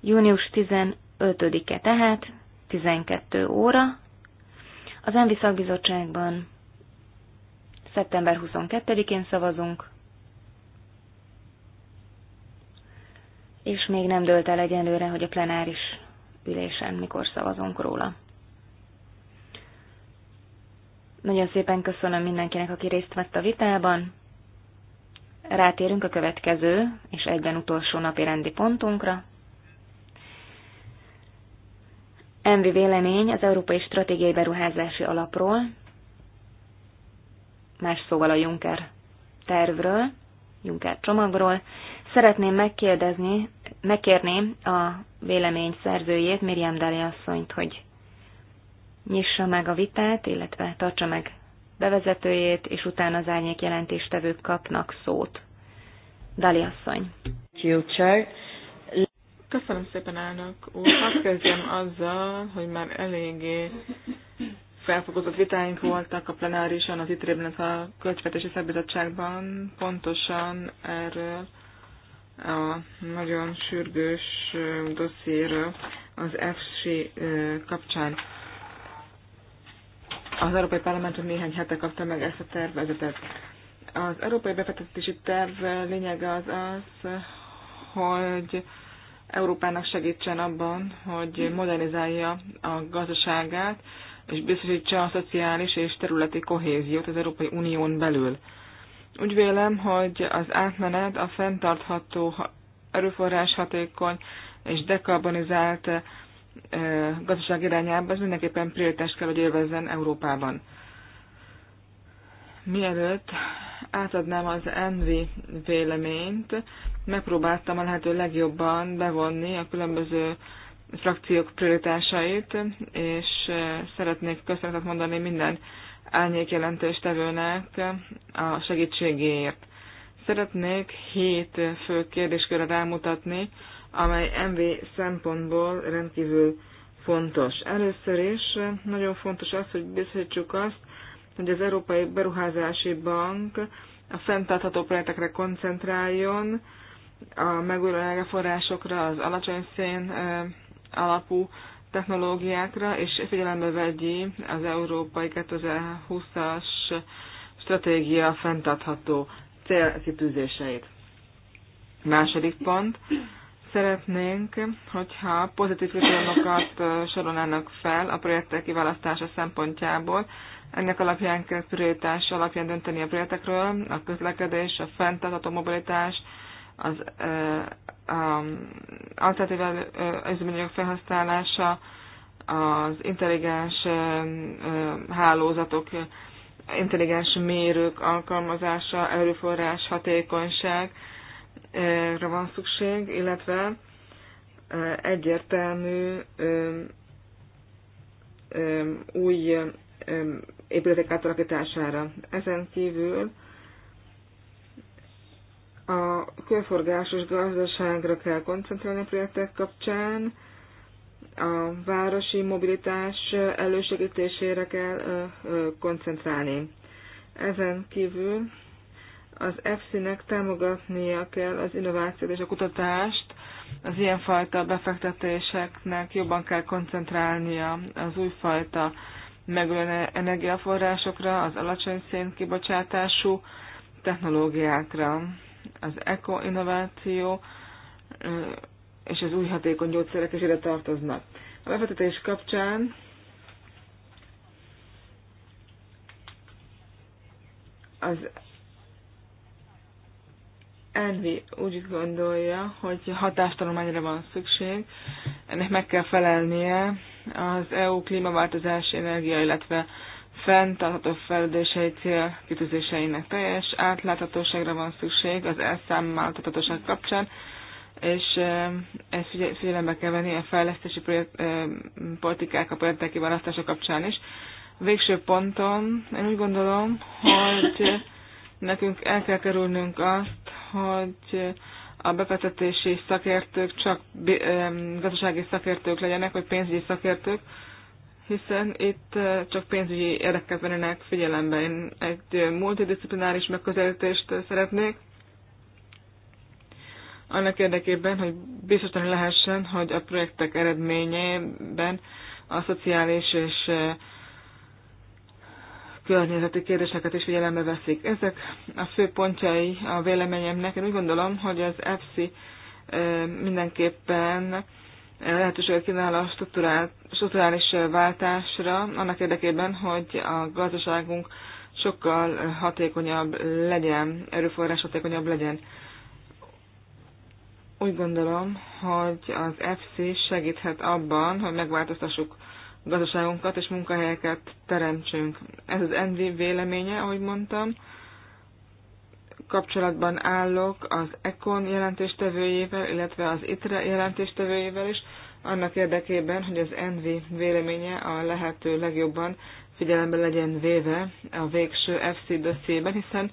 június 15-e tehát, 12 óra, az ENVI szakbizottságban szeptember 22-én szavazunk, és még nem dölt el egyelőre, hogy a plenáris ülésen mikor szavazunk róla. Nagyon szépen köszönöm mindenkinek, aki részt vett a vitában. Rátérünk a következő és egyben utolsó napi rendi pontunkra. Envi vélemény az Európai Stratégiai Beruházási Alapról, más szóval a Juncker tervről, Juncker csomagról. Szeretném megkérdezni, megkérni a vélemény szerzőjét, Miriam Dali asszonyt, hogy nyissa meg a vitát, illetve tartsa meg bevezetőjét, és utána az árnyék jelentéstevők kapnak szót. Dali asszony. Köszönöm szépen, elnök úr. Hadd kezdjem azzal, hogy már eléggé felfokozott vitáink voltak a plenárison, az itt rében, a Költségvetési Szabbizottságban pontosan erről a nagyon sürgős dossziéről az EFSI kapcsán az Európai Parlamenton néhány hete kapta meg ezt a tervezetet. Az Európai Befektetési Terv lényege az az, hogy Európának segítsen abban, hogy modernizálja a gazdaságát, és biztosítsa a szociális és területi kohéziót az Európai Unión belül. Úgy vélem, hogy az átmenet a fenntartható, erőforrás hatékony és dekarbonizált gazdaság irányába, ez mindenképpen prioritást kell, hogy élvezzen Európában. Mielőtt átadnám az Envi véleményt, megpróbáltam a lehető legjobban bevonni a különböző frakciók prioritásait, és szeretnék köszönetet mondani minden jelentős jelentéstevőnek a segítségéért. Szeretnék hét fő kérdéskörre rámutatni, amely MV szempontból rendkívül fontos. Először is nagyon fontos az, hogy bizonyítsuk azt, hogy az Európai Beruházási Bank a fenntartható projektekre koncentráljon, a megújuló forrásokra, az alacsony szén alapú technológiákra, és figyelembe vegyi az Európai 2020-as stratégia fenntartható célkitűzéseit. Második pont, Szeretnénk, hogyha pozitív kritériumokat sorolnának fel a projektek kiválasztása szempontjából. Ennek alapján kell prioritás alapján dönteni a projektekről, a közlekedés, a fenntartható mobilitás, az alternatív üzemanyagok felhasználása, az intelligens hálózatok, intelligens mérők alkalmazása, erőforrás hatékonyság, van szükség, illetve egyértelmű új épületek átalakítására. Ezen kívül a körforgásos gazdaságra kell koncentrálni a projektek kapcsán, a városi mobilitás elősegítésére kell koncentrálni. Ezen kívül az efsi nek támogatnia kell az innovációt és a kutatást, az ilyenfajta befektetéseknek jobban kell koncentrálnia az újfajta megújuló energiaforrásokra, az alacsony szénkibocsátású technológiákra. Az eko-innováció és az új hatékony gyógyszerek is ide tartoznak. A befektetés kapcsán az Envi úgy gondolja, hogy hatástanulmányra van szükség, ennek meg kell felelnie az EU klímaváltozási energia, illetve fenntartható fejlődései cél kitűzéseinek teljes átláthatóságra van szükség az elszámoltathatóság kapcsán, és ezt figyelembe kell venni a fejlesztési projekt, politikák, a projektek kiválasztása kapcsán is. Végső ponton én úgy gondolom, hogy Nekünk el kell kerülnünk azt, hogy a befektetési szakértők csak gazdasági szakértők legyenek, vagy pénzügyi szakértők, hiszen itt csak pénzügyi érdeket vennének figyelembe. Én egy multidisciplináris megközelítést szeretnék, annak érdekében, hogy biztosan lehessen, hogy a projektek eredményében a szociális és környezeti kérdéseket is figyelembe veszik. Ezek a fő pontjai a véleményemnek. Én úgy gondolom, hogy az EFSI mindenképpen lehetőséget kínál a strukturális váltásra, annak érdekében, hogy a gazdaságunk sokkal hatékonyabb legyen, erőforrás hatékonyabb legyen. Úgy gondolom, hogy az FC segíthet abban, hogy megváltoztassuk gazdaságunkat és munkahelyeket teremtsünk. Ez az NV véleménye, ahogy mondtam. Kapcsolatban állok az ECON jelentéstevőjével, illetve az ITRE jelentéstevőjével is, annak érdekében, hogy az NV véleménye a lehető legjobban figyelembe legyen véve a végső FC dossziében, hiszen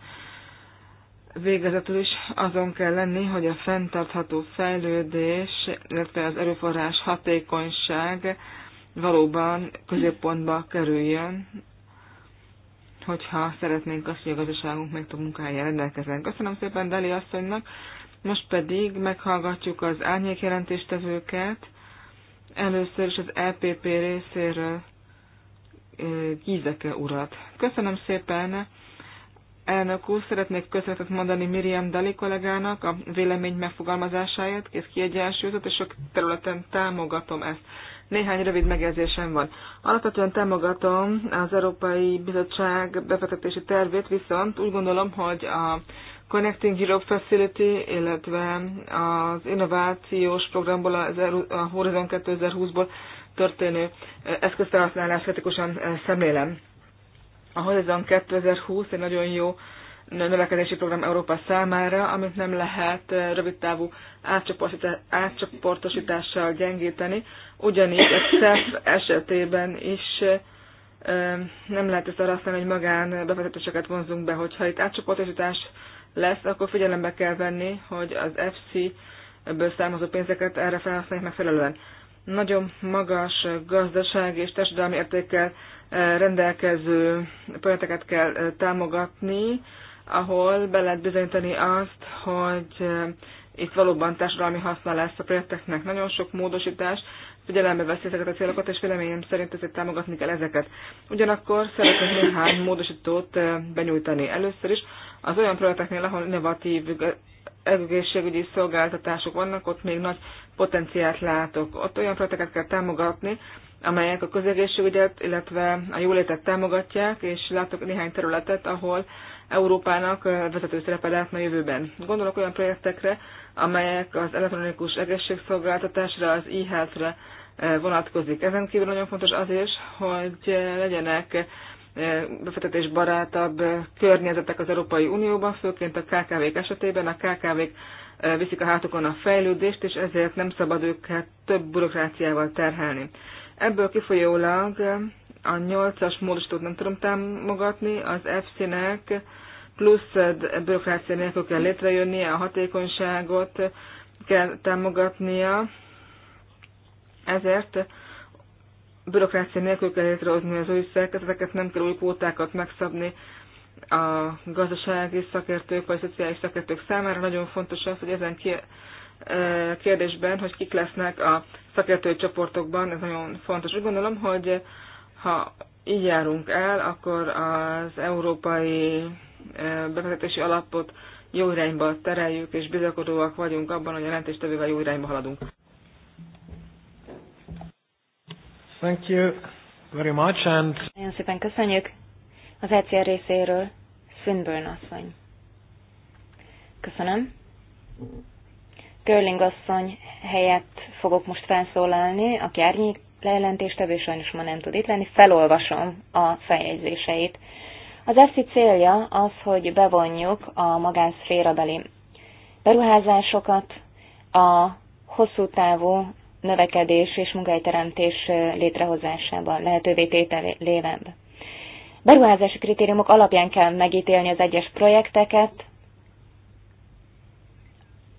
végezetül is azon kell lenni, hogy a fenntartható fejlődés, illetve az erőforrás hatékonyság valóban középpontba kerüljön, hogyha szeretnénk azt, hogy a gazdaságunk meg több munkahelyen rendelkezzen. Köszönöm szépen Deli asszonynak, most pedig meghallgatjuk az árnyék jelentéstevőket, először is az EPP részéről Gízeke urat. Köszönöm szépen, elnök úr, szeretnék köszönetet mondani Miriam Dali kollégának a vélemény megfogalmazásáért, kész kiegyensúlyozott, és sok területen támogatom ezt. Néhány rövid megjegyzésem van. Alapvetően támogatom az Európai Bizottság befektetési tervét, viszont úgy gondolom, hogy a Connecting Europe Facility, illetve az innovációs programból a Horizon 2020-ból történő eszközfelhasználás kritikusan eh, szemlélem. A Horizon 2020 egy nagyon jó növekedési program Európa számára, amit nem lehet eh, rövidtávú átcsoportosítással gyengíteni. Ugyanígy a CEF esetében is eh, nem lehet ezt arra használni, hogy magán befektetéseket vonzunk be. Hogyha itt átcsoportosítás lesz, akkor figyelembe kell venni, hogy az FC ebből származó pénzeket erre felhasználják megfelelően. Nagyon magas gazdaság és társadalmi értékkel eh, rendelkező projekteket kell támogatni, ahol be lehet bizonyítani azt, hogy itt valóban társadalmi haszna lesz a projekteknek. Nagyon sok módosítás figyelembe veszi ezeket a célokat, és véleményem szerint ezért támogatni kell ezeket. Ugyanakkor szeretnék néhány módosítót benyújtani először is. Az olyan projekteknél, ahol innovatív egészségügyi szolgáltatások vannak, ott még nagy potenciált látok. Ott olyan projekteket kell támogatni, amelyek a közegészségügyet, illetve a jólétet támogatják, és látok néhány területet, ahol Európának vezető szerepe lehetne a jövőben. Gondolok olyan projektekre, amelyek az elektronikus egészségszolgáltatásra, az e-health-re vonatkozik. Ezen kívül nagyon fontos az is, hogy legyenek befektetésbarátabb környezetek az Európai Unióban, főként a KKV-k esetében. A KKV-k viszik a hátukon a fejlődést, és ezért nem szabad őket több bürokráciával terhelni. Ebből kifolyólag a nyolcas módosítót nem tudom támogatni, az FC-nek plusz bürokrácia nélkül kell létrejönnie, a hatékonyságot kell támogatnia, ezért bürokrácia nélkül kell létrehozni az új szerkezeteket, nem kell új kvótákat megszabni a gazdasági szakértők vagy szociális szakértők számára. Nagyon fontos az, hogy ezen ki, kérdésben, hogy kik lesznek a szakértői csoportokban, ez nagyon fontos. Úgy gondolom, hogy ha így járunk el, akkor az európai eh, befektetési alapot jó irányba tereljük, és bizakodóak vagyunk abban, hogy a jelentéstevővel jó irányba haladunk. Thank you very much and... Nagyon szépen köszönjük az ECR részéről Swinburne asszony. Köszönöm. Körling asszony helyett fogok most felszólalni, aki árnyék lejelentéstevő sajnos ma nem tud itt lenni, felolvasom a feljegyzéseit. Az EFSI célja az, hogy bevonjuk a magánszférabeli beruházásokat, a hosszú távú növekedés és munkahelyteremtés létrehozásában lehetővé tételével. Beruházási kritériumok alapján kell megítélni az egyes projekteket,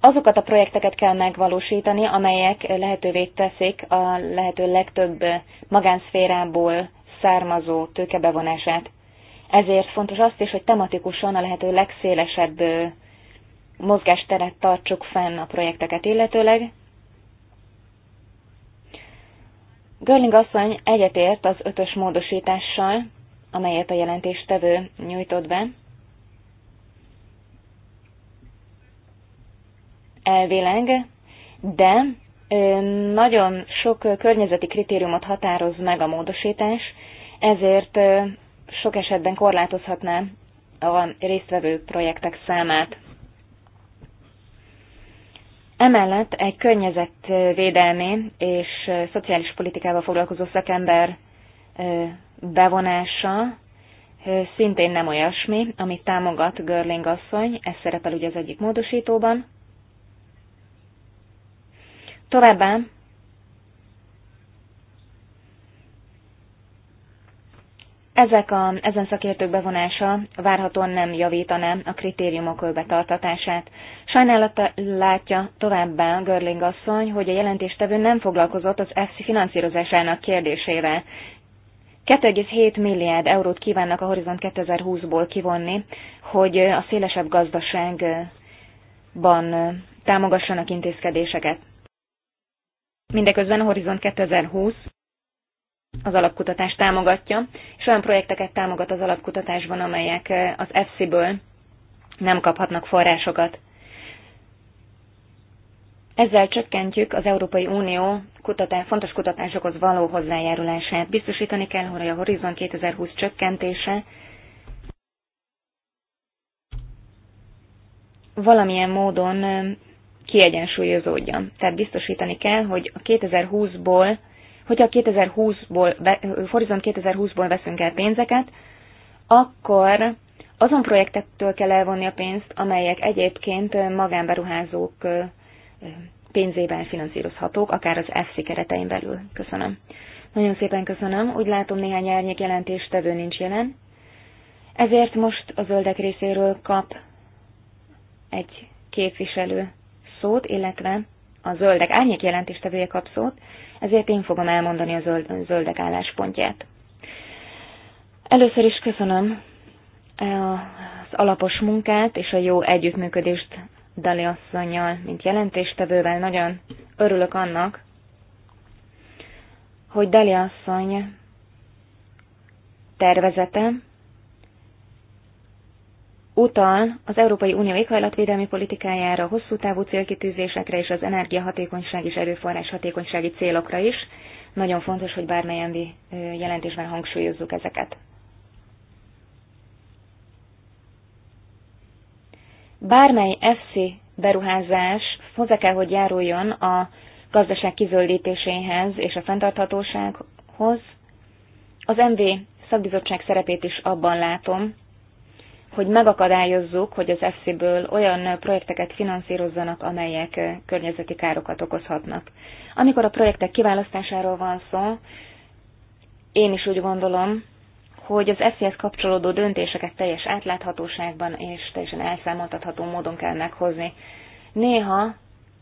azokat a projekteket kell megvalósítani, amelyek lehetővé teszik a lehető legtöbb magánszférából származó tőkebevonását. Ezért fontos azt is, hogy tematikusan a lehető legszélesebb mozgásteret tartsuk fenn a projekteket illetőleg. Görling asszony egyetért az ötös módosítással, amelyet a jelentéstevő nyújtott be, elvileg, de nagyon sok környezeti kritériumot határoz meg a módosítás, ezért sok esetben korlátozhatná a résztvevő projektek számát. Emellett egy környezetvédelmi és szociális politikával foglalkozó szakember bevonása szintén nem olyasmi, amit támogat Görling asszony, ez szerepel ugye az egyik módosítóban. Továbbá ezek a, ezen szakértők bevonása várhatóan nem javítaná a kritériumok betartatását. Sajnálata látja továbbá Görling asszony, hogy a jelentéstevő nem foglalkozott az EFSI finanszírozásának kérdésével. 2,7 milliárd eurót kívánnak a Horizont 2020-ból kivonni, hogy a szélesebb gazdaságban támogassanak intézkedéseket. Mindeközben a Horizont 2020 az alapkutatást támogatja, és olyan projekteket támogat az alapkutatásban, amelyek az EFSI-ből nem kaphatnak forrásokat. Ezzel csökkentjük az Európai Unió kutatás, fontos kutatásokhoz való hozzájárulását. Biztosítani kell, hogy a Horizon 2020 csökkentése valamilyen módon kiegyensúlyozódjon. Tehát biztosítani kell, hogy a 2020-ból, hogyha a 2020-ból, Horizon 2020-ból veszünk el pénzeket, akkor azon projektektől kell elvonni a pénzt, amelyek egyébként magánberuházók pénzében finanszírozhatók, akár az FC keretein belül. Köszönöm. Nagyon szépen köszönöm. Úgy látom néhány árnyék tevő nincs jelen. Ezért most a zöldek részéről kap egy képviselő szót, illetve a zöldek árnyék jelentéstevője kap szót, ezért én fogom elmondani a zöldek álláspontját. Először is köszönöm eh, az alapos munkát és a jó együttműködést Dali asszonyjal, mint jelentéstevővel. Nagyon örülök annak, hogy Dali asszony tervezete utal az Európai Unió éghajlatvédelmi politikájára, hosszú távú célkitűzésekre és az energiahatékonyság és erőforrás hatékonysági célokra is. Nagyon fontos, hogy bármelyen jelentésben hangsúlyozzuk ezeket. Bármely FC beruházás hozzá kell, hogy járuljon a gazdaság kizöldítéséhez és a fenntarthatósághoz. Az MV szakbizottság szerepét is abban látom, hogy megakadályozzuk, hogy az EFSI-ből olyan projekteket finanszírozzanak, amelyek eh, környezeti károkat okozhatnak. Amikor a projektek kiválasztásáról van szó, én is úgy gondolom, hogy az EFSZ-hez kapcsolódó döntéseket teljes átláthatóságban és teljesen elszámoltatható módon kell meghozni. Néha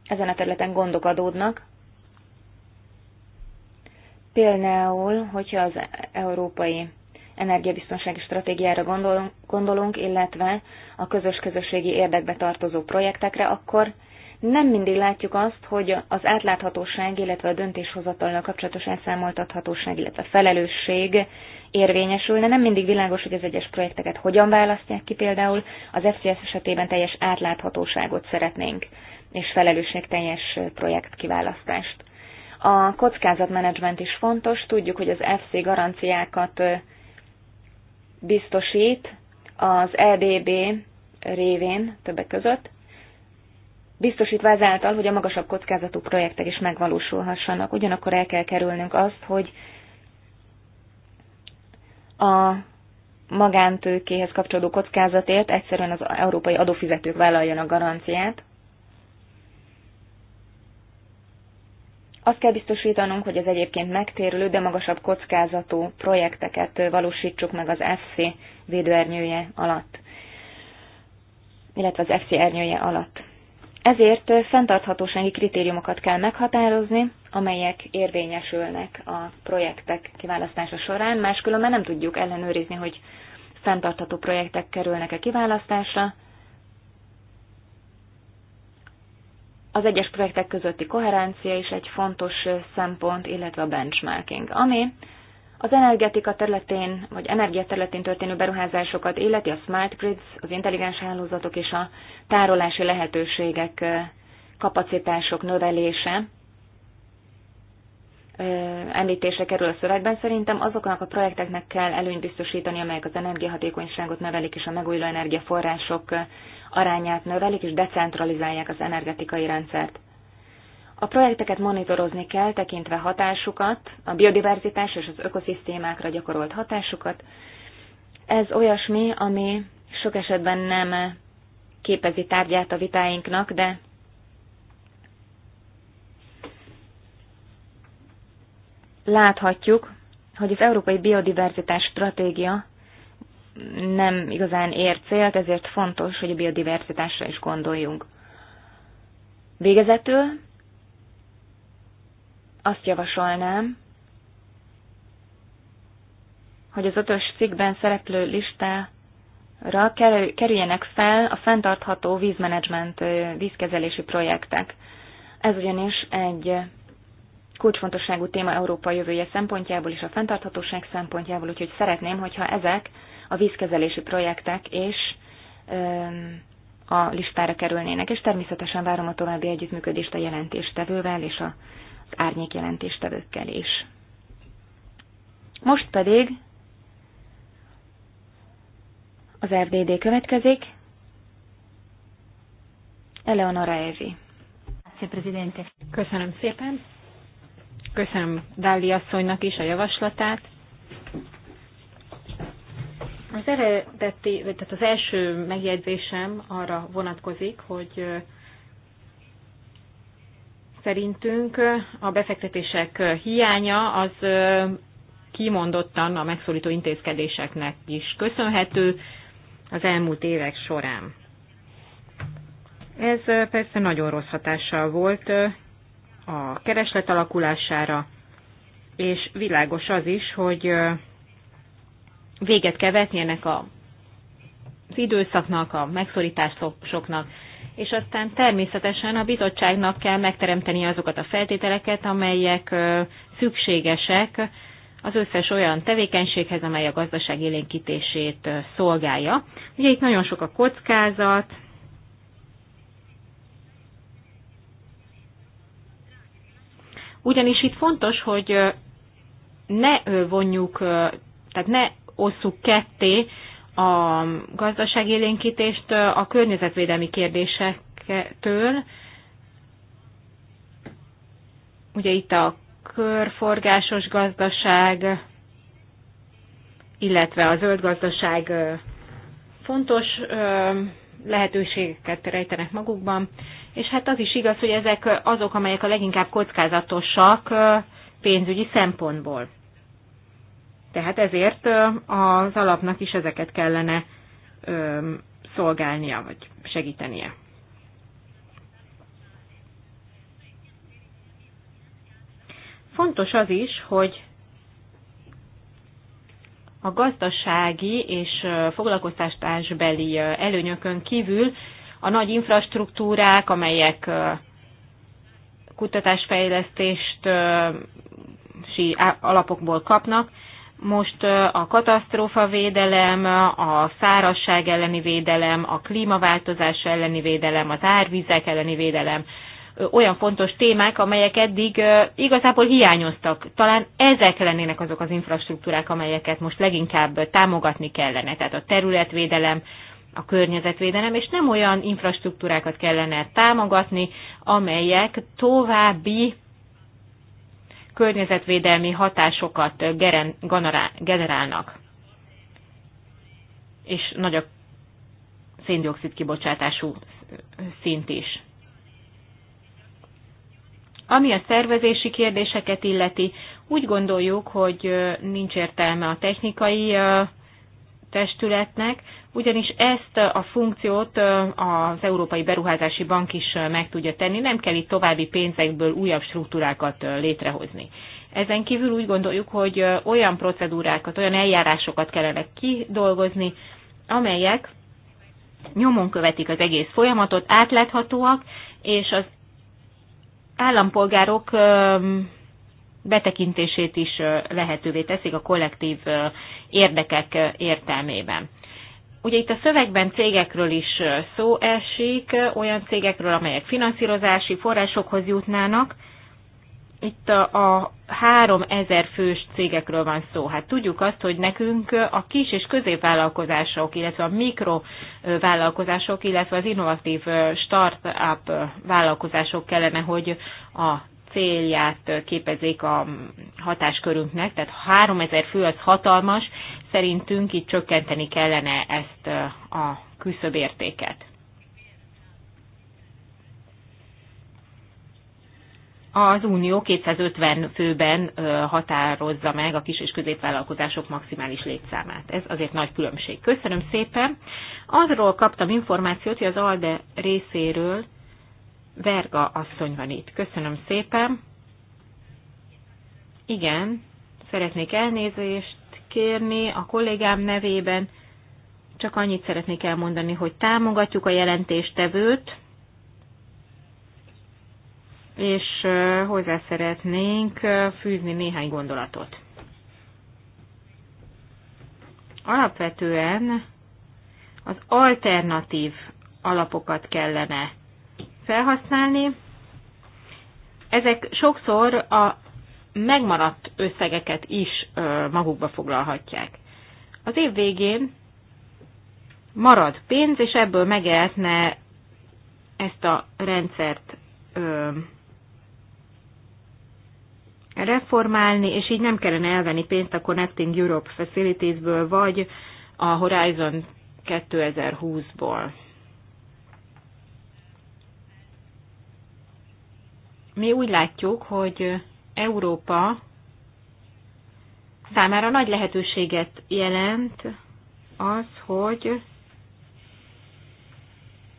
ezen a területen gondok adódnak, például, hogyha az európai energiabiztonsági stratégiára gondolunk, gondolunk, illetve a közös közösségi érdekbe tartozó projektekre, akkor nem mindig látjuk azt, hogy az átláthatóság, illetve a döntéshozatalnak kapcsolatos elszámoltathatóság, illetve felelősség érvényesülne. Nem mindig világos, hogy az egyes projekteket hogyan választják ki például. Az FCS esetében teljes átláthatóságot szeretnénk, és felelősségteljes projekt kiválasztást. A kockázatmenedzsment is fontos. Tudjuk, hogy az FC garanciákat biztosít az EBB révén többek között, biztosítva ezáltal, hogy a magasabb kockázatú projektek is megvalósulhassanak. Ugyanakkor el kell kerülnünk azt, hogy a magántőkéhez kapcsolódó kockázatért egyszerűen az európai adófizetők vállaljanak garanciát. Azt kell biztosítanunk, hogy az egyébként megtérülő, de magasabb kockázatú projekteket valósítsuk meg az FC védőernyője alatt, illetve az FC ernyője alatt. Ezért fenntarthatósági kritériumokat kell meghatározni, amelyek érvényesülnek a projektek kiválasztása során, máskülönben nem tudjuk ellenőrizni, hogy fenntartható projektek kerülnek-e kiválasztásra, Az egyes projektek közötti koherencia is egy fontos szempont, illetve a benchmarking, ami az energetika területén, vagy energia területén történő beruházásokat illeti a smart grids, az intelligens hálózatok és a tárolási lehetőségek kapacitások növelése, említése kerül a szövegben. Szerintem azoknak a projekteknek kell előnyt biztosítani, amelyek az energiahatékonyságot növelik és a megújuló energiaforrások arányát növelik és decentralizálják az energetikai rendszert. A projekteket monitorozni kell, tekintve hatásukat, a biodiverzitás és az ökoszisztémákra gyakorolt hatásukat. Ez olyasmi, ami sok esetben nem képezi tárgyát a vitáinknak, de láthatjuk, hogy az Európai Biodiverzitás Stratégia nem igazán ér célt, ezért fontos, hogy a biodiverzitásra is gondoljunk. Végezetül azt javasolnám, hogy az ötös cikkben szereplő listára kerüljenek fel a fenntartható vízmenedzsment vízkezelési projektek. Ez ugyanis egy kulcsfontosságú téma Európa jövője szempontjából és a fenntarthatóság szempontjából, úgyhogy szeretném, hogyha ezek a vízkezelési projektek és a listára kerülnének, és természetesen várom a további együttműködést a jelentéstevővel és az árnyék jelentéstevőkkel is. Most pedig az RDD következik. Eleonora Evi. Köszönöm szépen. Köszönöm Dáli asszonynak is a javaslatát. Az eredeti, tehát az első megjegyzésem arra vonatkozik, hogy szerintünk a befektetések hiánya az kimondottan a megszólító intézkedéseknek is köszönhető az elmúlt évek során. Ez persze nagyon rossz hatással volt a kereslet alakulására, és világos az is, hogy véget kell vetni ennek a, az időszaknak, a megszorításoknak, és aztán természetesen a bizottságnak kell megteremteni azokat a feltételeket, amelyek szükségesek az összes olyan tevékenységhez, amely a gazdaság élénkítését szolgálja. Ugye itt nagyon sok a kockázat, Ugyanis itt fontos, hogy ne vonjuk, tehát ne osszuk ketté a gazdaságélénkítést a környezetvédelmi kérdésektől. Ugye itt a körforgásos gazdaság, illetve a zöld gazdaság fontos lehetőségeket rejtenek magukban, és hát az is igaz, hogy ezek azok, amelyek a leginkább kockázatosak pénzügyi szempontból. Tehát ezért az alapnak is ezeket kellene szolgálnia, vagy segítenie. Fontos az is, hogy a gazdasági és foglalkoztatásbeli előnyökön kívül a nagy infrastruktúrák, amelyek kutatásfejlesztést alapokból kapnak. Most a katasztrófavédelem, a szárazság elleni védelem, a klímaváltozás elleni védelem, az árvizek elleni védelem, olyan fontos témák, amelyek eddig igazából hiányoztak. Talán ezek lennének azok az infrastruktúrák, amelyeket most leginkább támogatni kellene. Tehát a területvédelem, a környezetvédelem, és nem olyan infrastruktúrákat kellene támogatni, amelyek további környezetvédelmi hatásokat generálnak. És nagy a széndiokszid kibocsátású szint is. Ami a szervezési kérdéseket illeti, úgy gondoljuk, hogy nincs értelme a technikai testületnek, ugyanis ezt a funkciót az Európai Beruházási Bank is meg tudja tenni, nem kell itt további pénzekből újabb struktúrákat létrehozni. Ezen kívül úgy gondoljuk, hogy olyan procedúrákat, olyan eljárásokat kellene kidolgozni, amelyek nyomon követik az egész folyamatot, átláthatóak, és az állampolgárok betekintését is lehetővé teszik a kollektív érdekek értelmében. Ugye itt a szövegben cégekről is szó esik, olyan cégekről, amelyek finanszírozási forrásokhoz jutnának. Itt a, 3000 fős cégekről van szó. Hát tudjuk azt, hogy nekünk a kis és középvállalkozások, illetve a mikrovállalkozások, illetve az innovatív startup vállalkozások kellene, hogy a célját képezik a hatáskörünknek, tehát 3000 fő az hatalmas, szerintünk itt csökkenteni kellene ezt a küszöbértéket. Az Unió 250 főben határozza meg a kis és középvállalkozások maximális létszámát. Ez azért nagy különbség. Köszönöm szépen. Arról kaptam információt, hogy az ALDE részéről Verga asszony van itt. Köszönöm szépen. Igen, szeretnék elnézést kérni a kollégám nevében. Csak annyit szeretnék elmondani, hogy támogatjuk a jelentéstevőt, és hozzá szeretnénk fűzni néhány gondolatot. Alapvetően az alternatív alapokat kellene felhasználni. Ezek sokszor a megmaradt összegeket is magukba foglalhatják. Az év végén marad pénz, és ebből meg lehetne ezt a rendszert reformálni, és így nem kellene elvenni pénzt a Connecting Europe Facilities-ből, vagy a Horizon 2020-ból. mi úgy látjuk, hogy Európa számára nagy lehetőséget jelent az, hogy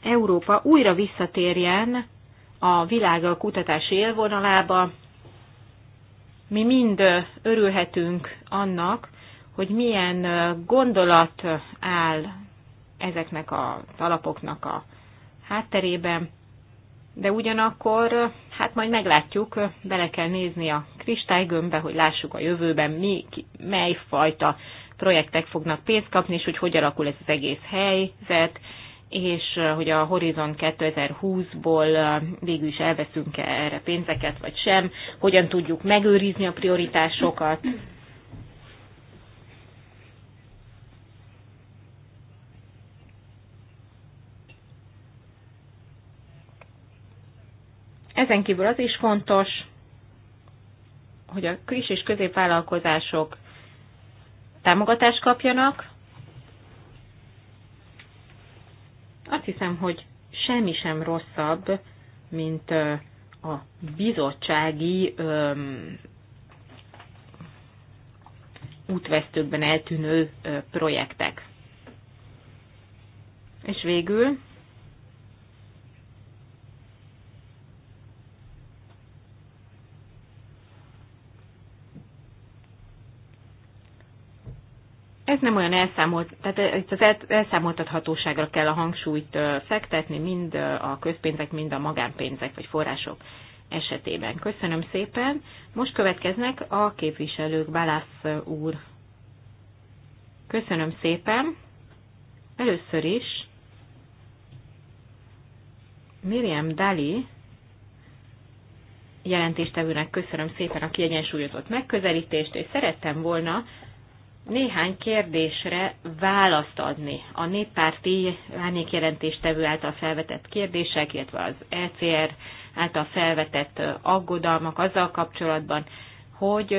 Európa újra visszatérjen a világ kutatási élvonalába. Mi mind örülhetünk annak, hogy milyen gondolat áll ezeknek a talapoknak a hátterében, de ugyanakkor hát majd meglátjuk, bele kell nézni a kristálygömbbe, hogy lássuk a jövőben mi, ki, mely fajta projektek fognak pénzt kapni, és hogy hogy alakul ez az egész helyzet, és eh, hogy a Horizon 2020-ból eh, végül is elveszünk-e erre pénzeket, vagy sem, hogyan tudjuk megőrizni a prioritásokat, Ezen kívül az is fontos, hogy a kis és középvállalkozások támogatást kapjanak. Azt hiszem, hogy semmi sem rosszabb, mint a bizottsági útvesztőkben eltűnő projektek. És végül ez nem olyan elszámolt, tehát itt az elszámoltathatóságra kell a hangsúlyt fektetni, mind a közpénzek, mind a magánpénzek vagy források esetében. Köszönöm szépen. Most következnek a képviselők, Balász úr. Köszönöm szépen. Először is Miriam Dali jelentéstevőnek köszönöm szépen a kiegyensúlyozott megközelítést, és szerettem volna néhány kérdésre választ adni. A néppárti árnyékjelentéstevő által felvetett kérdések, illetve az ECR által felvetett aggodalmak azzal kapcsolatban, hogy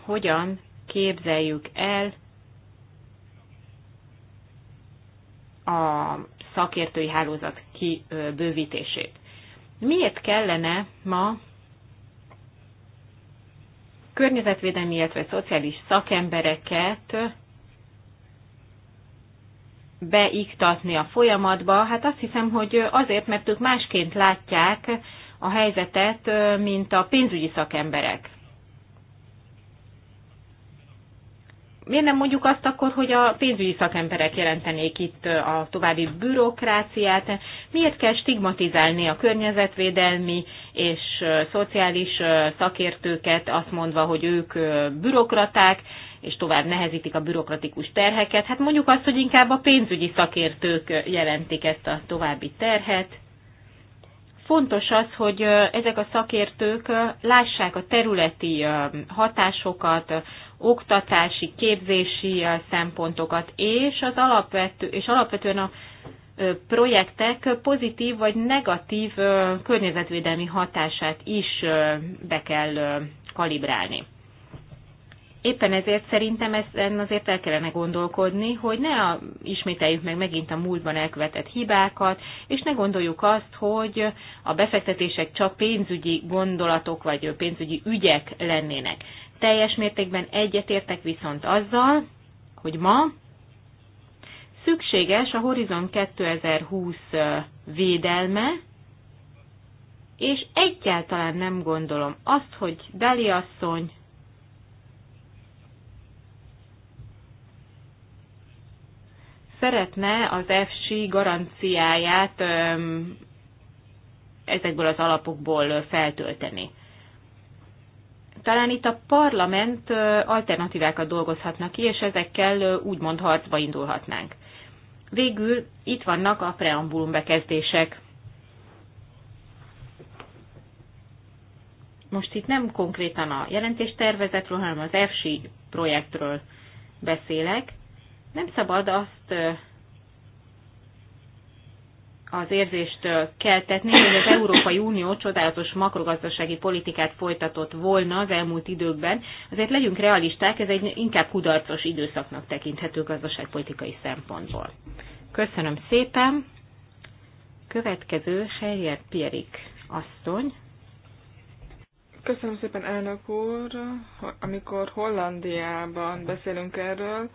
hogyan képzeljük el a szakértői hálózat kibővítését. Miért kellene ma környezetvédelmi, illetve szociális szakembereket beiktatni a folyamatba, hát azt hiszem, hogy azért, mert ők másként látják a helyzetet, mint a pénzügyi szakemberek. Miért nem mondjuk azt akkor, hogy a pénzügyi szakemberek jelentenék itt a további bürokráciát? Miért kell stigmatizálni a környezetvédelmi és szociális szakértőket, azt mondva, hogy ők bürokraták, és tovább nehezítik a bürokratikus terheket? Hát mondjuk azt, hogy inkább a pénzügyi szakértők jelentik ezt a további terhet. Fontos az, hogy ezek a szakértők lássák a területi hatásokat, oktatási, képzési szempontokat, és, az alapvető, és alapvetően a projektek pozitív vagy negatív környezetvédelmi hatását is be kell kalibrálni. Éppen ezért szerintem ezen azért el kellene gondolkodni, hogy ne a, ismételjük meg megint a múltban elkövetett hibákat, és ne gondoljuk azt, hogy a befektetések csak pénzügyi gondolatok vagy pénzügyi ügyek lennének. Teljes mértékben egyetértek viszont azzal, hogy ma szükséges a Horizon 2020 védelme, és egyáltalán nem gondolom azt, hogy Dali asszony szeretne az FC garanciáját ezekből az alapokból feltölteni. Talán itt a parlament alternatívákat dolgozhatna ki, és ezekkel úgymond harcba indulhatnánk. Végül itt vannak a preambulum bekezdések. Most itt nem konkrétan a jelentéstervezetről, hanem az EFSI projektről beszélek. Nem szabad azt az érzést keltetni, hogy az Európai Unió csodálatos makrogazdasági politikát folytatott volna az elmúlt időkben. Azért legyünk realisták, ez egy inkább kudarcos időszaknak tekinthető gazdaságpolitikai szempontból. Köszönöm szépen. Következő Seyer Pierik asszony. Köszönöm szépen, elnök úr. Amikor Hollandiában beszélünk erről,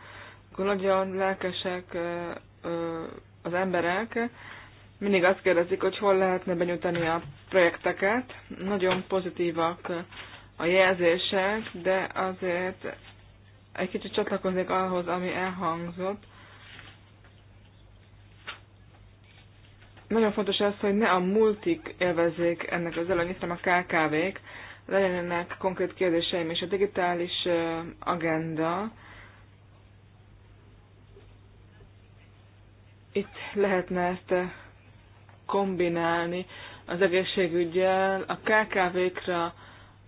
akkor nagyon lelkesek az emberek, mindig azt kérdezik, hogy hol lehetne benyújtani a projekteket. Nagyon pozitívak a jelzések, de azért egy kicsit csatlakoznék ahhoz, ami elhangzott. Nagyon fontos az, hogy ne a multik élvezzék ennek az előnyét, hanem a KKV-k. Legyenek konkrét kérdéseim és a digitális agenda Itt lehetne ezt eh, kombinálni az egészségügyel, a KKV-kra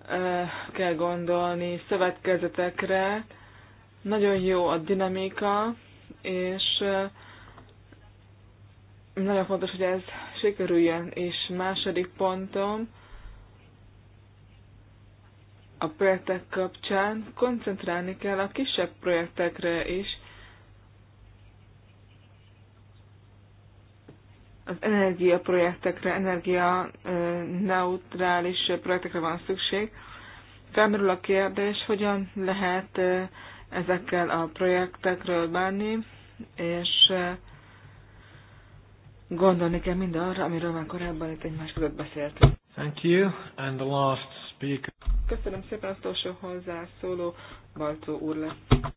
eh, kell gondolni, szövetkezetekre. Nagyon jó a dinamika, és eh, nagyon fontos, hogy ez sikerüljön. És második pontom, a projektek kapcsán koncentrálni kell a kisebb projektekre is, az energiaprojektekre, energia neutrális projektekre van szükség. Felmerül a kérdés, hogyan lehet ezekkel a projektekről bánni, és gondolni kell mind arra, amiről már korábban itt egymás között beszéltünk. Thank you. And the last speaker. Köszönöm szépen, az utolsó hozzászóló Balcó úr lesz.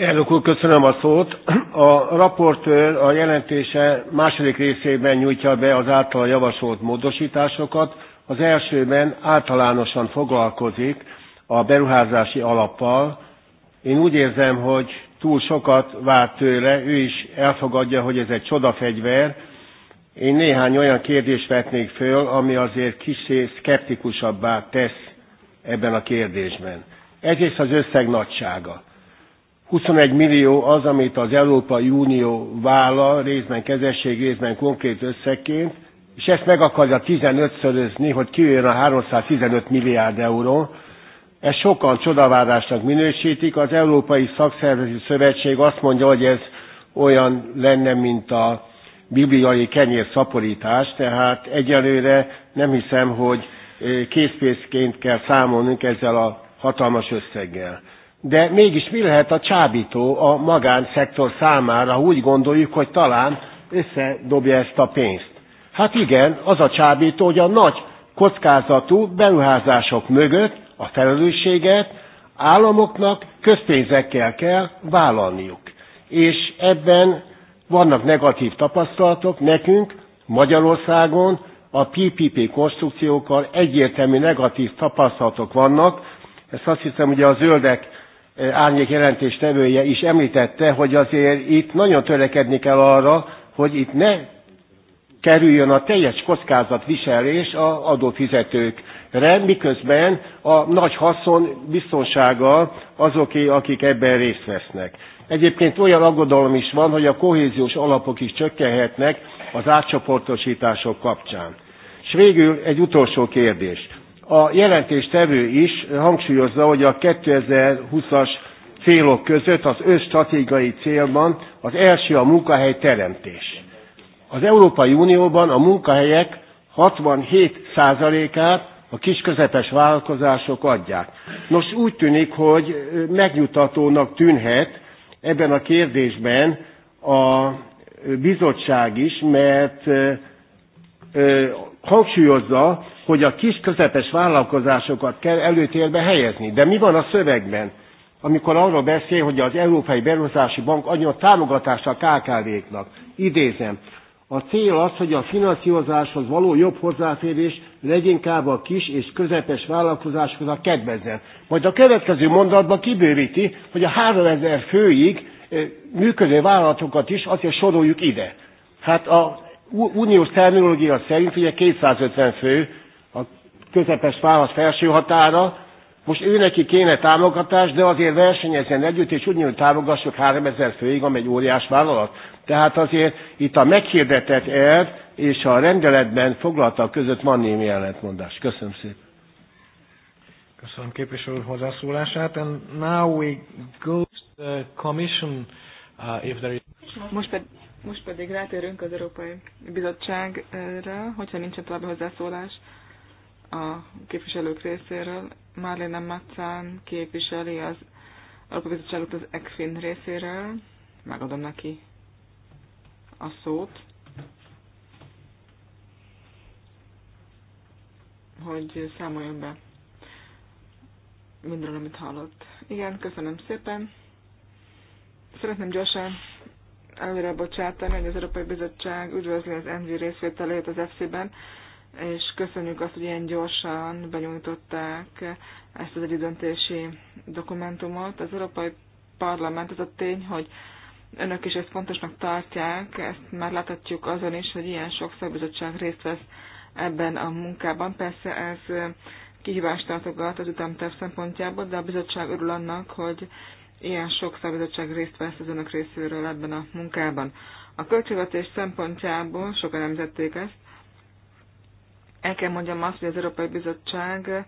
Elnök úr, köszönöm a szót. A raportőr a jelentése második részében nyújtja be az által javasolt módosításokat. Az elsőben általánosan foglalkozik a beruházási alappal. Én úgy érzem, hogy túl sokat vár tőle, ő is elfogadja, hogy ez egy csodafegyver. Én néhány olyan kérdést vetnék föl, ami azért kicsi szkeptikusabbá tesz ebben a kérdésben. Egyrészt az összeg nagysága 21 millió az, amit az Európai Unió vállal, részben kezesség, részben konkrét összegként, és ezt meg akarja 15-szörözni, hogy kijöjjön a 315 milliárd euró. Ez sokan csodavárásnak minősítik. Az Európai Szakszervezeti Szövetség azt mondja, hogy ez olyan lenne, mint a bibliai kenyér szaporítás, tehát egyelőre nem hiszem, hogy készpészként kell számolnunk ezzel a hatalmas összeggel. De mégis mi lehet a csábító a magánszektor számára, ha úgy gondoljuk, hogy talán összedobja ezt a pénzt? Hát igen, az a csábító, hogy a nagy kockázatú beruházások mögött a felelősséget államoknak közpénzekkel kell vállalniuk. És ebben vannak negatív tapasztalatok nekünk Magyarországon, a PPP konstrukciókkal egyértelmű negatív tapasztalatok vannak. Ezt azt hiszem, hogy a zöldek árnyék jelentéstevője is említette, hogy azért itt nagyon törekedni kell arra, hogy itt ne kerüljön a teljes kockázatviselés a adófizetőkre, miközben a nagy haszon biztonsága azoké, akik ebben részt vesznek. Egyébként olyan aggodalom is van, hogy a kohéziós alapok is csökkenhetnek az átcsoportosítások kapcsán. És végül egy utolsó kérdés. A jelentéstevő is hangsúlyozza, hogy a 2020-as célok között az stratégiai célban az első a munkahely teremtés. Az Európai Unióban a munkahelyek 67%-át a kisközepes vállalkozások adják. Nos, úgy tűnik, hogy megnyugtatónak tűnhet ebben a kérdésben a bizottság is, mert hangsúlyozza, hogy a kis-közepes vállalkozásokat kell előtérbe helyezni. De mi van a szövegben, amikor arról beszél, hogy az Európai Beruházási Bank adja a támogatást a KKV-knak? Idézem, a cél az, hogy a finanszírozáshoz való jobb hozzáférés leginkább a kis és közepes vállalkozáshoz a kedvezzen. Majd a következő mondatban kibővíti, hogy a 3000 főig eh, működő vállalatokat is azért soroljuk ide. Hát a uniós terminológia szerint ugye 250 fő közepes válasz felső határa, most ő neki kéne támogatás, de azért versenyezzen együtt, és ugyanúgy támogassuk 3000 főig, amely egy óriás vállalat. Tehát azért itt a meghirdetett elv és a rendeletben foglalta között van némi ellentmondás. Köszönöm szépen. Köszönöm képviselő hozzászólását. And now we go to the commission, uh, if there is... Most, ped most pedig rátérünk az Európai Bizottságra, hogyha nincsen további hozzászólás a képviselők részéről. Marlene Matzán képviseli az Alkobizottságot az ECFIN részéről. Megadom neki a szót, hogy számoljon be mindről, amit hallott. Igen, köszönöm szépen. Szeretném gyorsan előre bocsátani, hogy az Európai Bizottság üdvözli az NV részvételét az FC-ben, és köszönjük azt, hogy ilyen gyorsan benyújtották ezt az egyidöntési dokumentumot. Az Európai Parlament az a tény, hogy önök is ezt fontosnak tartják, ezt már láthatjuk azon is, hogy ilyen sok szakbizottság részt vesz ebben a munkában. Persze ez kihívást tartogat az ütemterv szempontjából, de a bizottság örül annak, hogy ilyen sok szakbizottság részt vesz az önök részéről ebben a munkában. A költségvetés szempontjából sokan említették ezt, el kell mondjam azt, hogy az Európai Bizottság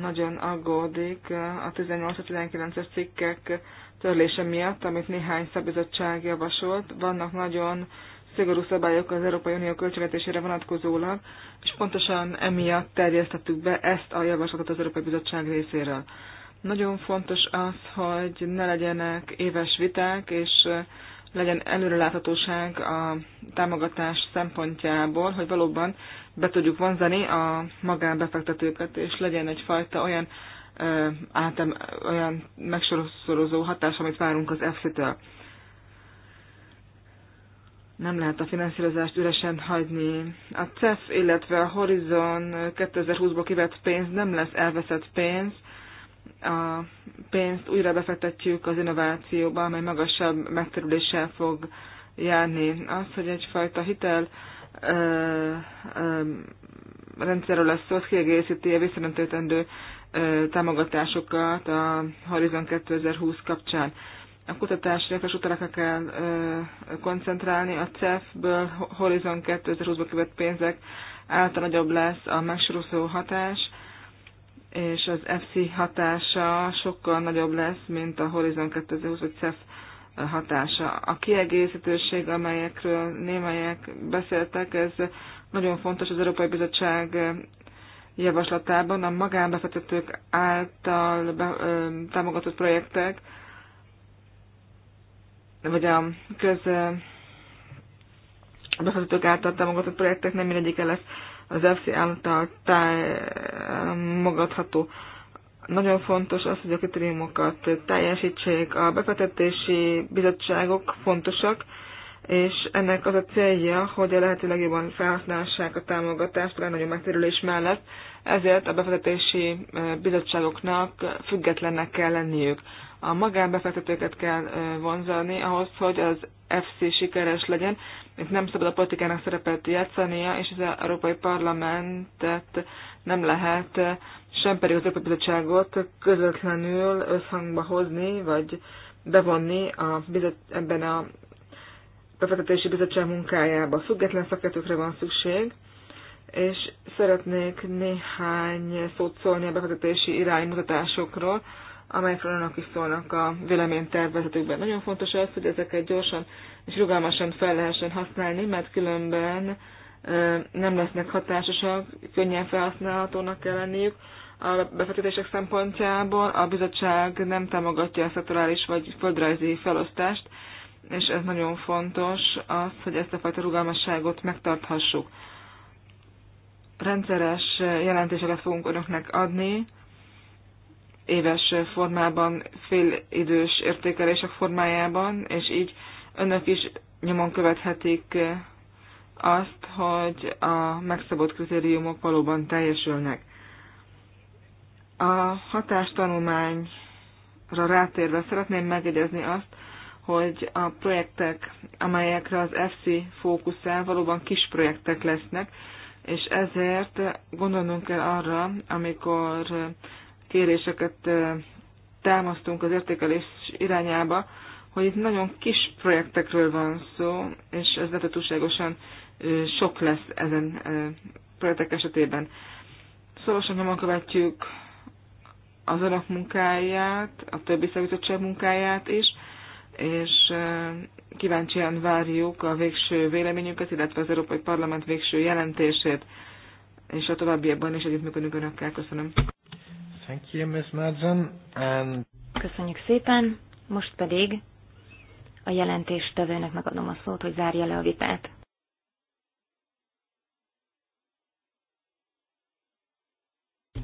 nagyon aggódik a 18-19-es cikkek törlése miatt, amit néhány szabizottság javasolt. Vannak nagyon szigorú szabályok az Európai Unió költségvetésére vonatkozólag, és pontosan emiatt terjesztettük be ezt a javaslatot az Európai Bizottság részéről. Nagyon fontos az, hogy ne legyenek éves viták, és legyen előreláthatóság a támogatás szempontjából, hogy valóban be tudjuk vonzani a magánbefektetőket, és legyen egyfajta olyan, ö, átem, olyan megsorozó hatás, amit várunk az FC-től. Nem lehet a finanszírozást üresen hagyni. A CEF, illetve a Horizon 2020-ból kivett pénz nem lesz elveszett pénz, a pénzt újra befektetjük az innovációba, amely magasabb megterüléssel fog járni. Az, hogy egyfajta hitel rendszerről lesz szó, kiegészíti a visszanemtöltendő támogatásokat a Horizon 2020 kapcsán. A kutatásra és utalakra kell koncentrálni, a CEF-ből Horizon 2020-ba követ pénzek által nagyobb lesz a megsorúzó hatás, és az FC hatása sokkal nagyobb lesz, mint a Horizon 2020 vagy CEF hatása. A kiegészítőség, amelyekről némelyek beszéltek, ez nagyon fontos az Európai Bizottság javaslatában. A magánbefektetők által be, ö, támogatott projektek, vagy a köz befektetők által támogatott projektek nem mindegyike lesz az FC által támogatható. Nagyon fontos az, hogy a kritériumokat teljesítsék. A befektetési bizottságok fontosak, és ennek az a célja, hogy a lehető legjobban felhasználhassák a támogatást a legnagyobb megtérülés mellett, ezért a befektetési eh, bizottságoknak függetlennek kell lenniük a magánbefektetőket kell vonzani ahhoz, hogy az FC sikeres legyen. Itt nem szabad a politikának szerepet játszania, és az Európai Parlamentet nem lehet sem pedig az Európai Bizottságot közvetlenül összhangba hozni, vagy bevonni a bizot, ebben a befektetési bizottság munkájába. Független szakértőkre van szükség, és szeretnék néhány szót szólni a befektetési iránymutatásokról, amelyekről önök is szólnak a véleménytervezetükben. Nagyon fontos az, hogy ezeket gyorsan és rugalmasan fel lehessen használni, mert különben nem lesznek hatásosak, könnyen felhasználhatónak kell lenniük. A befektetések szempontjából a bizottság nem támogatja a szektorális vagy földrajzi felosztást, és ez nagyon fontos az, hogy ezt a fajta rugalmasságot megtarthassuk. Rendszeres jelentéseket fogunk önöknek adni, éves formában, félidős értékelések formájában, és így önök is nyomon követhetik eh, azt, hogy a megszabott kritériumok valóban teljesülnek. A hatástanulmányra rátérve szeretném megjegyezni azt, hogy a projektek, amelyekre az FC fókuszál, valóban kis projektek lesznek, és ezért gondolnunk kell arra, amikor kéréseket támasztunk az értékelés irányába, hogy itt nagyon kis projektekről van szó, és ez letetúságosan sok lesz ezen projektek esetében. Szorosan nyomon követjük az önök munkáját, a többi szakbizottság munkáját is, és kíváncsian várjuk a végső véleményünket, illetve az Európai Parlament végső jelentését, és a továbbiakban is együttműködünk önökkel. Köszönöm. Thank you, Ms. Madsen. And... Köszönjük szépen. Most pedig a tevőnek megadom a szót, hogy zárja le a vitát.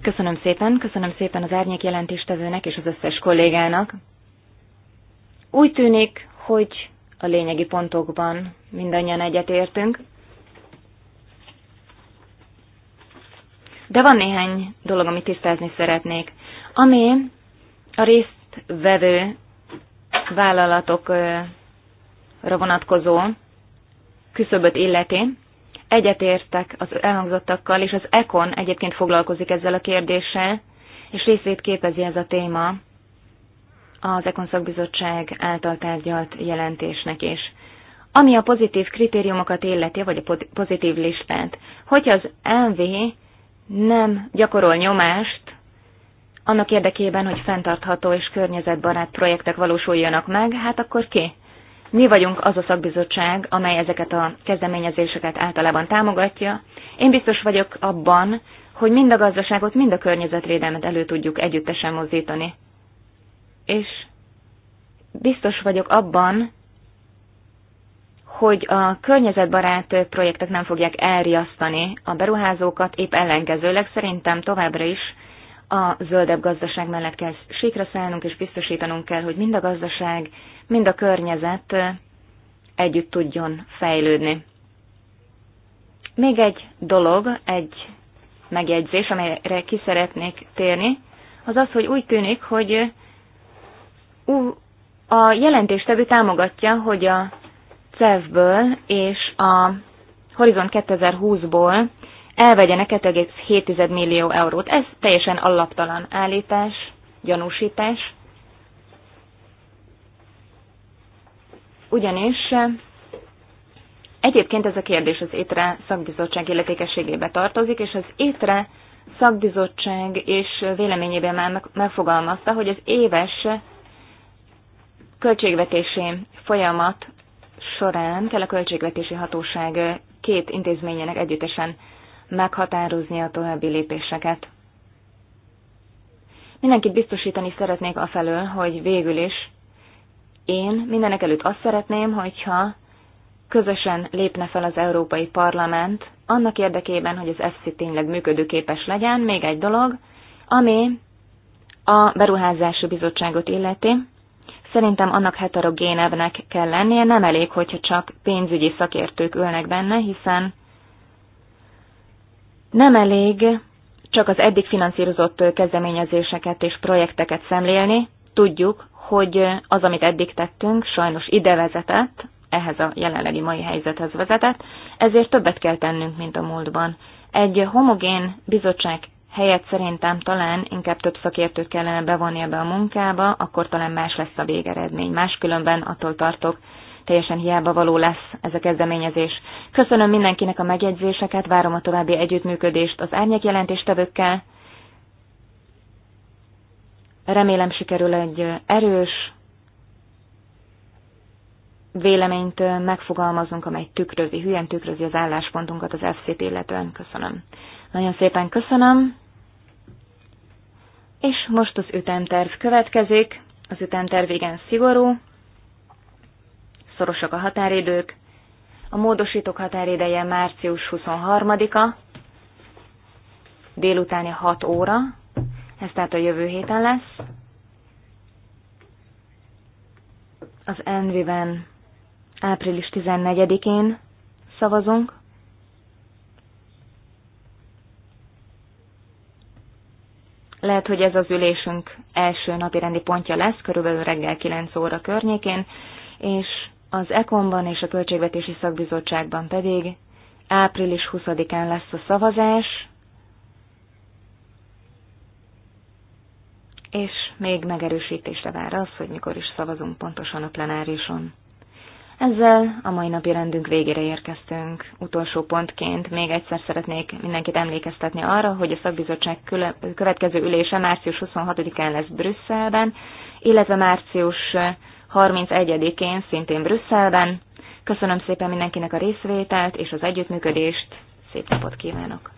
Köszönöm szépen, köszönöm szépen az árnyék jelentéstevőnek és az összes kollégának. Úgy tűnik, hogy a lényegi pontokban mindannyian egyetértünk. De van néhány dolog, amit tisztázni szeretnék. Ami a résztvevő vállalatokra vonatkozó küszöböt illeti, egyetértek az elhangzottakkal, és az ECON egyébként foglalkozik ezzel a kérdéssel, és részét képezi ez a téma az ECON szakbizottság által tárgyalt jelentésnek is. Ami a pozitív kritériumokat illeti, vagy a pozitív listát, hogy az MV nem gyakorol nyomást annak érdekében, hogy fenntartható és környezetbarát projektek valósuljanak meg, hát akkor ki? Mi vagyunk az a szakbizottság, amely ezeket a kezdeményezéseket általában támogatja. Én biztos vagyok abban, hogy mind a gazdaságot, mind a környezetvédelmet elő tudjuk együttesen mozdítani. És biztos vagyok abban, hogy a környezetbarát projektek nem fogják elriasztani a beruházókat, épp ellenkezőleg szerintem továbbra is a zöldebb gazdaság mellett kell síkra szállnunk, és biztosítanunk kell, hogy mind a gazdaság, mind a környezet együtt tudjon fejlődni. Még egy dolog, egy megjegyzés, amelyre ki szeretnék térni, az az, hogy úgy tűnik, hogy a jelentéstevő támogatja, hogy a cev ből és a Horizon 2020-ból elvegyenek 2,7 millió eurót. Ez teljesen alaptalan állítás, gyanúsítás. Ugyanis eh, egyébként ez a kérdés az étre szakbizottság illetékességébe tartozik, és az étre szakbizottság és véleményében már megfogalmazta, hogy az éves költségvetési folyamat során kell a költségvetési hatóság két intézményének együttesen meghatározni a további lépéseket. Mindenkit biztosítani szeretnék afelől, hogy végül is én mindenek előtt azt szeretném, hogyha közösen lépne fel az Európai Parlament annak érdekében, hogy az FC tényleg működőképes legyen, még egy dolog, ami a beruházási bizottságot illeti. Szerintem annak heterogénebbnek kell lennie, nem elég, hogyha csak pénzügyi szakértők ülnek benne, hiszen nem elég csak az eddig finanszírozott kezdeményezéseket és projekteket szemlélni. Tudjuk, hogy az, amit eddig tettünk, sajnos ide vezetett, ehhez a jelenlegi mai helyzethez vezetett, ezért többet kell tennünk, mint a múltban. Egy homogén bizottság helyett szerintem talán inkább több szakértőt kellene bevonni ebbe a munkába, akkor talán más lesz a végeredmény. Máskülönben attól tartok, teljesen hiába való lesz ez a kezdeményezés. Köszönöm mindenkinek a megjegyzéseket, várom a további együttműködést az árnyék jelentéstevőkkel. Remélem sikerül egy erős véleményt megfogalmazunk, amely tükrözi, hülyen tükrözi az álláspontunkat az FCT illetően. Köszönöm. Nagyon szépen köszönöm. És most az ütemterv következik. Az ütemterv igen szigorú, szorosak a határidők. A módosítók határideje március 23-a, délutáni 6 óra, ez tehát a jövő héten lesz. Az Envi-ben április 14-én szavazunk, Lehet, hogy ez az ülésünk első napi rendi pontja lesz, körülbelül reggel 9 óra környékén, és az ECOM-ban és a Költségvetési Szakbizottságban pedig április 20-án lesz a szavazás, és még megerősítésre vár az, hogy mikor is szavazunk pontosan a plenárison. Ezzel a mai napi rendünk végére érkeztünk. Utolsó pontként még egyszer szeretnék mindenkit emlékeztetni arra, hogy a szakbizottság következő ülése március 26-án lesz Brüsszelben, illetve március 31-én szintén Brüsszelben. Köszönöm szépen mindenkinek a részvételt és az együttműködést. Szép napot kívánok!